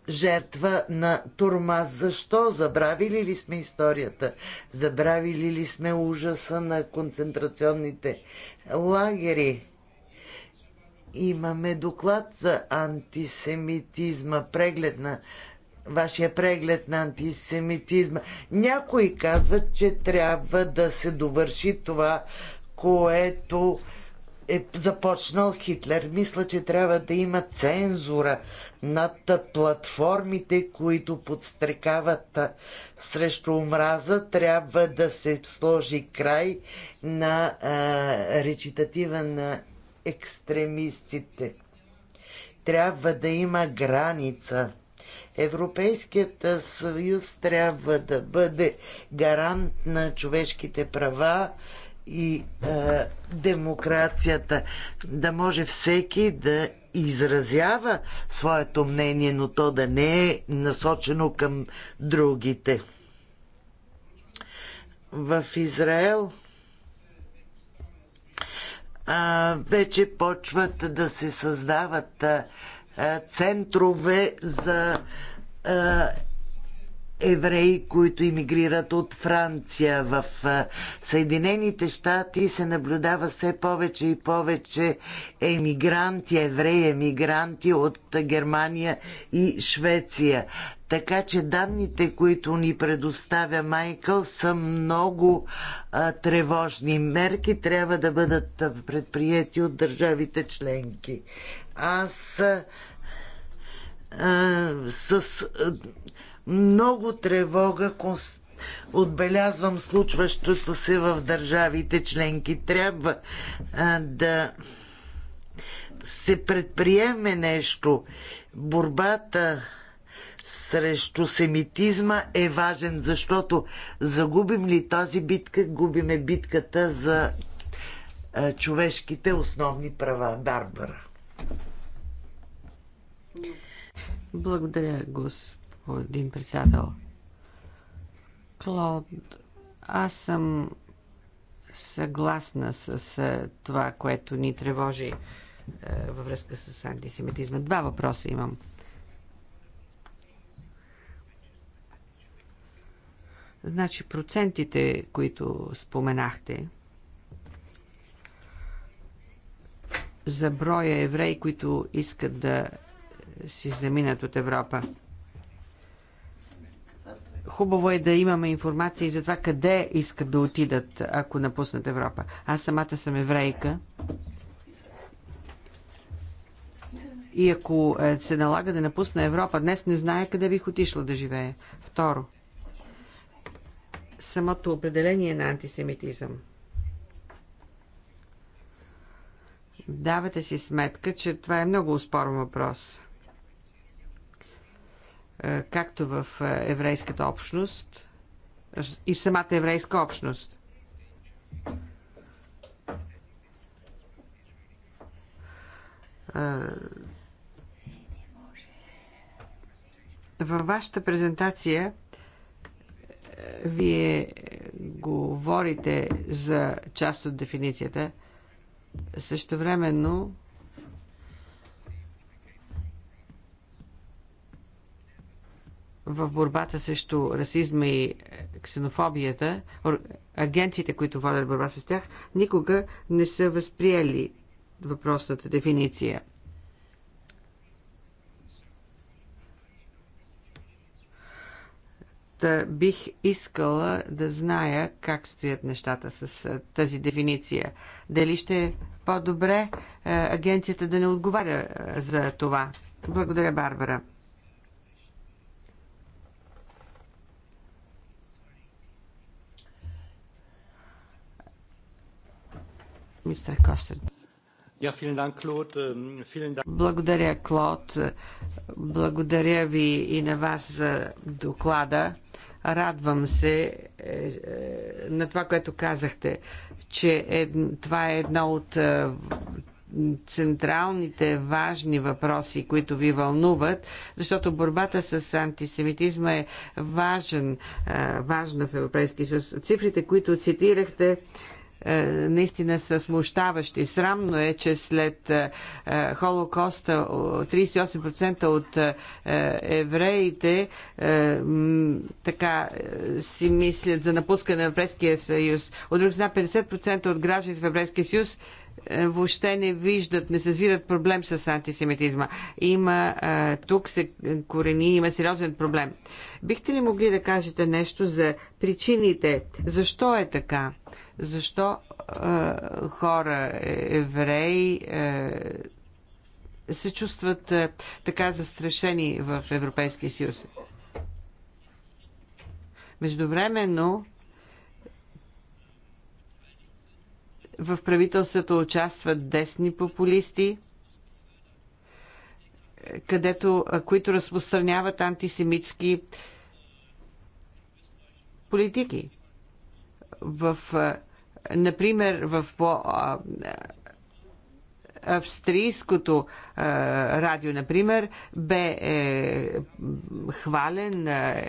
[SPEAKER 4] жертва на турма. Защо? Забравили ли сме историята? Забравили ли сме ужаса на концентрационните лагери? Имаме доклад за антисемитизма, преглед на вашия преглед на антисемитизма. Някои казват, че трябва да се довърши това, което е започнал Хитлер. Мисля, че трябва да има цензура над платформите, които подстрекават срещу омраза. Трябва да се сложи край на а, речитатива на екстремистите. Трябва да има граница. Европейският съюз трябва да бъде гарант на човешките права и а, е, демокрацията. Да може всеки да изразява своето мнение, но то да не е насочено към другите. В Израел а, вече почват да се създават а, центрове за а, евреи, които иммигрират от Франция в Съединените щати се наблюдава все повече и повече емигранти, евреи емигранти от Германия и Швеция. Така че данните, които ни предоставя Майкъл, са много а, тревожни. Мерки трябва да бъдат предприяти от държавите членки. Аз а, с. А, много тревога отбелязвам случващото се в държавите членки. Трябва а, да се предприеме нещо. Борбата срещу семитизма е важен, защото загубим ли тази битка, губиме битката за а, човешките основни права. Дарбара.
[SPEAKER 2] Благодаря, господин един председател. Клод, аз съм съгласна с това, което ни тревожи във връзка с антисемитизма. Два въпроса имам. Значи процентите, които споменахте, за броя евреи, които искат да си заминат от Европа – Хубаво е да имаме информация и за това къде искат да отидат, ако напуснат Европа. Аз самата съм еврейка. И ако е, се налага да напусна Европа, днес не знае къде бих отишла да живее. Второ, самото определение на антисемитизъм. Давате си сметка, че това е много успорен въпрос – е, както в е, еврейската общност и в самата еврейска общност. Е, във вашата презентация вие говорите за част от дефиницията. Същевременно в борбата срещу расизма и ксенофобията, агенциите, които водят борба с тях, никога не са възприели въпросната дефиниция. Та бих искала да зная как стоят нещата с тази дефиниция. Дали ще е по-добре агенцията да не отговаря за това. Благодаря, Барбара. Мистер Костер.
[SPEAKER 3] Э, Благодаря,
[SPEAKER 2] Клод. Благодаря ви и на вас за доклада. Радвам се е, е, на това, което казахте, че е, това е едно от е, централните важни въпроси, които ви вълнуват, защото борбата с антисемитизма е важен, важна в Европейския съюз. Цифрите, които цитирахте, е, наистина са смущаващи. Срамно е, че след е, е, Холокоста 38% от евреите така си мислят за напускане на Европейския съюз. От друг страна, 50% от гражданите в Европейския съюз въобще не виждат, не съзират проблем с антисемитизма. Има, тук се корени, има сериозен проблем. Бихте ли могли да кажете нещо за причините? Защо е така? Защо е, хора, евреи, е, се чувстват е, така застрашени в Европейския съюз? Междувременно, в правителството участват десни популисти, където, които разпространяват антисемитски политики. В Например, в по, австрийското е, радио, например, бе е, хвален е,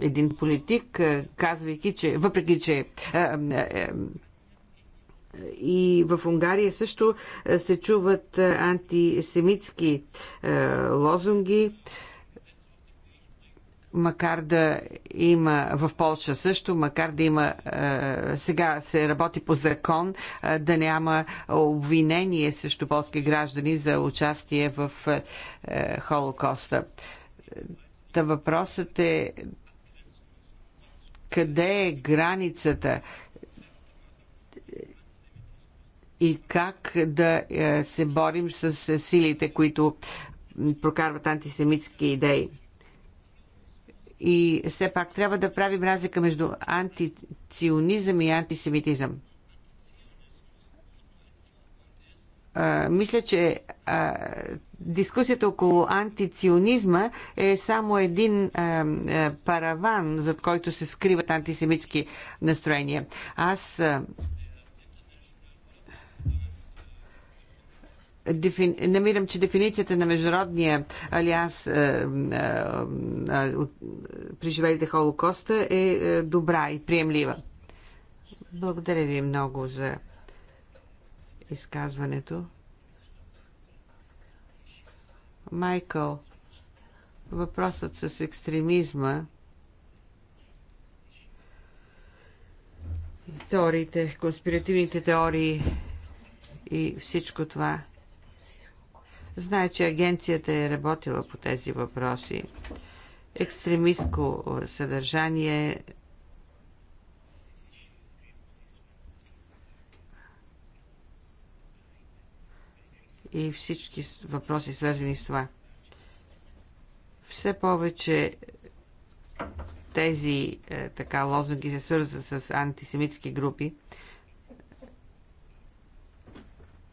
[SPEAKER 2] един политик, е, казвайки, че въпреки, че е, е, и в Унгария също се чуват антисемитски е, лозунги. Е, макар да има в Польша също, макар да има е, сега се работи по закон е, да няма обвинение срещу полски граждани за участие в е, Холокоста. Та въпросът е къде е границата и как да се борим с силите, които прокарват антисемитски идеи. И все пак трябва да правим разлика между антиционизъм и антисемитизъм. А, мисля, че а, дискусията около антиционизма е само един а, а, параван, зад който се скриват антисемитски настроения. Аз а, Дефи... Намирам, че дефиницията на Международния алианс е, е, е, преживелите Холокоста е, е добра и приемлива. Благодаря ви много за изказването. Майкъл, въпросът с екстремизма, теориите, конспиративните теории и всичко това – Знае, че агенцията е работила по тези въпроси. Екстремистко съдържание и всички въпроси свързани с това. Все повече тези е, така лозунги се свързват с антисемитски групи.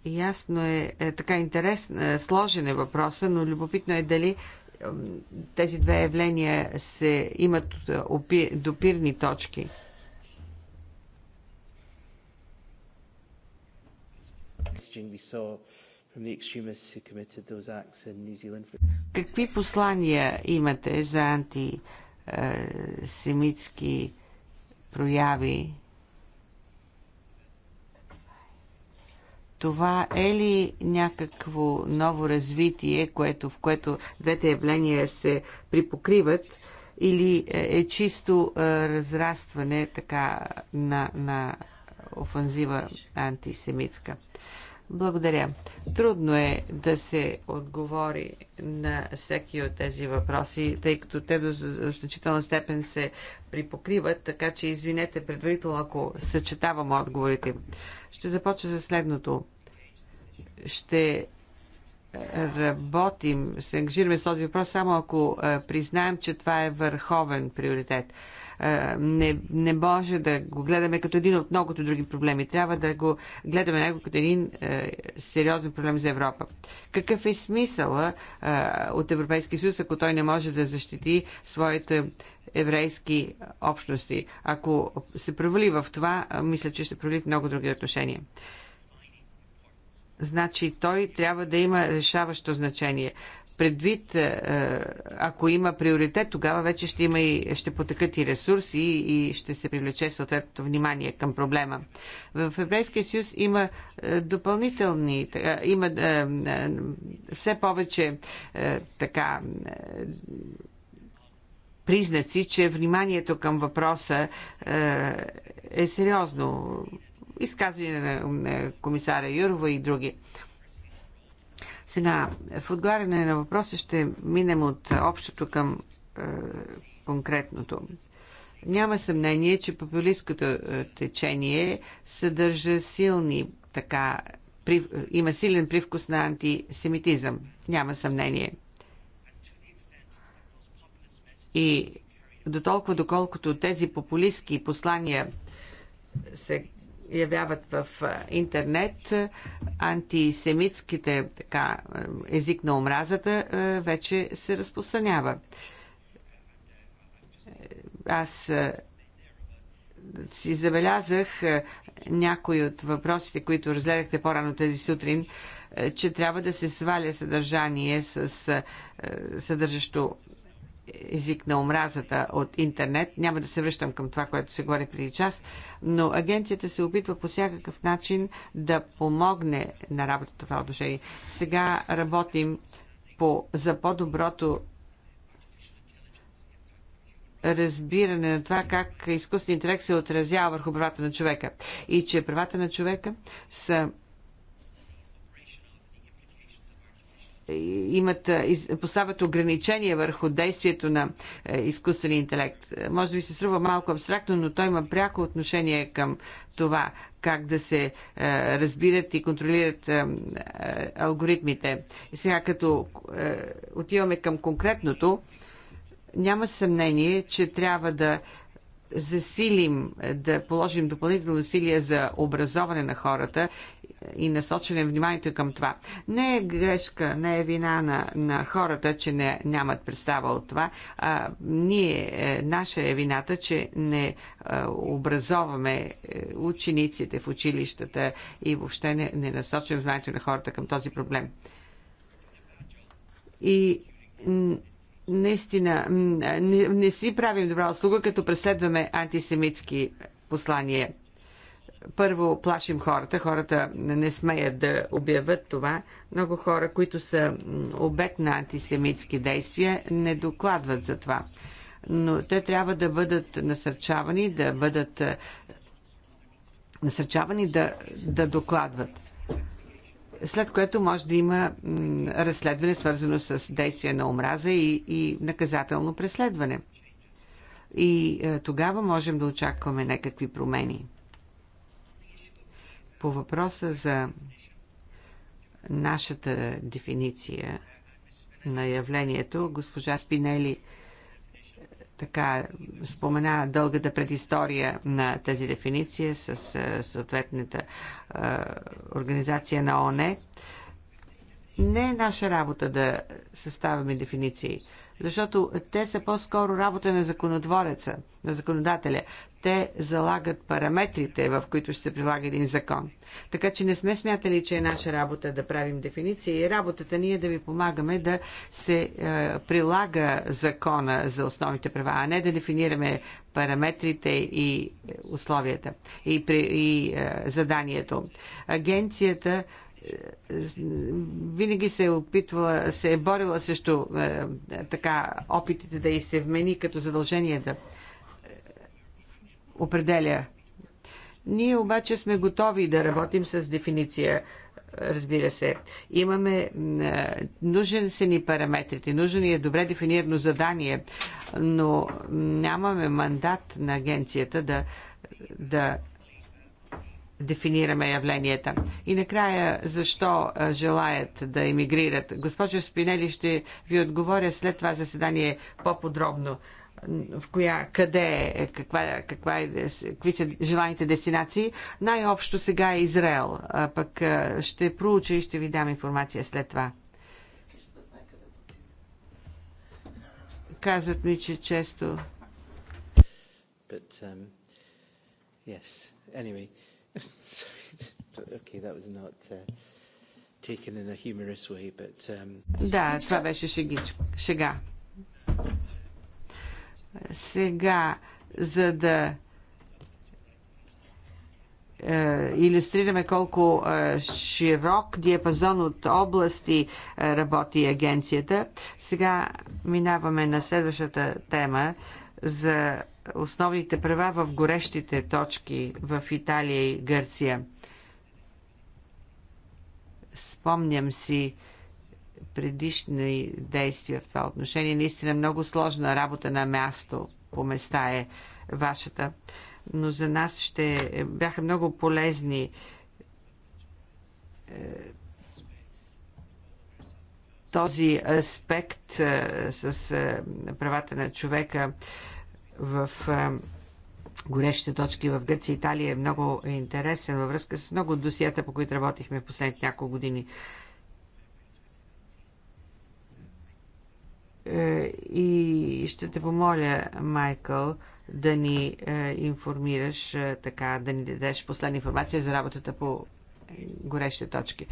[SPEAKER 2] Ясно е, е така интересен, е, сложен е въпроса, но любопитно е дали тези две явления се имат е, опи, допирни точки. Какви послания имате за антисемитски е, прояви? Това е ли някакво ново развитие, което, в което двете явления се припокриват или е чисто е, разрастване така на, на офанзива антисемитска? Благодаря. Трудно е да се отговори на всеки от тези въпроси, тъй като те до значителна степен се припокриват, така че извинете предварително, ако съчетавам отговорите. Ще започна с следното. Ще е, работим, се ангажираме с този въпрос, само ако е, признаем, че това е върховен приоритет не, не може да го гледаме като един от многото други проблеми. Трябва да го гледаме него като един е, сериозен проблем за Европа. Какъв е смисъла е, от Европейския съюз, ако той не може да защити своите еврейски общности? Ако се провали в това, мисля, че ще провали в много други отношения. Значи той трябва да има решаващо значение предвид, е, е, ако има приоритет, тогава вече ще, има и, ще потекат и ресурси и ще се привлече съответното внимание към проблема. В Европейския съюз има е, допълнителни, има все повече така признаци, че вниманието към въпроса е сериозно. Изказване на комисара Юрова и други. Сега, в отговаряне на въпроса ще минем от общото към е, конкретното. Няма съмнение, че популистското е, течение съдържа силни така при, има силен привкус на антисемитизъм. Няма съмнение. И до толкова, доколкото тези популистски послания се явяват в интернет антисемитските така, език на омразата вече се разпространява. Аз си забелязах някои от въпросите, които разгледахте по-рано тези сутрин, че трябва да се сваля съдържание с съдържащо език на омразата от интернет. Няма да се връщам към това, което се говори преди час, но агенцията се опитва по всякакъв начин да помогне на работата в това отношение. Сега работим по, за по-доброто разбиране на това как изкуственият интелект се отразява върху правата на човека и че правата на човека са имат, поставят ограничения върху действието на е, изкуствения интелект. Може би се струва малко абстрактно, но той има пряко отношение към това как да се е, разбират и контролират е, алгоритмите. И сега, като отиваме към конкретното, няма съмнение, че трябва да засилим, е, да положим допълнително усилия за образование на хората и насочване вниманието към това. Не е грешка, не е вина на, на хората, че не, нямат представа от това. А, ние, е, наша е вината, че не а, е, образоваме учениците в училищата и въобще не, не насочваме вниманието на хората към този проблем. И наистина не, не си правим добра услуга, като преследваме антисемитски послания. Първо плашим хората. Хората не смеят да обявят това. Много хора, които са обект на антисемитски действия, не докладват за това. Но те трябва да бъдат насърчавани, да бъдат е, насърчавани да, да докладват след което може да има разследване, свързано с действие на омраза и, и наказателно преследване. И е, тогава можем да очакваме някакви промени. По въпроса за нашата дефиниция на явлението, госпожа Спинели така спомена дългата предистория на тази дефиниция с е, съответната е, организация на ОНЕ. Не е наша работа да съставяме дефиниции, защото те са по-скоро работа на законотвореца, на законодателя те залагат параметрите, в които ще се прилага един закон. Така че не сме смятали, че е наша работа да правим дефиниции и работата ни е да ви помагаме да се е, прилага закона за основните права, а не да дефинираме параметрите и е, условията и, при, и е, заданието. Агенцията е, винаги се е опитвала, се е борила срещу е, е така опитите да и се вмени като задължение да определя. Ние обаче сме готови да работим с дефиниция разбира се. Имаме нужен са ни параметрите, нужен ни е добре дефинирано задание, но нямаме мандат на агенцията да, да дефинираме явленията. И накрая, защо желаят да емигрират? Госпожо Спинели, ще ви отговоря след това заседание по-подробно в коя, къде, е, каква, каква е, какви са желаните дестинации. Най-общо сега е Израел, а пък ще проуча и ще ви дам информация след това. Казват ми, че често.
[SPEAKER 1] But, um, yes, anyway. okay, that was not uh, taken in a humorous way, but... Um... Да, това
[SPEAKER 2] беше шегичко. Шега. Сега, за да е, иллюстрираме колко е, широк диапазон от области е, работи агенцията. Сега минаваме на следващата тема за основните права в горещите точки в Италия и Гърция. Спомням си предишни действия в това отношение. Наистина много сложна работа на място, по места е вашата. Но за нас ще бяха много полезни е, този аспект е, с е, правата на човека в горещите точки в Гърция и Италия е много интересен във връзка с много досията, по които работихме в последните няколко години. Е, и ще те помоля, Майкъл, да ни е, информираш, е, така, да ни дадеш последна информация за работата по горещи точки.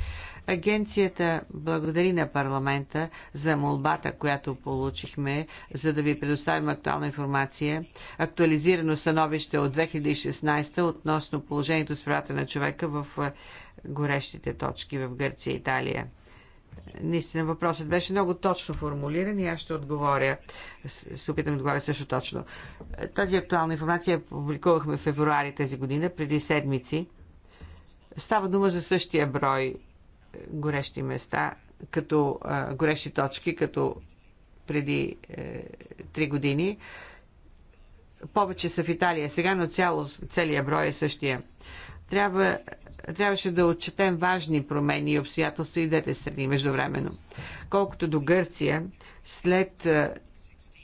[SPEAKER 2] Агенцията благодари на парламента за молбата, която получихме, за да ви предоставим актуална информация. Актуализирано становище от 2016 относно положението с правата на човека в горещите точки в Гърция и Италия. Наистина въпросът беше много точно формулиран и аз ще отговоря. Се опитам да отговоря също точно. Тази актуална информация публикувахме в февруари тази година, преди седмици. Става дума за същия брой е, горещи места, като а, е, горещи точки, като преди е, три е, години. Повече са в Италия сега, но цяло, целият брой е същия. Трябва трябваше да отчетем важни промени и обстоятелства и двете страни междувременно. Колкото до Гърция, след е,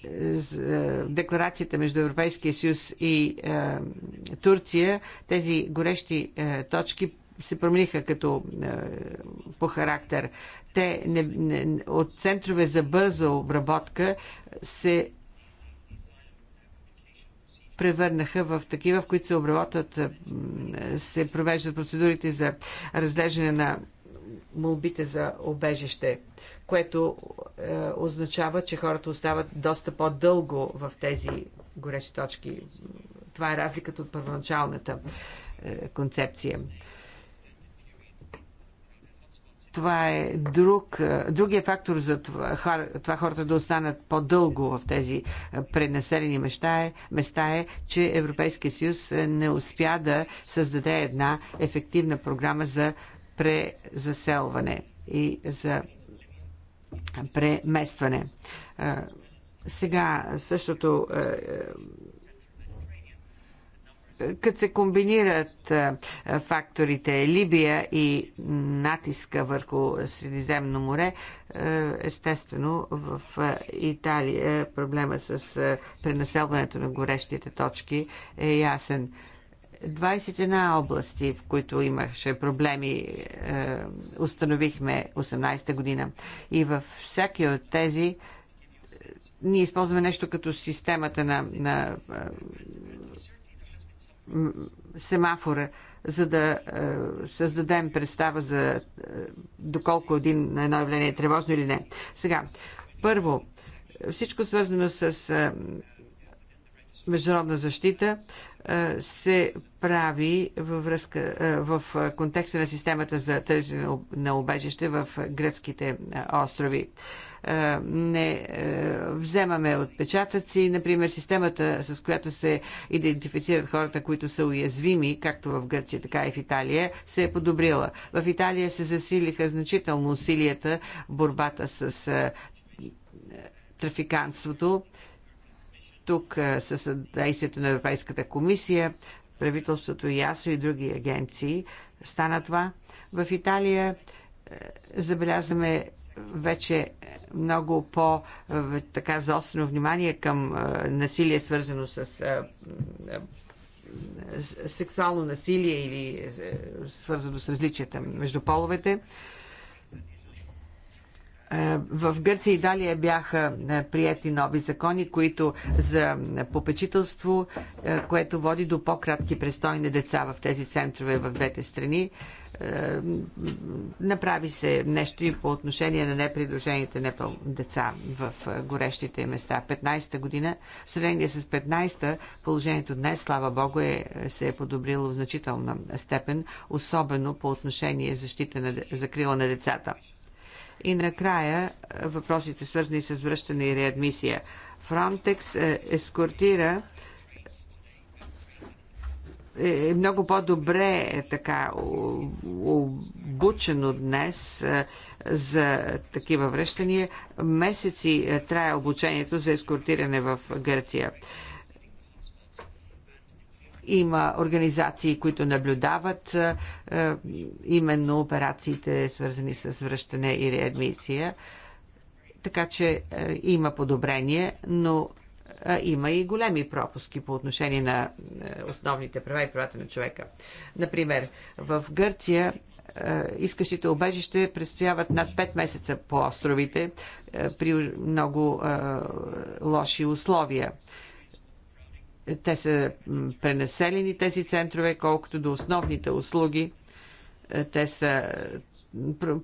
[SPEAKER 2] е, декларацията между Европейския съюз и е, Турция, тези горещи е, точки се промениха като е, по характер. Те не, не, от центрове за бърза обработка се превърнаха в такива, в които се обработват, се провеждат процедурите за разглеждане на молбите за обежище, което е, означава, че хората остават доста по-дълго в тези горещи точки. Това е разликата от първоначалната е, концепция. Това е друг, другия фактор за това, това хората да останат по-дълго в тези пренаселени места е, места е, че Европейския съюз не успя да създаде една ефективна програма за презаселване и за преместване. Сега същото като се комбинират факторите Либия и натиска върху Средиземно море, естествено в Италия проблема с пренаселването на горещите точки е ясен. 21 области, в които имаше проблеми, установихме 18-та година. И във всяки от тези ние използваме нещо като системата на, на семафора, за да е, създадем представа за е, доколко един на едно явление е тревожно или не. Сега, първо, всичко свързано с е, международна защита е, се прави във връзка, е, в контекста на системата за търсене на убежище в гръцките е, острови. Е, не вземаме отпечатъци. Например, системата, с която се идентифицират хората, които са уязвими, както в Гърция, така и в Италия, се е подобрила. В Италия се засилиха значително усилията в борбата с трафиканството. Тук с действието на Европейската комисия, правителството АСО и други агенции стана това. В Италия забелязваме вече много по така заострено внимание към насилие, свързано с сексуално насилие или свързано с различията между половете. В Гърция и Далия бяха прияти нови закони, които за попечителство, което води до по-кратки престойни деца в тези центрове в двете страни. Е, направи се нещо и по отношение на непридружените непъл... деца в е, горещите места. 15-та година, в сравнение с 15-та, положението днес, слава Богу, е, се е подобрило в значителна степен, особено по отношение защита на закрила на децата. И накрая е, въпросите свързани с връщане и реадмисия. Фронтекс ескортира е, е много по-добре е така обучено днес е, за такива връщания. Месеци трае обучението за ескортиране в Гърция. Има организации, които наблюдават именно операциите, свързани с връщане и реадмисия. Така че има подобрение, но има и големи пропуски по отношение на е, основните права и правата на човека. Например, в Гърция е, искащите обежище престояват над 5 месеца по островите е, при много лоши условия. Те са пренаселени тези центрове, колкото до основните услуги. Те са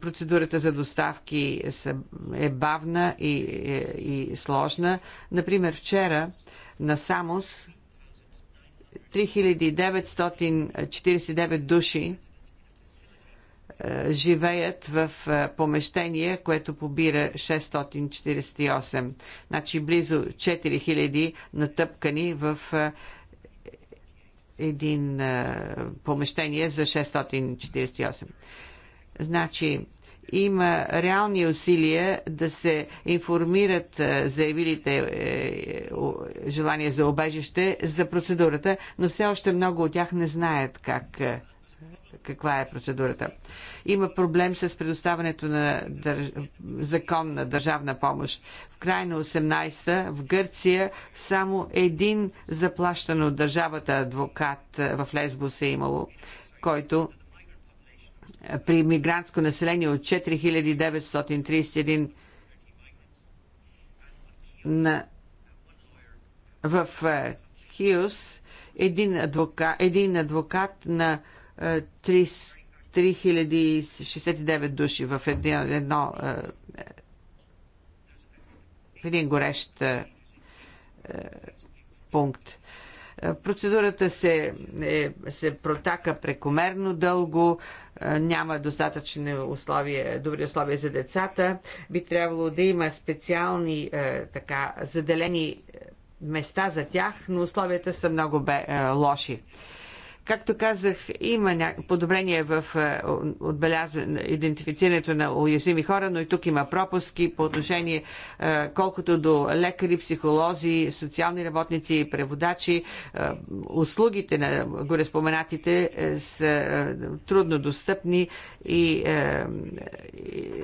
[SPEAKER 2] процедурата за доставки е бавна и, и, е, и сложна. Например, вчера на Самос 3949 души е, живеят в е, помещение, което побира 648. Значи близо 4000 натъпкани в един помещение за 648. Значи, има реални усилия да се информират е, заявилите е, желание за обежище за процедурата, но все още много от тях не знаят как е, каква е процедурата. Има проблем с предоставането на държ... законна държавна помощ. В край на 18-та в Гърция само един заплащан от държавата адвокат в се е имало, който при мигрантско население от 4931 на, в е, Хиус, един, адвока, един адвокат на 3069 е, души в едно, едно е, в един горещ пункт. Процедурата се, е, се протака прекомерно дълго, е, няма достатъчни условия, добри условия за децата. Би трябвало да има специални е, така заделени е, места за тях, но условията са много бе, е, лоши. Както казах, има подобрение в е, отбелязване, идентифицирането на уязвими хора, но и тук има пропуски по отношение е, колкото до лекари, психолози, социални работници и преводачи. Е, услугите на гореспоменатите са трудно достъпни и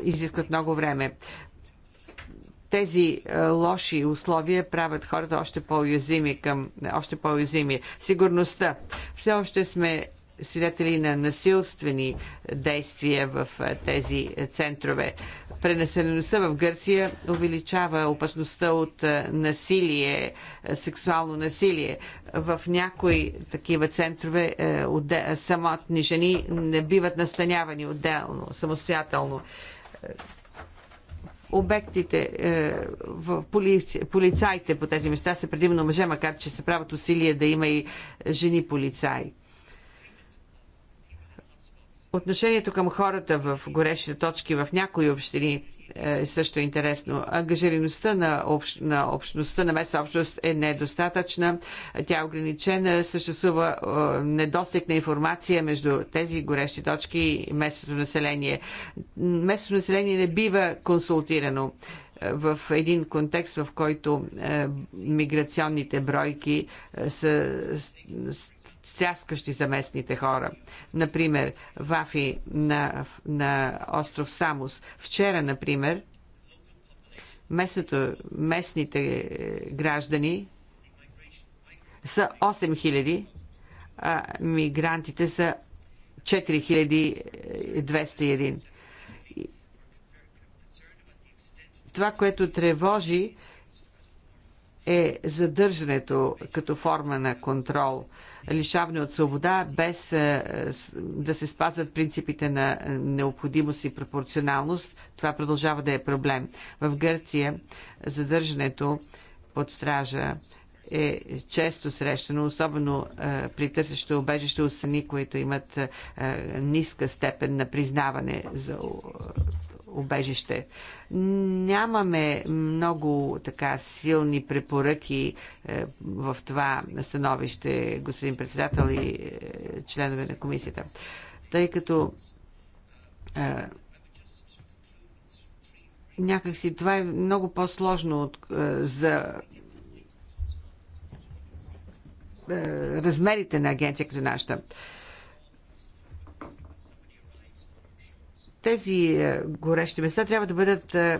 [SPEAKER 2] изискват много време тези е, лоши условия правят хората още по-уязвими към още по-уязвими. Сигурността. Все още сме свидетели на насилствени действия в е, тези центрове. Пренаселеността в Гърция увеличава опасността от е, насилие, сексуално насилие. В някои такива центрове самотни жени не биват настанявани отделно, самостоятелно обектите, е, полицайите по тези места са предимно мъже, макар че се правят усилия да има и жени полицаи. Отношението към хората в горещите точки в някои общини е, е също интересно. Ангажираността на, общ, на общността, на местна общност е недостатъчна. Тя е ограничена. Съществува е, недостиг на информация между тези горещи точки и местното население. Местното население не бива консултирано е, в един контекст, в който е, миграционните бройки е, са стряскащи за местните хора. Например, вафи на, на остров Самос. Вчера, например, местното, местните е, граждани са 8000, а мигрантите са 4201. Това, което тревожи, е задържането като форма на контрол – лишаване от свобода, без е, да се спазват принципите на е, необходимост и пропорционалност. Това продължава да е проблем. В Гърция задържането под стража е често срещано, особено е, при търсещо обежище от страни, които имат е, е, ниска степен на признаване за убежище. Нямаме много така силни препоръки е, в това становище, господин председател и е, членове на комисията. Тъй като е, някакси това е много по-сложно е, за е, размерите на агенция като нашата. Тези е, горещи места трябва да бъдат е,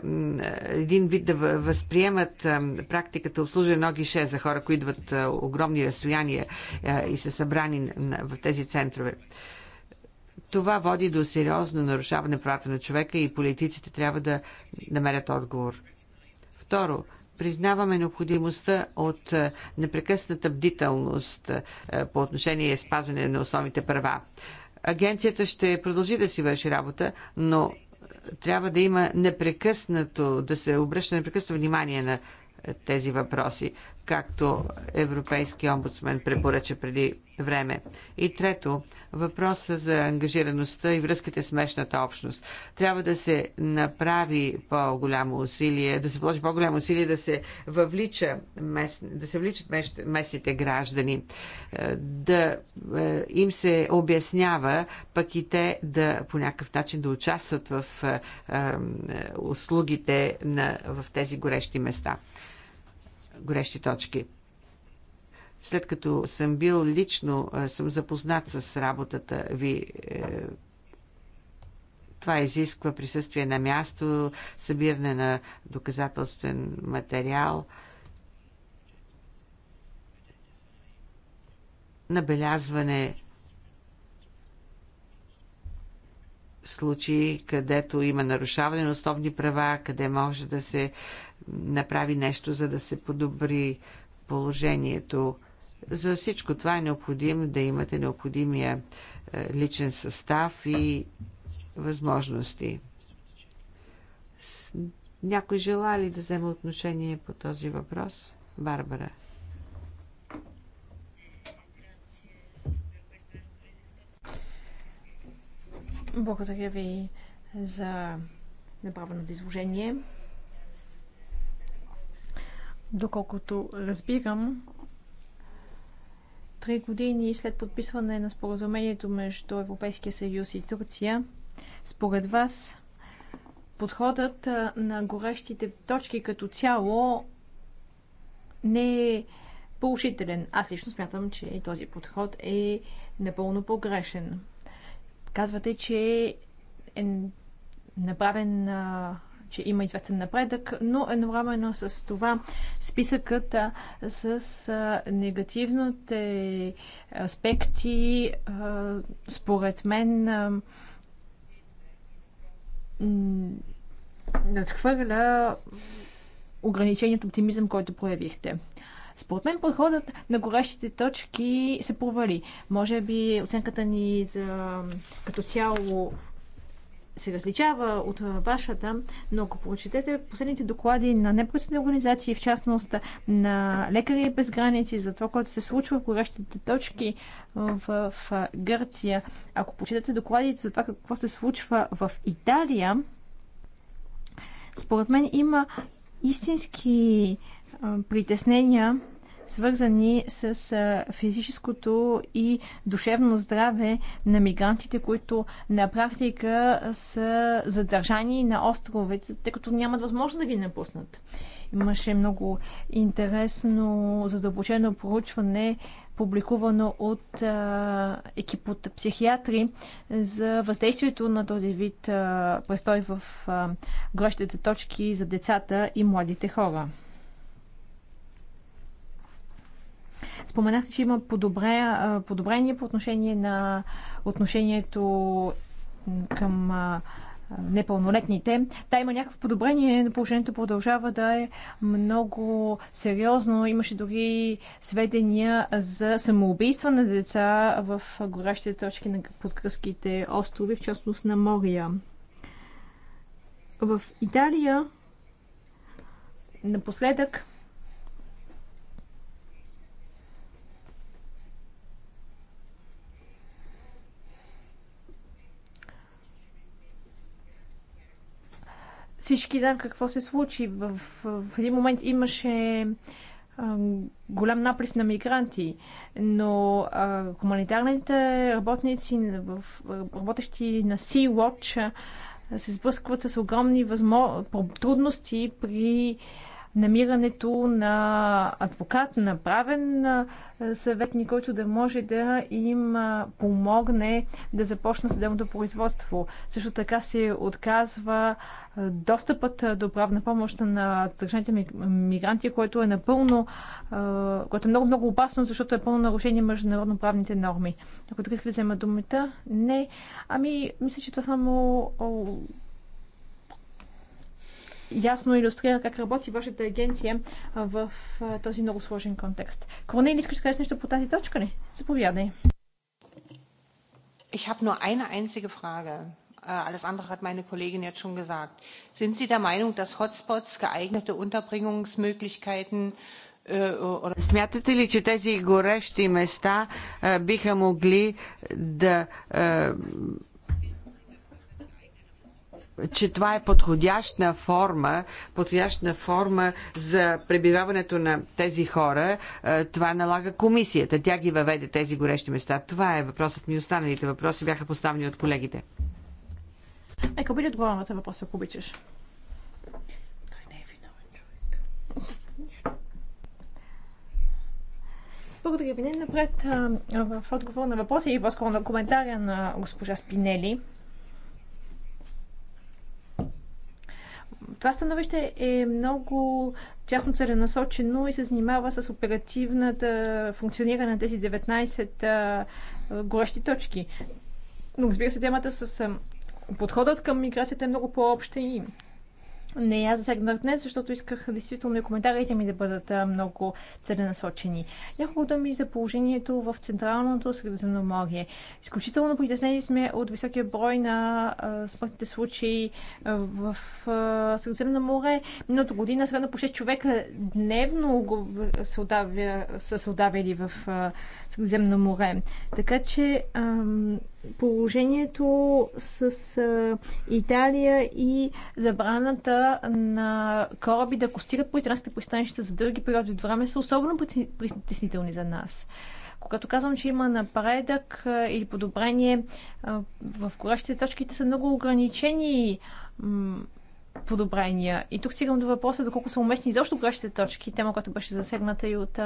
[SPEAKER 2] един вид да възприемат е, практиката обслужване на гише за хора, които идват огромни разстояния и са събрани в тези центрове. Това води до сериозно нарушаване правата на човека и политиците трябва да намерят отговор. Второ, признаваме необходимостта от непрекъсната бдителност по отношение спазване на основните права. Агенцията ще продължи да си върши работа, но трябва да има непрекъснато, да се обръща непрекъснато внимание на тези въпроси както Европейски омбудсмен препоръча преди време. И трето, въпроса за ангажираността и връзките с мешната общност. Трябва да се направи по-голямо усилие, да се вложи по-голямо усилие да се въвлича, да се вличат местните граждани, е, да е, им се обяснява, пък и те да по някакъв начин да участват в е, услугите на, в тези горещи места горещи точки. След като съм бил лично, съм запознат с работата ви, е, това изисква присъствие на място, събиране на доказателствен материал. набелязване случаи, където има нарушаване на основни права, къде може да се направи нещо, за да се подобри положението. За всичко това е необходимо да имате необходимия е, личен състав и възможности. Някой желая ли да вземе отношение по този въпрос? Барбара.
[SPEAKER 3] Благодаря ви за направеното изложение. Доколкото разбирам, три години след подписване на споразумението между Европейския съюз и Турция, според вас подходът на горещите точки като цяло не е положителен. Аз лично смятам, че този подход е напълно погрешен. Казвате, че е направен че има известен напредък, но едновременно с това списъкът с негативните аспекти, според мен, надхвърля ограниченият оптимизъм, който проявихте. Според мен подходът на горещите точки се провали. Може би оценката ни за, като цяло се различава от вашата, но ако прочетете последните доклади на неправителствени организации, в частност на Лекари без граници, за това, което се случва в горещите точки в, в Гърция, ако прочетете докладите за това какво се случва в Италия, според мен има истински притеснения свързани с физическото и душевно здраве на мигрантите, които на практика са задържани на островите, тъй като нямат възможност да ги напуснат. Имаше много интересно задълбочено проучване публикувано от а, екип от психиатри за въздействието на този вид а, престой в а, точки за децата и младите хора. Споменахте, че има подобре, подобрение по отношение на отношението към непълнолетните. Да, има някакво подобрение, но положението продължава да е много сериозно. Имаше дори сведения за самоубийства на деца в горящите точки на подкръските острови, в частност на Мория. В Италия напоследък Всички знаем какво се случи. В, в един момент имаше голям наплив на мигранти, но а, хуманитарните работници, в, работещи на Sea-Watch, се сблъскват с огромни възмо... трудности при намирането на адвокат, на правен съветник, който да може да им помогне да започне съдебното производство. Също така се отказва достъпът до правна помощ на държаните мигранти, което е напълно, което е много, много опасно, защото е пълно нарушение международно правните норми. Ако тук искали да взема думата, не. Ами, мисля, че това само ясно иллюстрира как работи вашата агенция в този много сложен контекст. Корнели, искаш да кажеш нещо по тази точка ли? Заповядай. Ich habe nur eine
[SPEAKER 2] einzige Frage. Äh, alles andere hat meine Kollegin jetzt schon gesagt. Sind Sie der Meinung, dass Hotspots geeignete Unterbringungsmöglichkeiten äh, Смятате ли, че тези горещи места биха могли да че това е подходящна форма, подходящна форма за пребиваването на тези хора. Е, това налага комисията. Тя ги въведе тези горещи места. Това е въпросът ми. Останалите въпроси бяха поставени от колегите.
[SPEAKER 3] Нека бъде от главната въпрос, ако обичаш. Той не е виновен човек. Благодаря ви. Напред в отговор на въпроса и по-скоро на коментаря на госпожа Спинели. Това становище е много тясно целенасочено и се занимава с оперативната функциониране на тези 19 горещи точки. Но разбира се, темата с подходът към миграцията е много по-обща и не аз засегнах днес, защото исках действително и коментарите ми да бъдат много целенасочени. Няколко думи за положението в Централното Средиземноморие. Изключително притеснени сме от високия брой на а, смъртните случаи в а, Средиземно море. Миналото година средно по 6 човека дневно го се удавя, са се удавили в а, Средиземно море. Така че положението с Италия и забраната на кораби да костират по италянските пристанища за дълги периоди от време са особено притеснителни за нас. Когато казвам, че има напредък или подобрение, в горещите точките са много ограничени подобрения. И тук стигам до въпроса доколко са уместни изобщо горещите точки, тема, която беше засегната и от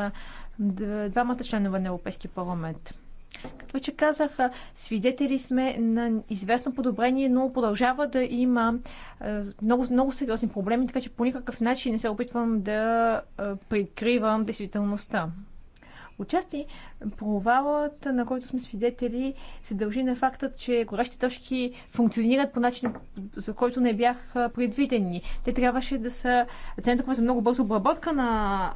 [SPEAKER 3] двамата членове на Европейския парламент. Вече казах, свидетели сме на известно подобрение, но продължава да има много, много сериозни проблеми, така че по никакъв начин не се опитвам да прикривам действителността. Отчасти провалът, на който сме свидетели, се дължи на факта, че горещите точки функционират по начин, за който не бяха предвидени. Те трябваше да са центрове за много бърза обработка на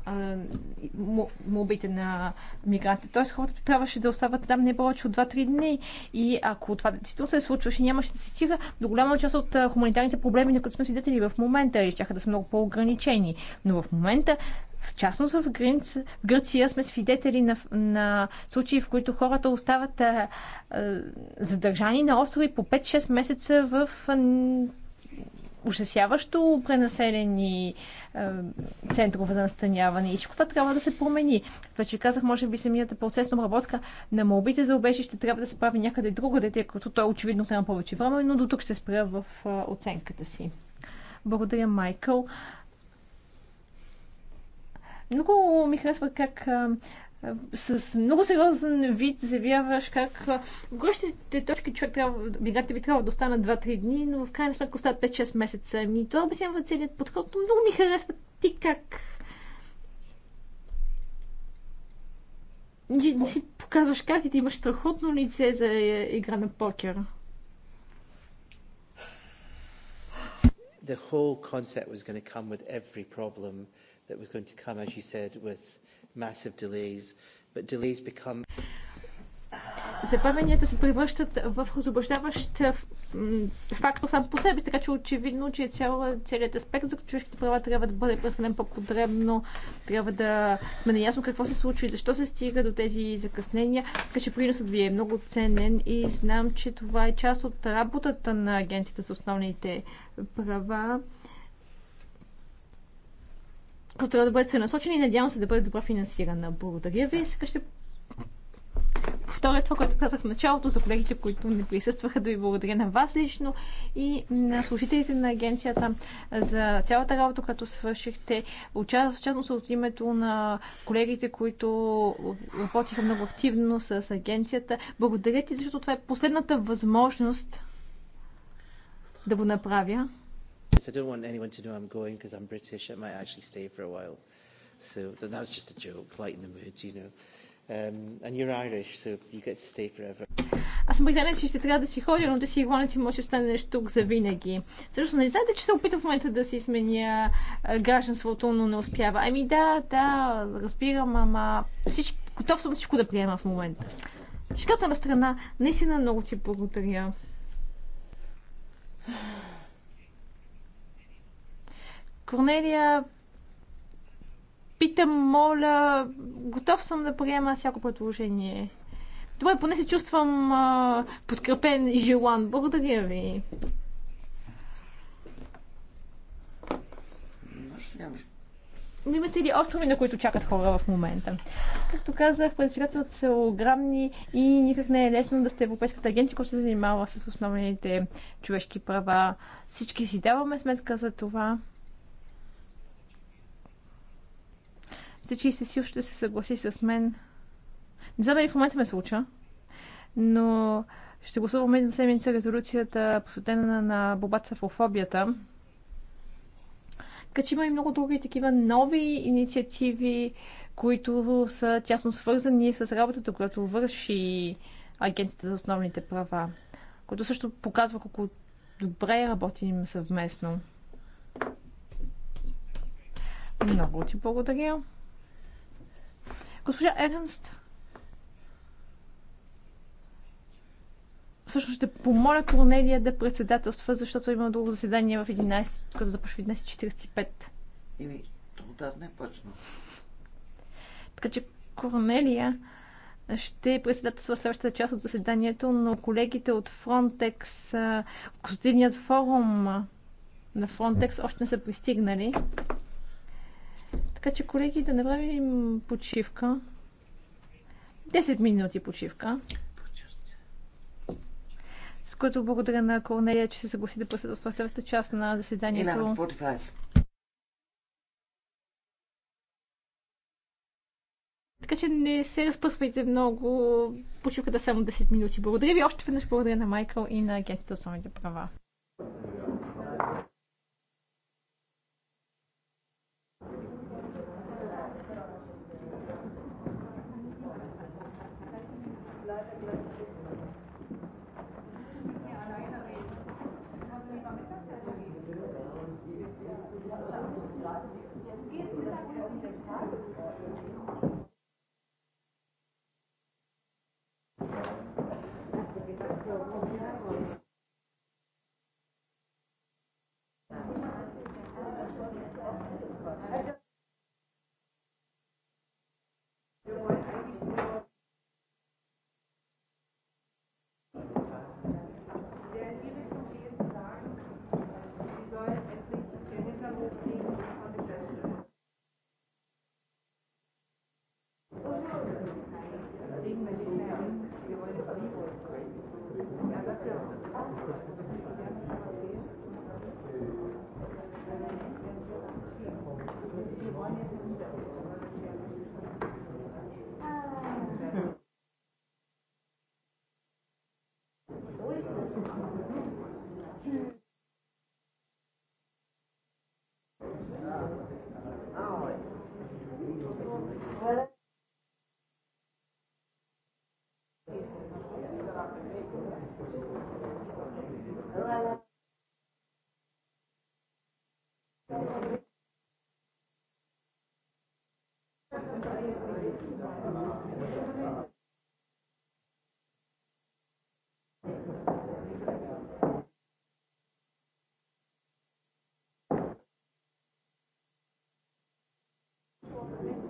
[SPEAKER 3] мобите на мигрантите. Тоест хората трябваше да остават там не повече от 2-3 дни. И ако това действително се случваше, нямаше да се стига до голяма част от хуманитарните проблеми, на които сме свидетели в момента и ще да са много по-ограничени. Но в момента в частност в, Гринц, в Гърция сме свидетели на, на случаи, в които хората остават а, а, задържани на острови по 5-6 месеца в а, ужасяващо пренаселени центрове за настаняване. И всичко това трябва да се промени. Това, че казах, може би самият процес на обработка на молбите за обежище трябва да се прави някъде другаде, тъй като той очевидно няма повече време, но до тук ще спря в оценката си. Благодаря, Майкъл. Много ми харесва как с много сериозен вид заявяваш как гощите точки човек трябва, бигарите би трябва да останат 2-3 дни, но в крайна сметка остават 5-6 месеца. Ми това обяснява целият подход, но много ми харесва ти как не си показваш как и ти имаш страхотно лице за е, игра на покер.
[SPEAKER 1] The whole concept was going to come with every problem that was going to come, as you said, with massive delays. But delays become
[SPEAKER 3] забавенията се превръщат в освобождаващ фактор сам по себе си, така че очевидно, че цял, целият аспект за човешките права трябва да бъде прехвърлен по-подребно, трябва да сме неясно, какво се случва и защо се стига до тези закъснения, така че приносът ви е много ценен и знам, че това е част от работата на Агенцията за основните права които трябва да бъдат се насочени и надявам се да бъде добра финансирана. Благодаря ви. Сега ще повторя това, което казах в началото за колегите, които не присъстваха, да ви благодаря на вас лично и на служителите на агенцията за цялата работа, която свършихте. В частност от името на колегите, които работиха много активно с агенцията. Благодаря ти, защото това е последната възможност да го направя
[SPEAKER 1] because I don't want anyone to know I'm going because I'm British. I might actually stay for a while. So that was just a joke, lighten the mood, you know. Um, and you're Irish, so you get to stay forever.
[SPEAKER 3] Аз съм британец и ще трябва да си ходя, но да си хвана, и може да останеш тук за винаги. Също нали знаете, че се опитам в момента да си сменя гражданството, но не успява. Ами да, да, разбирам, ама всичко, готов съм всичко да приема в момента. Шката на страна, наистина много ти благодаря. Корнелия, питам, моля, готов съм да приема всяко предложение. Добре, поне се чувствам а, подкрепен и желан. Благодаря ви. Има цели острови, на които чакат хора в момента. Както казах, предизвикателствата са огромни и никак не е лесно да сте Европейската агенция, която се занимава с основните човешки права. Всички си даваме сметка за това. Всички си сил ще се съгласи с мен. Не знам дали в момента ме случа, но ще гласуваме на седмица резолюцията, посветена на борбата с афофобията. Така че има и много други такива нови инициативи, които са тясно свързани с работата, която върши Агентите за основните права, което също показва колко добре работим съвместно. Много ти благодаря. Госпожа Ернст, всъщност ще помоля Корнелия да председателства, защото има друго заседание в 11, като започва в 11.45.
[SPEAKER 4] Ими, да е почна.
[SPEAKER 3] Така че Корнелия ще председателства следващата част от заседанието, но колегите от Frontex, от форум на Frontex още не са пристигнали. Така че, колеги, да направим почивка. 10 минути почивка. С което благодаря на Корнелия, че се съгласи да в следващата част на заседанието. Така че не се разпъсвайте много. Почивката е само 10 минути. Благодаря ви още веднъж. Благодаря на Майкъл и на Агенцията за основните права.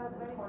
[SPEAKER 5] Thank you.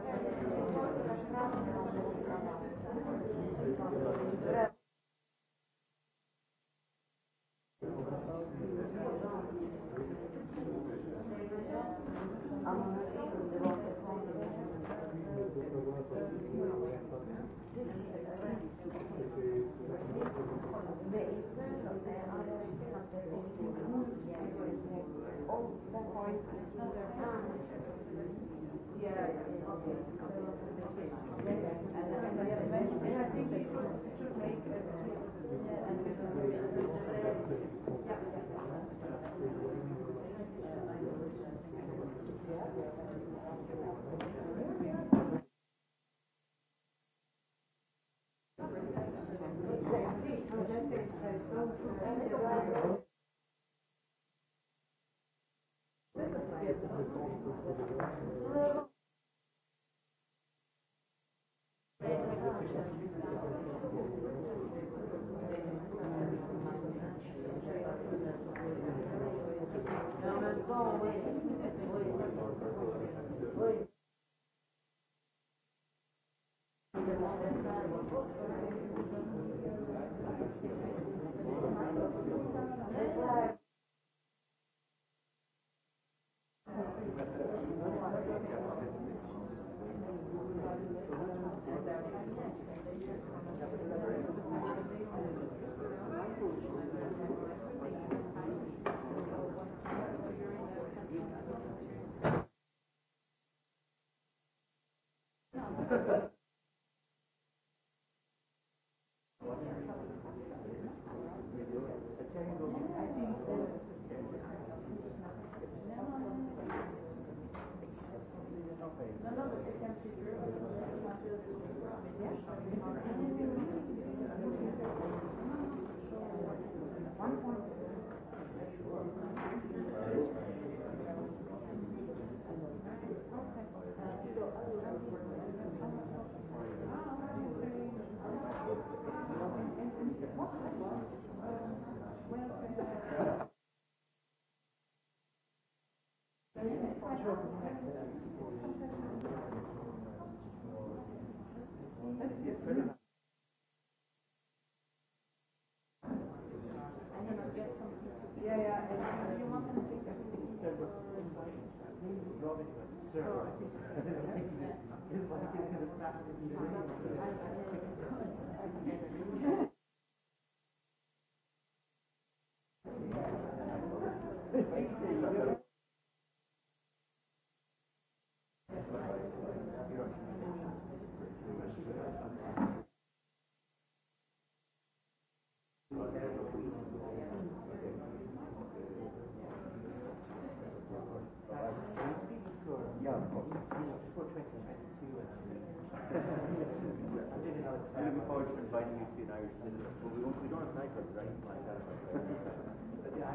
[SPEAKER 5] Thank you. you want them to think everything.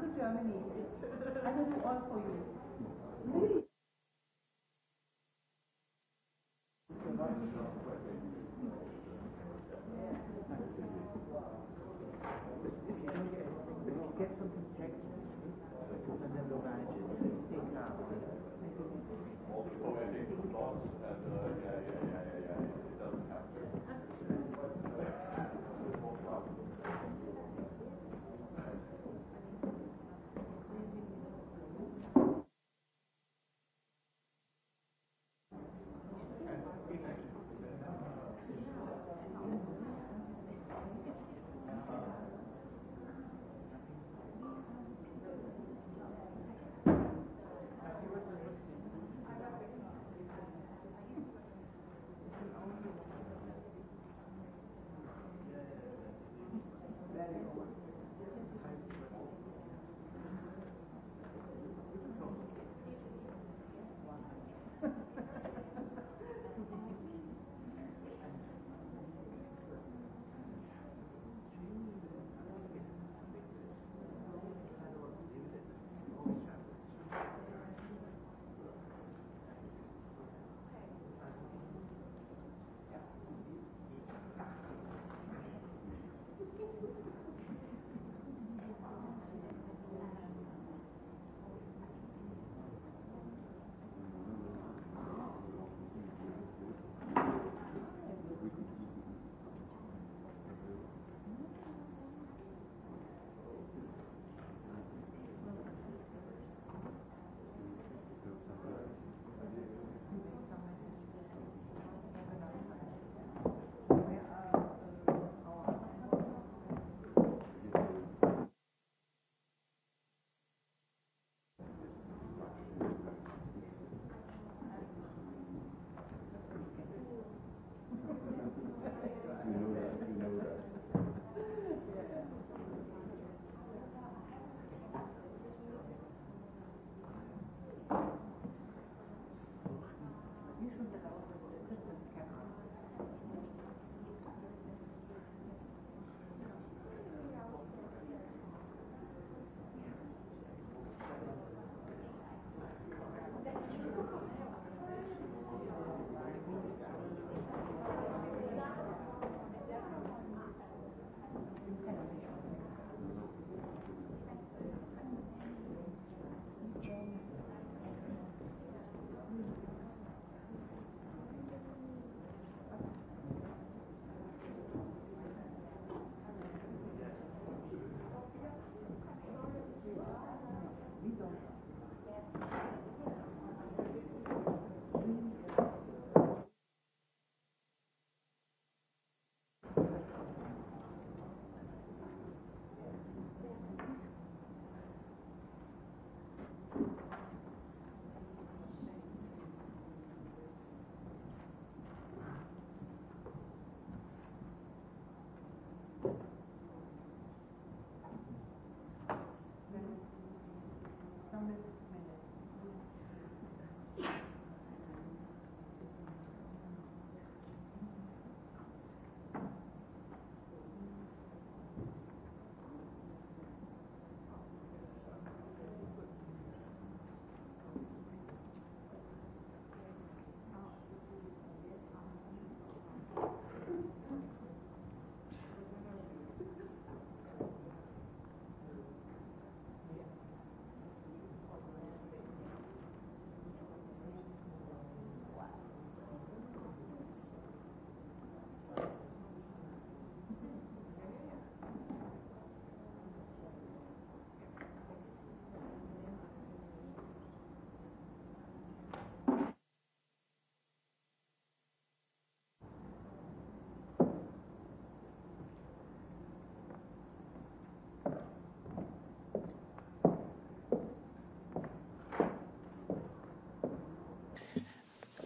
[SPEAKER 5] to Germany. I will do all for you.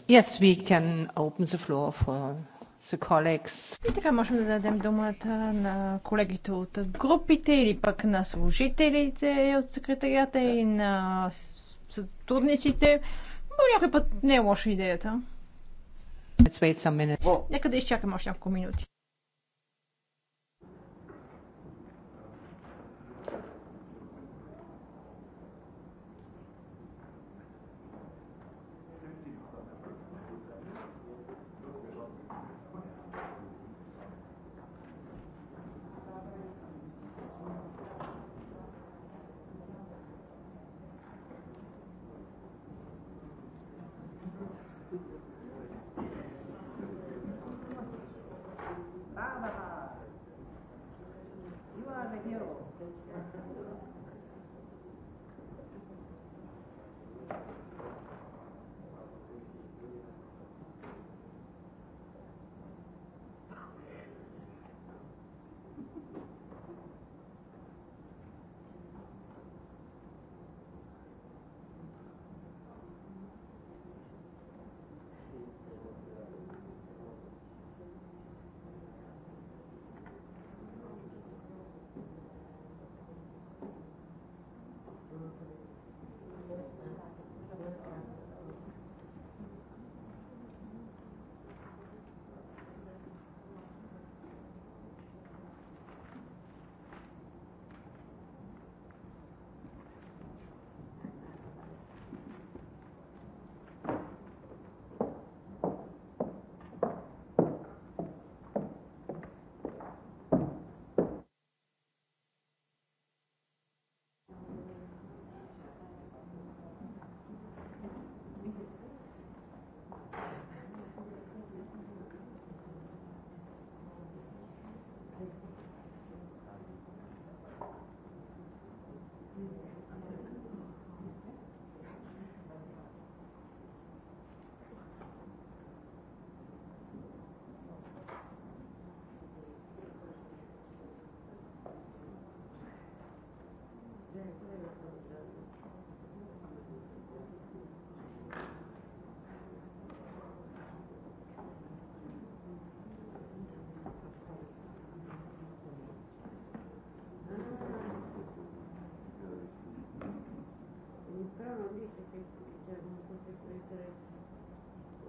[SPEAKER 2] Yes, we can open the floor for the
[SPEAKER 3] colleagues. И така можем да дадем думата на колегите от групите или пък на служителите от секретарията и на сътрудниците. Но някой път не е лоша идеята. Нека да изчакаме още няколко минути.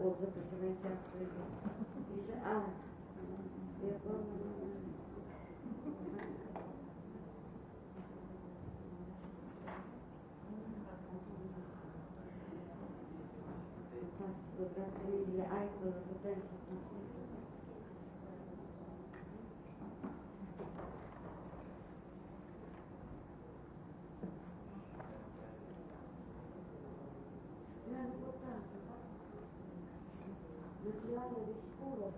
[SPEAKER 5] от запрещене тяхто и че а, Gracias.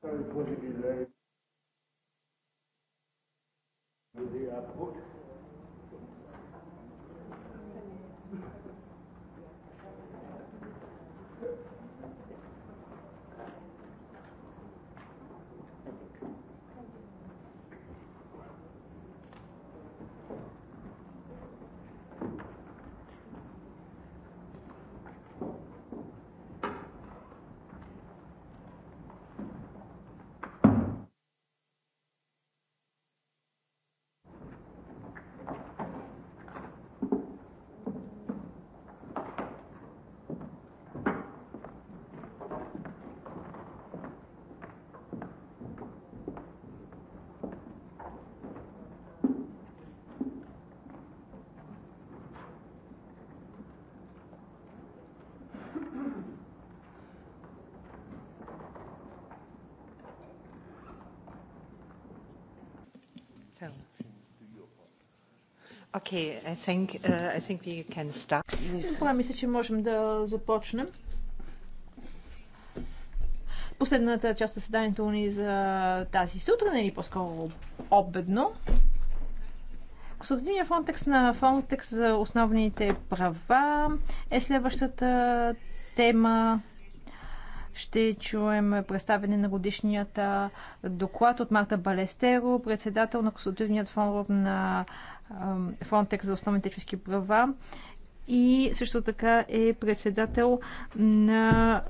[SPEAKER 5] Той поди ми дай. Люди, а путь
[SPEAKER 1] So.
[SPEAKER 3] Okay, I think, uh, I think we can start. мисля, че можем да започнем. Последната част от заседанието ни за тази сутрин или по-скоро обедно. Консултативния фонтекс на фонтекс за основните права е следващата тема ще чуем представене на годишният доклад от Марта Балестеро, председател на Консултативният форум на Фронтек за основните човешки права и също така е председател на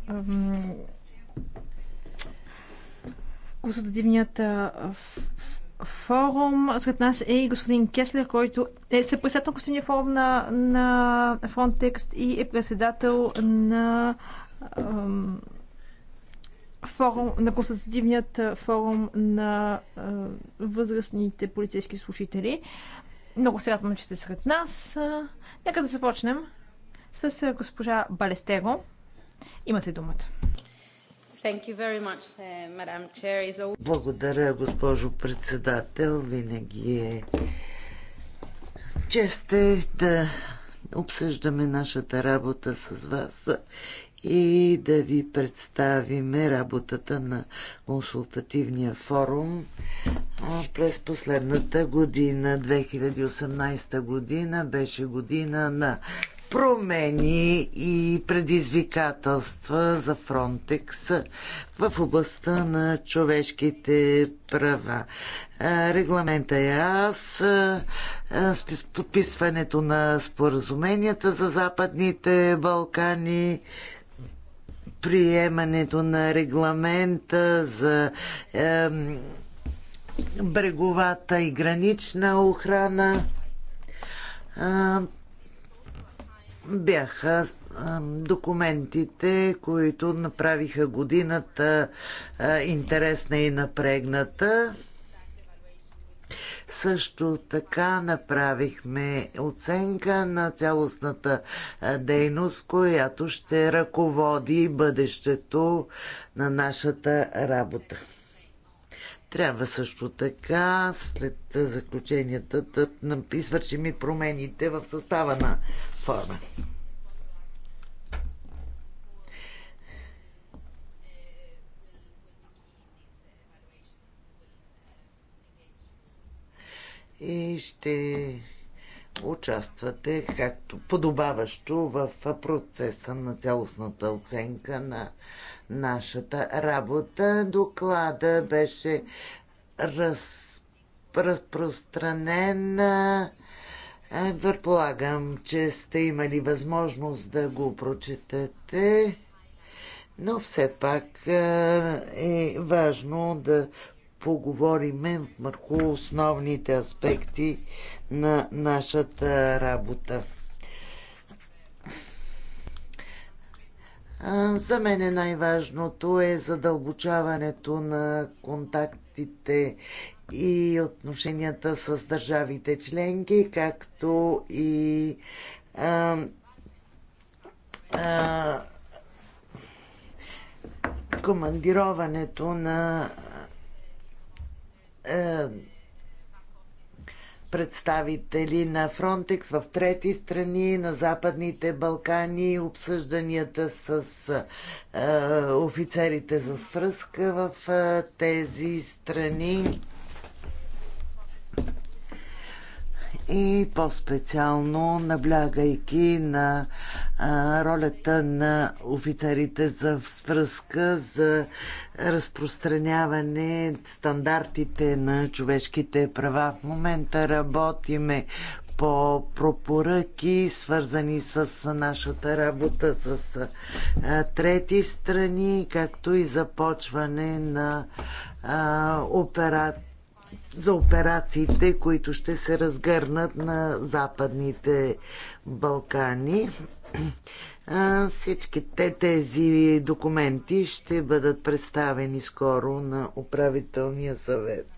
[SPEAKER 3] консултативният форум. Сред нас е и господин Кеслер, който е съпредседател на Консултативния форум на, на Фронтекст и е председател на ам, форум, на консултативният форум на а, възрастните полицейски служители. Много се радвам, че сте сред нас. А, нека да започнем с а, госпожа Балестеро. Имате думата. Uh,
[SPEAKER 4] Благодаря, госпожо председател. Винаги е чест е да обсъждаме нашата работа с вас и да ви представиме работата на консултативния форум през последната година. 2018 година беше година на промени и предизвикателства за Фронтекс в областта на човешките права. Регламента е аз, подписването на споразуменията за Западните Балкани, приемането на регламента за е, бреговата и гранична охрана е, бяха документите, които направиха годината е, интересна и напрегната. Също така направихме оценка на цялостната дейност, която ще ръководи бъдещето на нашата работа. Трябва също така, след заключенията, да извършим и промените в състава на форма. и ще участвате както подобаващо в процеса на цялостната оценка на нашата работа. Доклада беше раз, разпространен. Е, предполагам, че сте имали възможност да го прочетете, но все пак е, е важно да поговорим върху основните аспекти на нашата работа. За мен е най-важното е задълбочаването на контактите и отношенията с държавите членки, както и а, а, командироването на е, представители на Фронтекс в трети страни, на Западните Балкани, обсъжданията с е, офицерите за свръзка в е, тези страни. и по-специално наблягайки на а, ролята на офицерите за свръзка, за разпространяване стандартите на човешките права. В момента работиме по пропоръки, свързани с нашата работа с а, трети страни, както и започване на а, за операциите, които ще се разгърнат на Западните Балкани. Всички те, тези документи ще бъдат представени скоро на управителния съвет.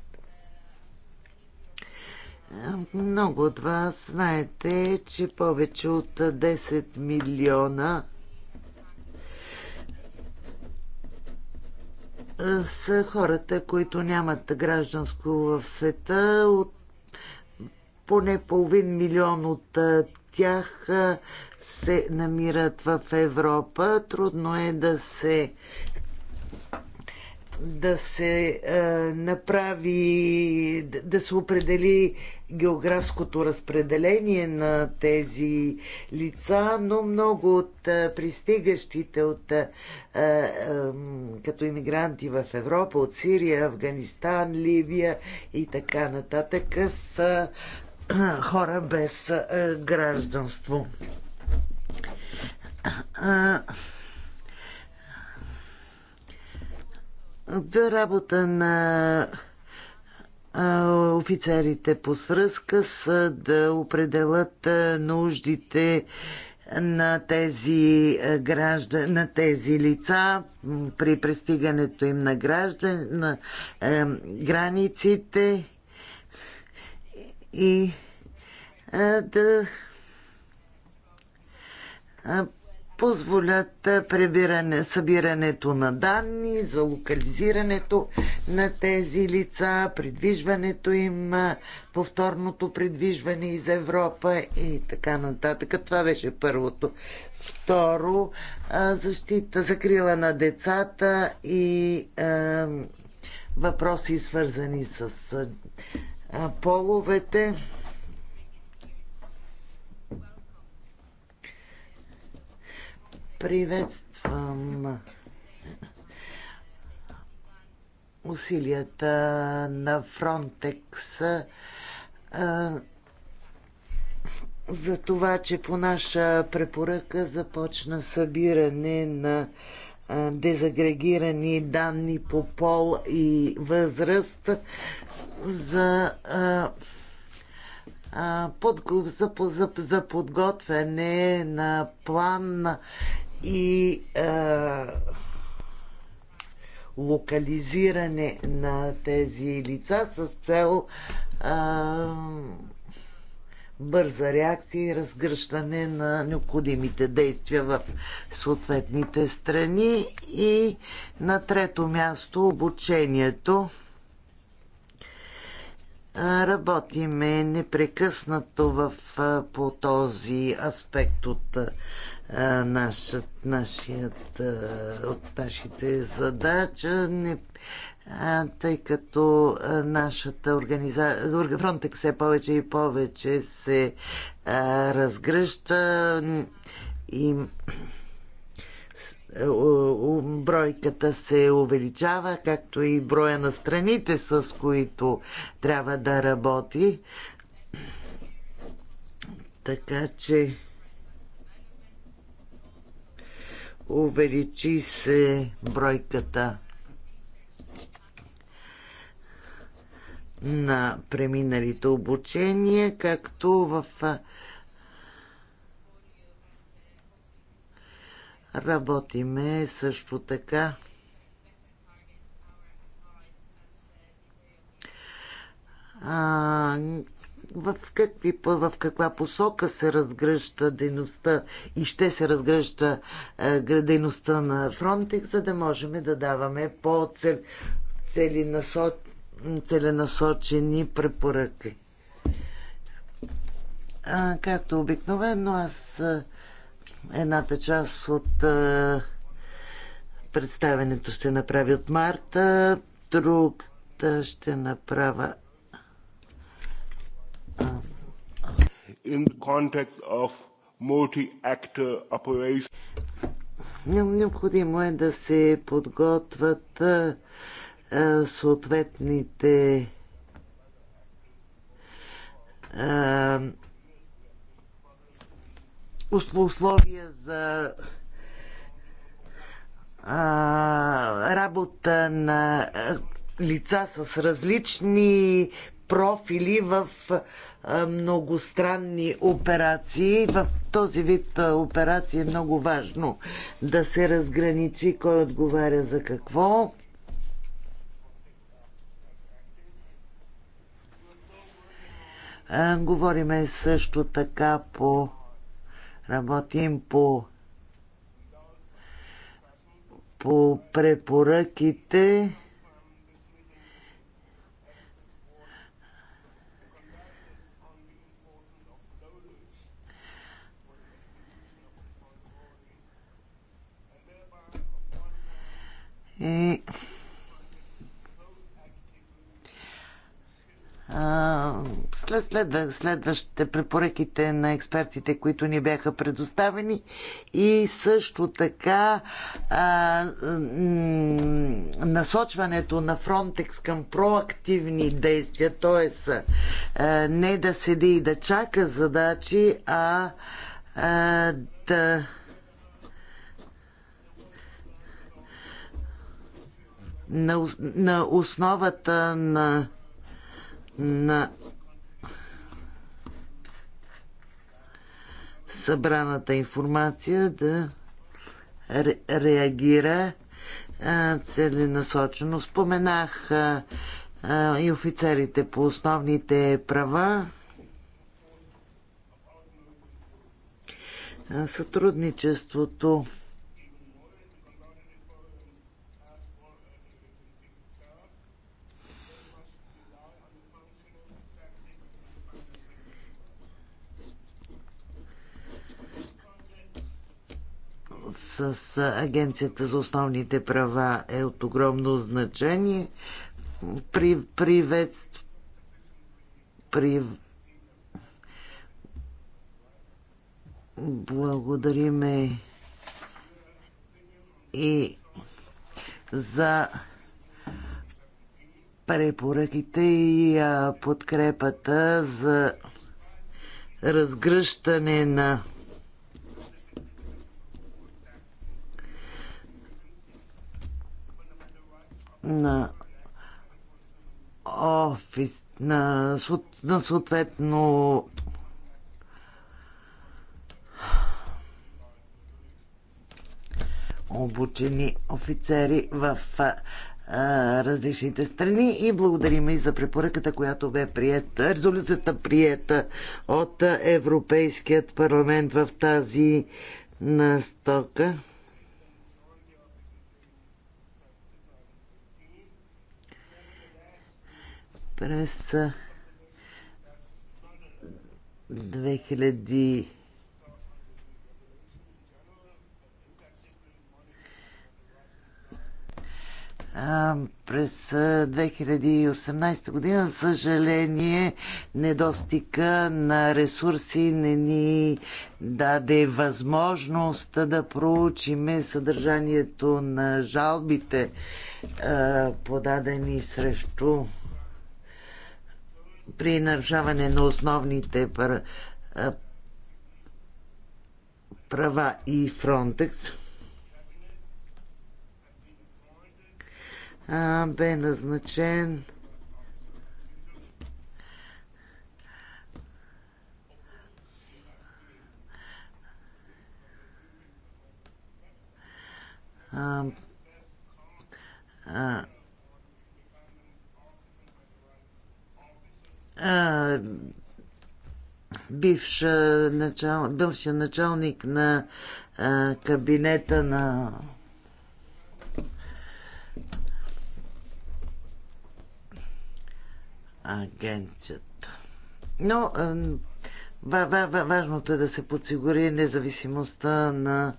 [SPEAKER 4] Много от вас знаете, че повече от 10 милиона са хората, които нямат гражданство в света. От поне половин милион от тях се намират в Европа. Трудно е да се да се е, направи, да, да се определи географското разпределение на тези лица, но много от е, пристигащите от, е, като иммигранти в Европа, от Сирия, Афганистан, Ливия и така нататък са хора без гражданство. А, работа на офицерите по свръзка с да определят нуждите на тези, граждан, на тези лица при пристигането им на, граждан, на е, границите и е, да позволят прибиране, събирането на данни за локализирането на тези лица, придвижването им, повторното придвижване из Европа и така нататък. Това беше първото. Второ, защита, закрила на децата и е, въпроси свързани с половете. Приветствам усилията на Фронтекс за това, че по наша препоръка започна събиране на дезагрегирани данни по пол и възраст за за, подготвяне на план и а, локализиране на тези лица с цел а, бърза реакция и разгръщане на необходимите действия в съответните страни. И на трето място обучението. Работиме непрекъснато в, по този аспект от нашият, нашият, от нашите задача, не, а, тъй като нашата организация, Фронтек все повече и повече се а, разгръща и бройката се увеличава, както и броя на страните, с които трябва да работи. Така че увеличи се бройката на преминалите обучения, както в работиме също така а, в, какви, в каква посока се разгръща дейността и ще се разгръща е, дейността на Фронтекс, за да можем да даваме по-целенасочени препоръки. А, както обикновено, аз е, едната част от е, представенето ще направя от Марта, другата ще направя
[SPEAKER 5] in the context of multi-actor operations.
[SPEAKER 4] Необходимо е да се подготвят а, съответните а, условия за а, работа на лица с различни профили в многостранни операции. В този вид операции е много важно да се разграничи кой отговаря за какво. Говориме също така по... Работим по... по препоръките след, след, следващите препоръките на експертите, които ни бяха предоставени и също така а, насочването на Фронтекс към проактивни действия, т.е. не да седи и да чака задачи, а, а да на, на основата на, на събраната информация да ре, реагира а, целенасочено. Споменах а, а, и офицерите по основните права. сътрудничеството с Агенцията за основните права е от огромно значение. При, привет, при, благодариме и за препоръките и подкрепата за разгръщане на на офис, на, на съответно обучени офицери в а, различните страни и благодарим и за препоръката, която бе приета, резолюцията приета от Европейският парламент в тази настока. През 2000 през 2018 година, съжаление, недостига на ресурси не ни даде възможност да проучиме съдържанието на жалбите, подадени срещу при нарушаване на основните права и Фронтекс бе назначен а, а, а, бивш начал, бивша началник на а, кабинета на агенцията. Но а, ва, ва, важното е да се подсигури независимостта на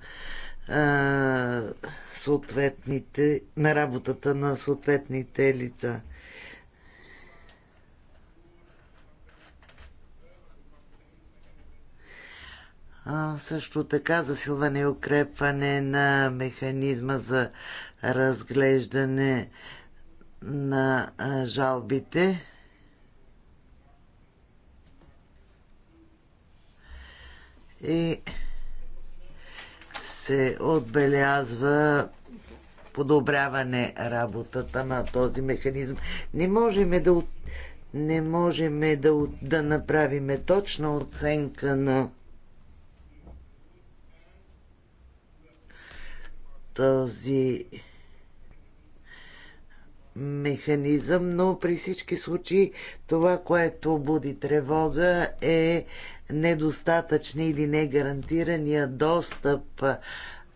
[SPEAKER 4] съответните, на работата на съответните лица. също така засилване и укрепване на механизма за разглеждане на жалбите. И се отбелязва подобряване работата на този механизъм. Не можем да, не можем да, да направим точна оценка на този механизъм, но при всички случаи това, което буди тревога е недостатъчни или негарантирания достъп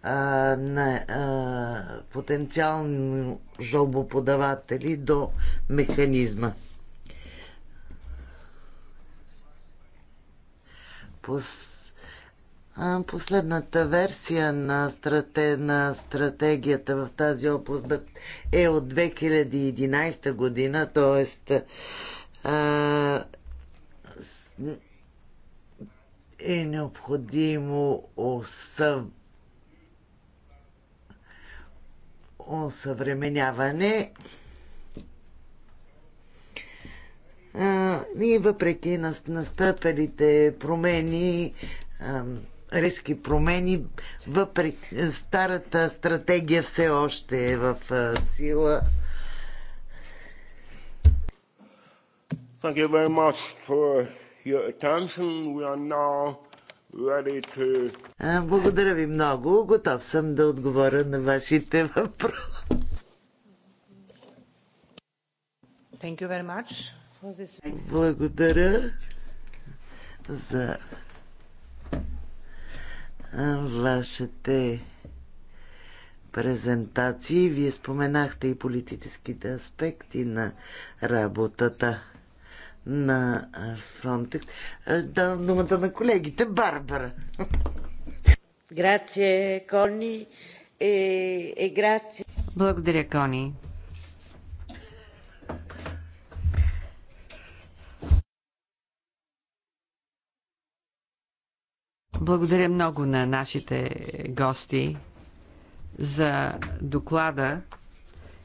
[SPEAKER 4] а, на а, потенциални жалбоподаватели до механизма. Пос... Последната версия на, страте, на стратегията в тази област е от 2011 година, т.е. е необходимо усъв... усъвременяване. И въпреки настъпелите промени, резки промени, въпреки е, старата стратегия все още е в е, сила. Thank you very much for your attention. We are now ready to... Благодаря ви много. Готов съм да отговоря на вашите въпроси.
[SPEAKER 2] Thank you very much for this...
[SPEAKER 4] Благодаря за вашите презентации. Вие споменахте и политическите аспекти на работата на Фронтекс. Давам думата на колегите. Барбара. Грация,
[SPEAKER 2] Кони. Е, е, грация. Благодаря, Кони. Благодаря много на нашите гости за доклада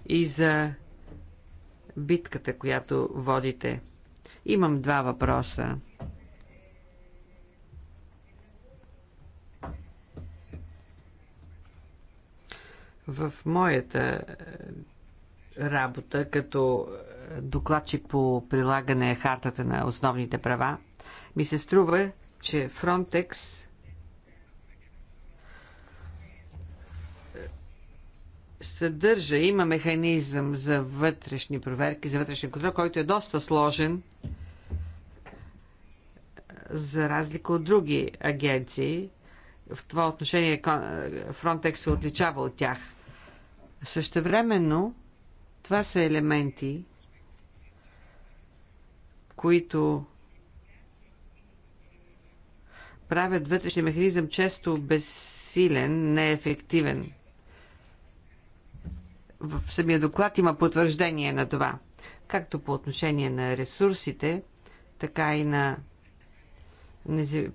[SPEAKER 2] и за битката, която водите. Имам два въпроса. В моята е, работа като е, докладчик по прилагане хартата на основните права, ми се струва, че Фронтекс съдържа, има механизъм за вътрешни проверки, за вътрешен контрол, който е доста сложен, за разлика от други агенции. В това отношение Frontex се отличава от тях. Същевременно, това са елементи, които правят вътрешния механизъм често безсилен, неефективен в самия доклад има потвърждение на това. Както по отношение на ресурсите, така и на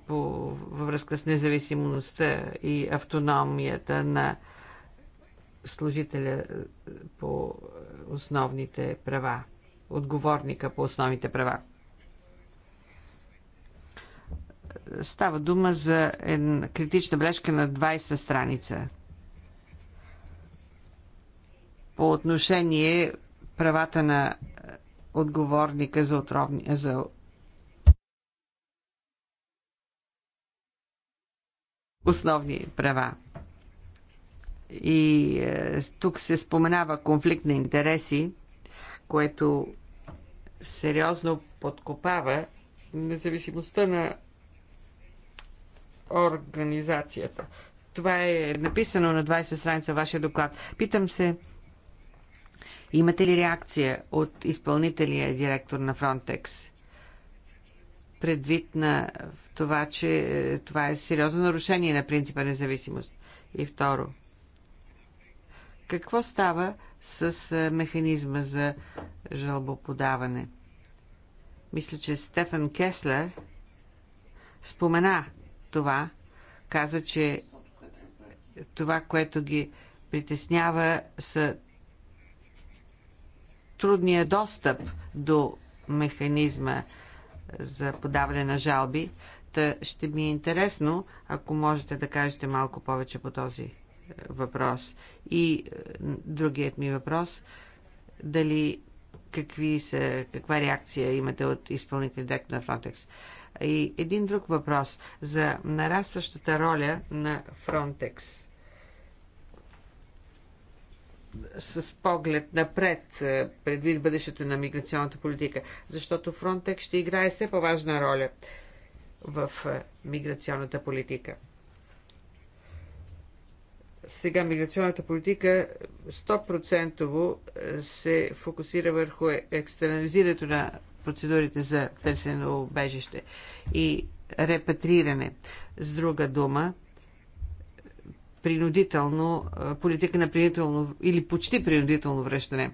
[SPEAKER 2] по, във връзка с независимостта и автономията на служителя е, по основните права, отговорника по основните права. Става дума за една критична бележка на 20 страница по отношение правата на е, отговорника за, отровни, за основни права. И е, тук се споменава конфликт на интереси, което сериозно подкопава независимостта на организацията. Това е написано на 20 страница вашия доклад. Питам се, Имате ли реакция от изпълнителния директор на Фронтекс? Предвид на това, че е, това е сериозно нарушение на принципа независимост. И второ, какво става с е, механизма за жалбоподаване? Мисля, че Стефан Кеслер спомена това, каза, че това, което ги притеснява, са трудния достъп до механизма за подаване на жалби. Та ще ми е интересно, ако можете да кажете малко повече по този е, въпрос. И е, другият ми въпрос дали какви са, каква реакция имате от изпълнителния директор на Frontex. И един друг въпрос за нарастващата роля на Frontex с поглед напред, е, предвид бъдещето на миграционната политика, защото Фронтек ще играе все по-важна роля в е, миграционната политика. Сега миграционната политика 100% е, се фокусира върху екстернализирането на процедурите за търсене на убежище и репатриране. С друга дума, принудително, политика на принудително или почти принудително връщане.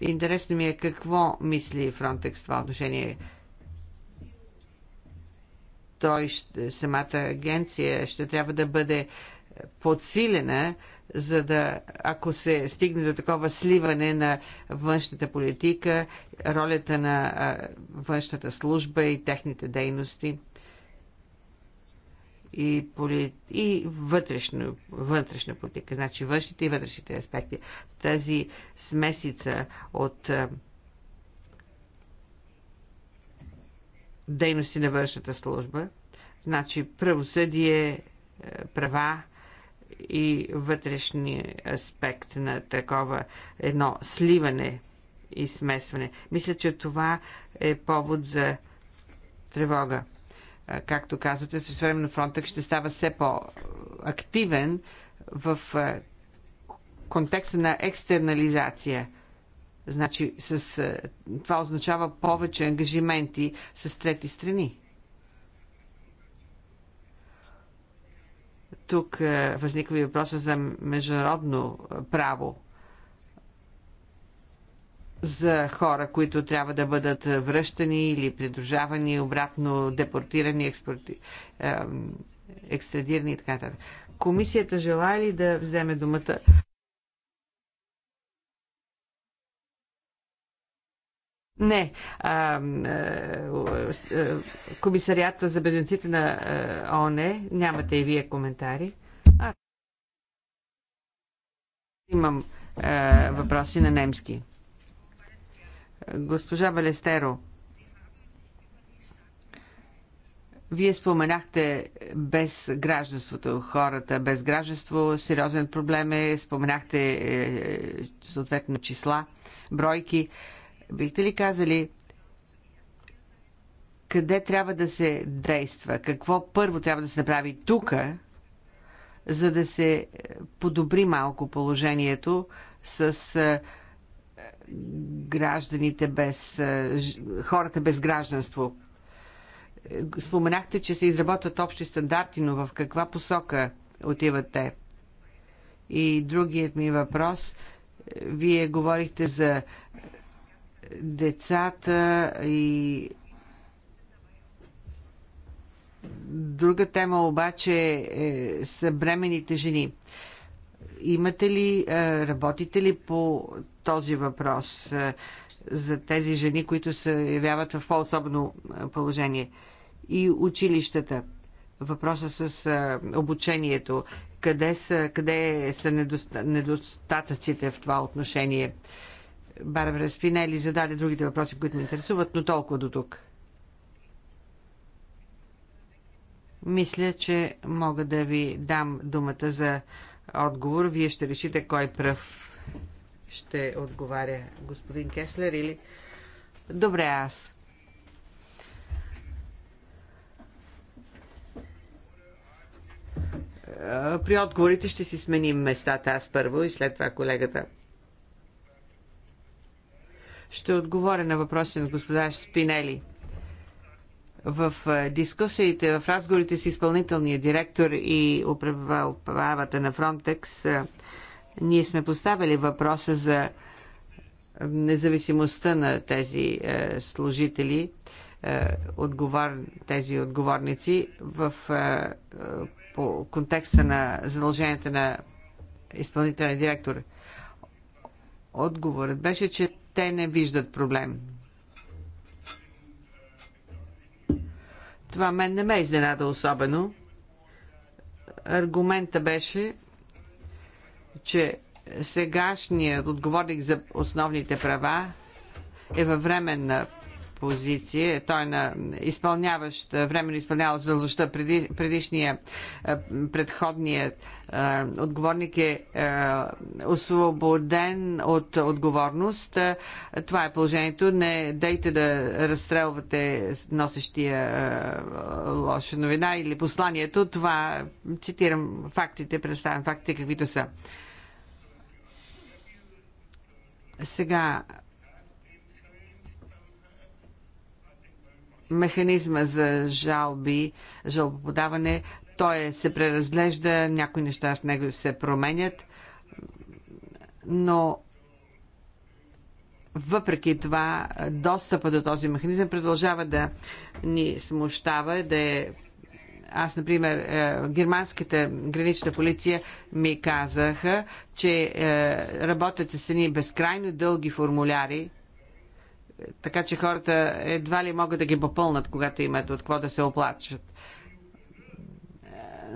[SPEAKER 2] Интересно ми е какво мисли Фронтекс това отношение. Той, самата агенция, ще трябва да бъде подсилена, за да, ако се стигне до такова сливане на външната политика, ролята на външната служба и техните дейности и, поли... и вътрешно, вътрешна политика, значи външните и вътрешните аспекти. Тази смесица от дейности на външната служба, значи правосъдие, права и вътрешния аспект на такова едно сливане и смесване. Мисля, че това е повод за тревога както казвате, с време на ще става все по-активен в контекста на екстернализация. Значи, с, това означава повече ангажименти с трети страни. Тук възниква и въпроса за международно право за хора, които трябва да бъдат връщани или придружавани, обратно депортирани, експорти, екстрадирани и така нататък. Комисията желая ли да вземе думата? Не. А, а, а, комисарията за беженците на е, ОНЕ, нямате и вие коментари. А, имам а, е, въпроси на немски. Госпожа Балестеро, Вие споменахте без гражданството, хората без гражданство, сериозен проблем е, споменахте е, съответно числа, бройки. Бихте ли казали къде трябва да се действа? Какво първо трябва да се направи тук, за да се подобри малко положението с е, гражданите без, е, хората без гражданство. Споменахте, че се изработват общи стандарти, но в каква посока отиват те? И другият ми въпрос. Вие говорихте за децата и друга тема обаче е, са бременните жени. Имате ли, е, работите ли по този въпрос е, за тези жени, които се явяват в по-особено е, положение. И училищата. Въпроса с е, обучението. Къде са, къде са недостатъците в това отношение? Барбара Спинели зададе другите въпроси, които ме интересуват, но толкова до тук. Мисля, че мога да ви дам думата за отговор. Вие ще решите кой пръв ще отговаря господин Кеслер или... Добре, аз. При отговорите ще си сменим местата аз първо и след това колегата. Ще отговоря на въпроси на господа Спинели в дискусиите, в разговорите с изпълнителния директор и управлявата на Фронтекс ние сме поставили въпроса за независимостта на тези е, служители, е, отговор, тези отговорници в е, по контекста на задълженията на изпълнителния директор. Отговорът беше, че те не виждат проблем. Това мен не ме изненада особено. Аргумента беше, че сегашният отговорник за основните права е във временна позиция. Той е на изпълняващ, временно изпълняващ задължността преди, предишния, е, предходният е, отговорник е, е, освободен от отговорност. Това е положението. Не дейте да разстрелвате носещия лоша новина или посланието. Това цитирам фактите, представям фактите каквито са. Сега механизма за жалби, жалбоподаване, той е, се преразглежда, някои неща в него се променят, но въпреки това, достъпа до този механизъм продължава да ни смущава, да е аз, например, е, германската гранична полиция ми казаха, че е, работят с едни безкрайно дълги формуляри, е, така че хората едва ли могат да ги попълнат, когато имат от какво да се оплачат.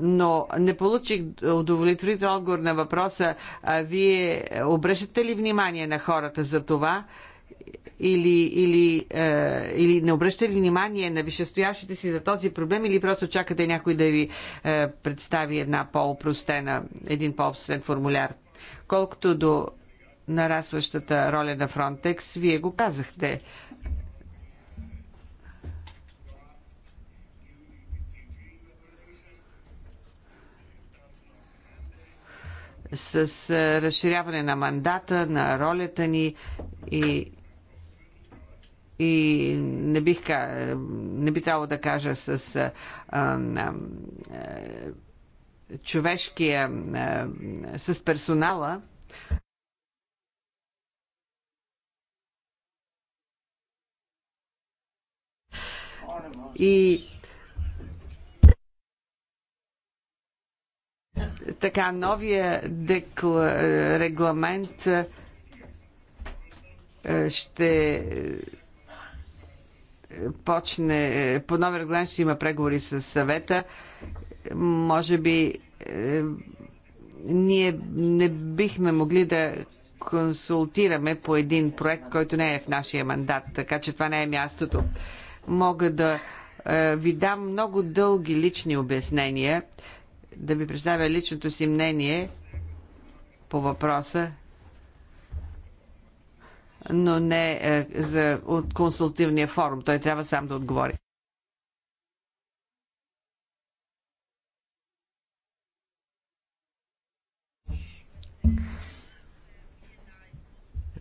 [SPEAKER 2] Но не получих удовлетворителен отговор на въпроса, а вие обръщате ли внимание на хората за това, или, или, е, или не обръща ли внимание на вишестоящите си за този проблем или просто чакате някой да ви е, представи една по-опростена, един по-обстрен формуляр? Колкото до нарастващата роля на Фронтекс, вие го казахте. с е, разширяване на мандата, на ролята ни и и не бих не би трябвало да кажа с а, а, човешкия, а, с персонала, И така, новия декл... регламент ще почне, по нови глен ще има преговори с съвета. Може би е, ние не бихме могли да консултираме по един проект, който не е в нашия мандат, така че това не е мястото. Мога да е, ви дам много дълги лични обяснения, да ви представя личното си мнение по въпроса но не е, за, от консултивния форум. Той трябва сам да отговори.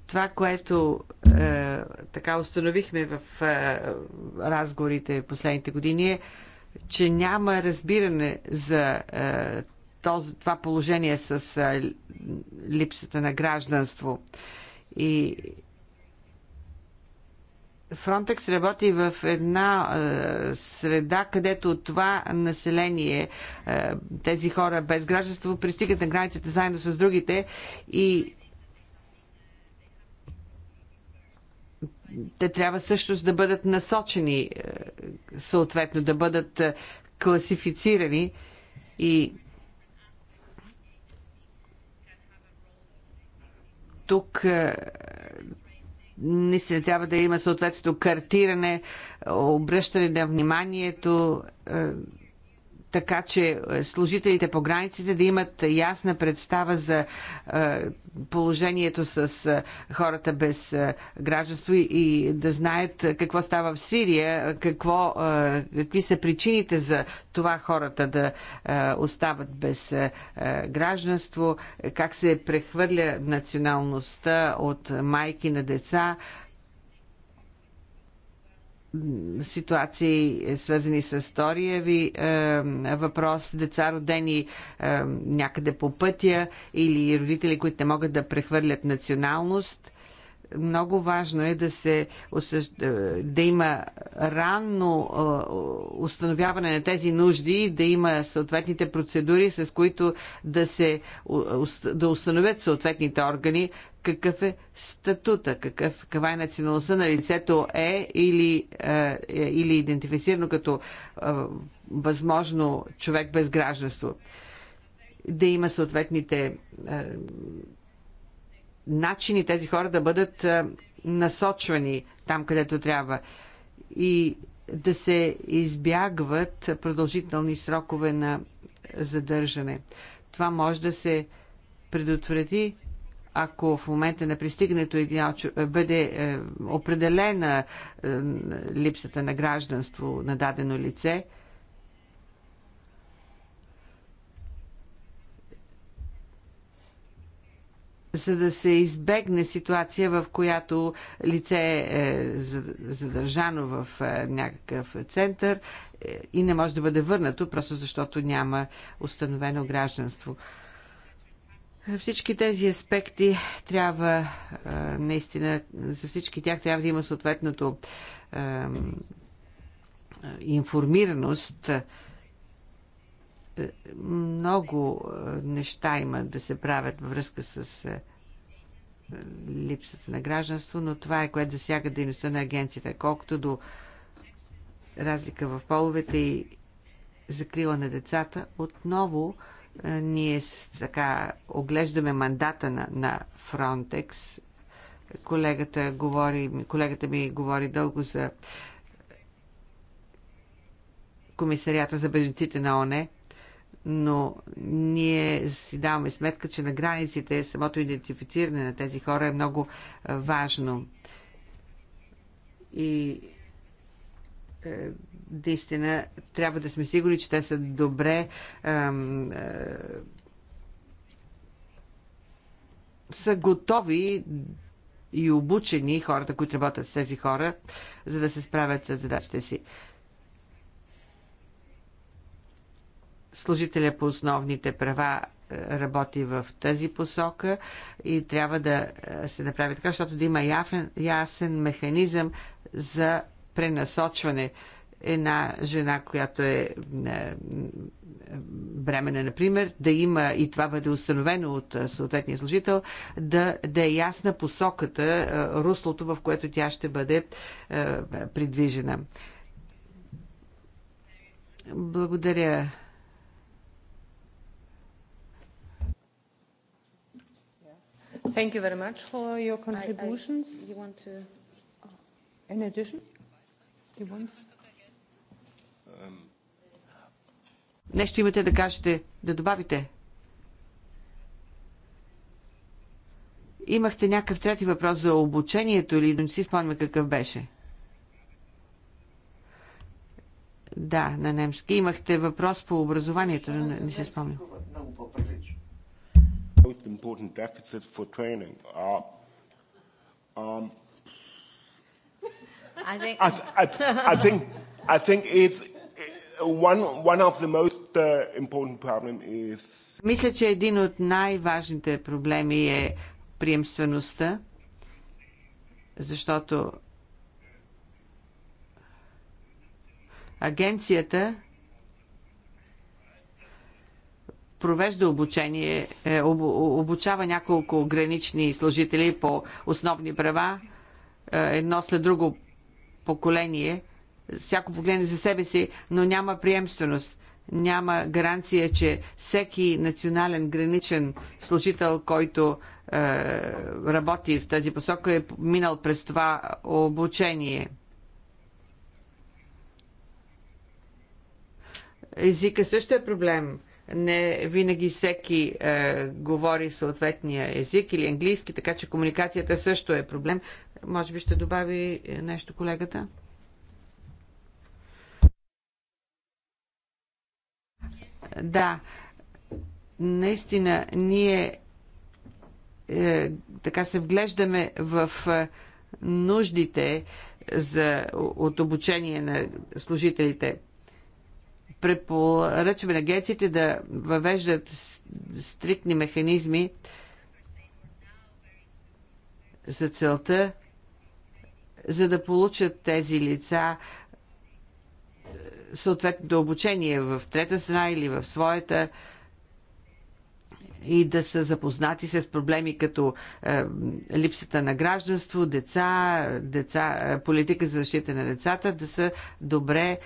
[SPEAKER 2] това, което е, така установихме в е, разговорите последните години е, че няма разбиране за е, този, това положение с е, липсата на гражданство. И Фронтекс работи в една е, среда, където това население, е, тези хора без гражданство, пристигат на границата заедно с другите и те трябва също да бъдат насочени, е, съответно, да бъдат е, класифицирани и тук. Е, наистина трябва да има съответството картиране, обръщане на вниманието е, така че е, служителите по границите да имат ясна представа за е, положението с е, хората без гражданство и да знаят какво става в Сирия, какво, какви са причините за това хората да остават без гражданство, как се прехвърля националността от майки на деца, ситуации, е, свързани с втория ви е, въпрос, деца родени е, някъде по пътя или родители, които не могат да прехвърлят националност. Много важно е да, се, е, да има ранно е, установяване на тези нужди, да има съответните процедури, с които да се да установят съответните органи, какъв е статута, какъв, каква е националността на лицето е или, е, е, или идентифицирано като е, възможно човек без гражданство. Да има съответните е, начини тези хора да бъдат е, насочвани там, където трябва. И да се избягват продължителни срокове на задържане. Това може да се предотврати ако в момента на пристигането е, бъде е, определена е, липсата на гражданство на дадено лице, за да се избегне ситуация, в която лице е задържано в някакъв център и не може да бъде върнато, просто защото няма установено гражданство. Всички тези аспекти трябва, наистина, за всички тях трябва да има съответното е, информираност. Много неща има да се правят във връзка с липсата на гражданство, но това е което засяга дейността на агенцията. Колкото до разлика в половете и закрила на децата, отново ние така оглеждаме мандата на, на Frontex. Колегата, говори, колегата ми говори дълго за комисарията за беженците на ОНЕ, но ние си даваме сметка, че на границите самото идентифициране на тези хора е много важно. И е, наистина трябва да сме сигурни, че те са добре ам, а, е, са готови и обучени хората, които работят с тези хора, за да се справят с задачите си. Служителя по основните права е, работи в тази посока и трябва да е, се направи така, защото да има ясен, ясен механизъм за пренасочване една жена, която е, е бремена, например, да има, и това бъде установено от е, съответния служител, да, да е ясна посоката, е, руслото, в което тя ще бъде придвижена. Благодаря.
[SPEAKER 3] Thank you very much for your contributions. I, I, you want to... Oh, in addition,
[SPEAKER 2] Нещо имате да кажете, да добавите? Имахте някакъв трети въпрос за обучението или да не си спомня какъв беше? Да, на немски. Имахте въпрос по образованието, но не, не се спомня. Много по-прилично.
[SPEAKER 5] Um, I think, I, I, I think, I think it's one, one of the most е, Мисля, че един
[SPEAKER 2] от най-важните проблеми е приемствеността, защото агенцията провежда обучение, е, обучава няколко гранични служители по основни права, е, едно след друго поколение, всяко поколение за себе си, но няма приемственост няма гаранция, че всеки национален граничен служител, който е, работи в тази посока, е минал през това обучение. Езика също е проблем. Не винаги всеки е, говори съответния език или английски, така че комуникацията също е проблем. Може би ще добави нещо колегата? Да, наистина ние е, така се вглеждаме в е, нуждите за, от обучение на служителите. Препоръчваме на агенциите да въвеждат стриктни механизми за целта, за да получат тези лица съответното обучение в трета страна или в своята и да са запознати с проблеми като е, липсата на гражданство, деца, деца, е, политика за защита на децата, да са добре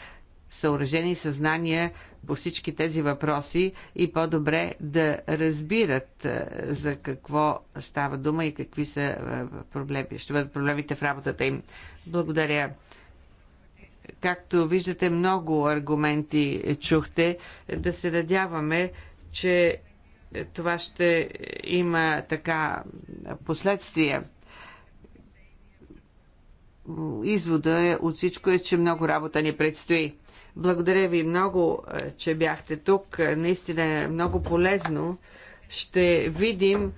[SPEAKER 2] съоръжени съзнания по всички тези въпроси и по-добре да разбират е, за какво става дума и какви са е, проблеми, ще бъдат проблемите в работата им. Благодаря. Както виждате, много аргументи чухте. Да се надяваме, че това ще има така последствия. Извода е, от всичко е, че много работа ни предстои. Благодаря ви много, че бяхте тук. Наистина е много полезно. Ще видим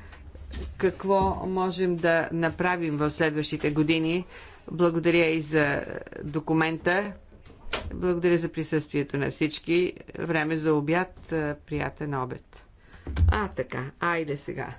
[SPEAKER 2] какво можем да направим в следващите години. Благодаря и за документа. Благодаря за присъствието на всички. Време за обяд. Приятен обед. А, така. Айде сега.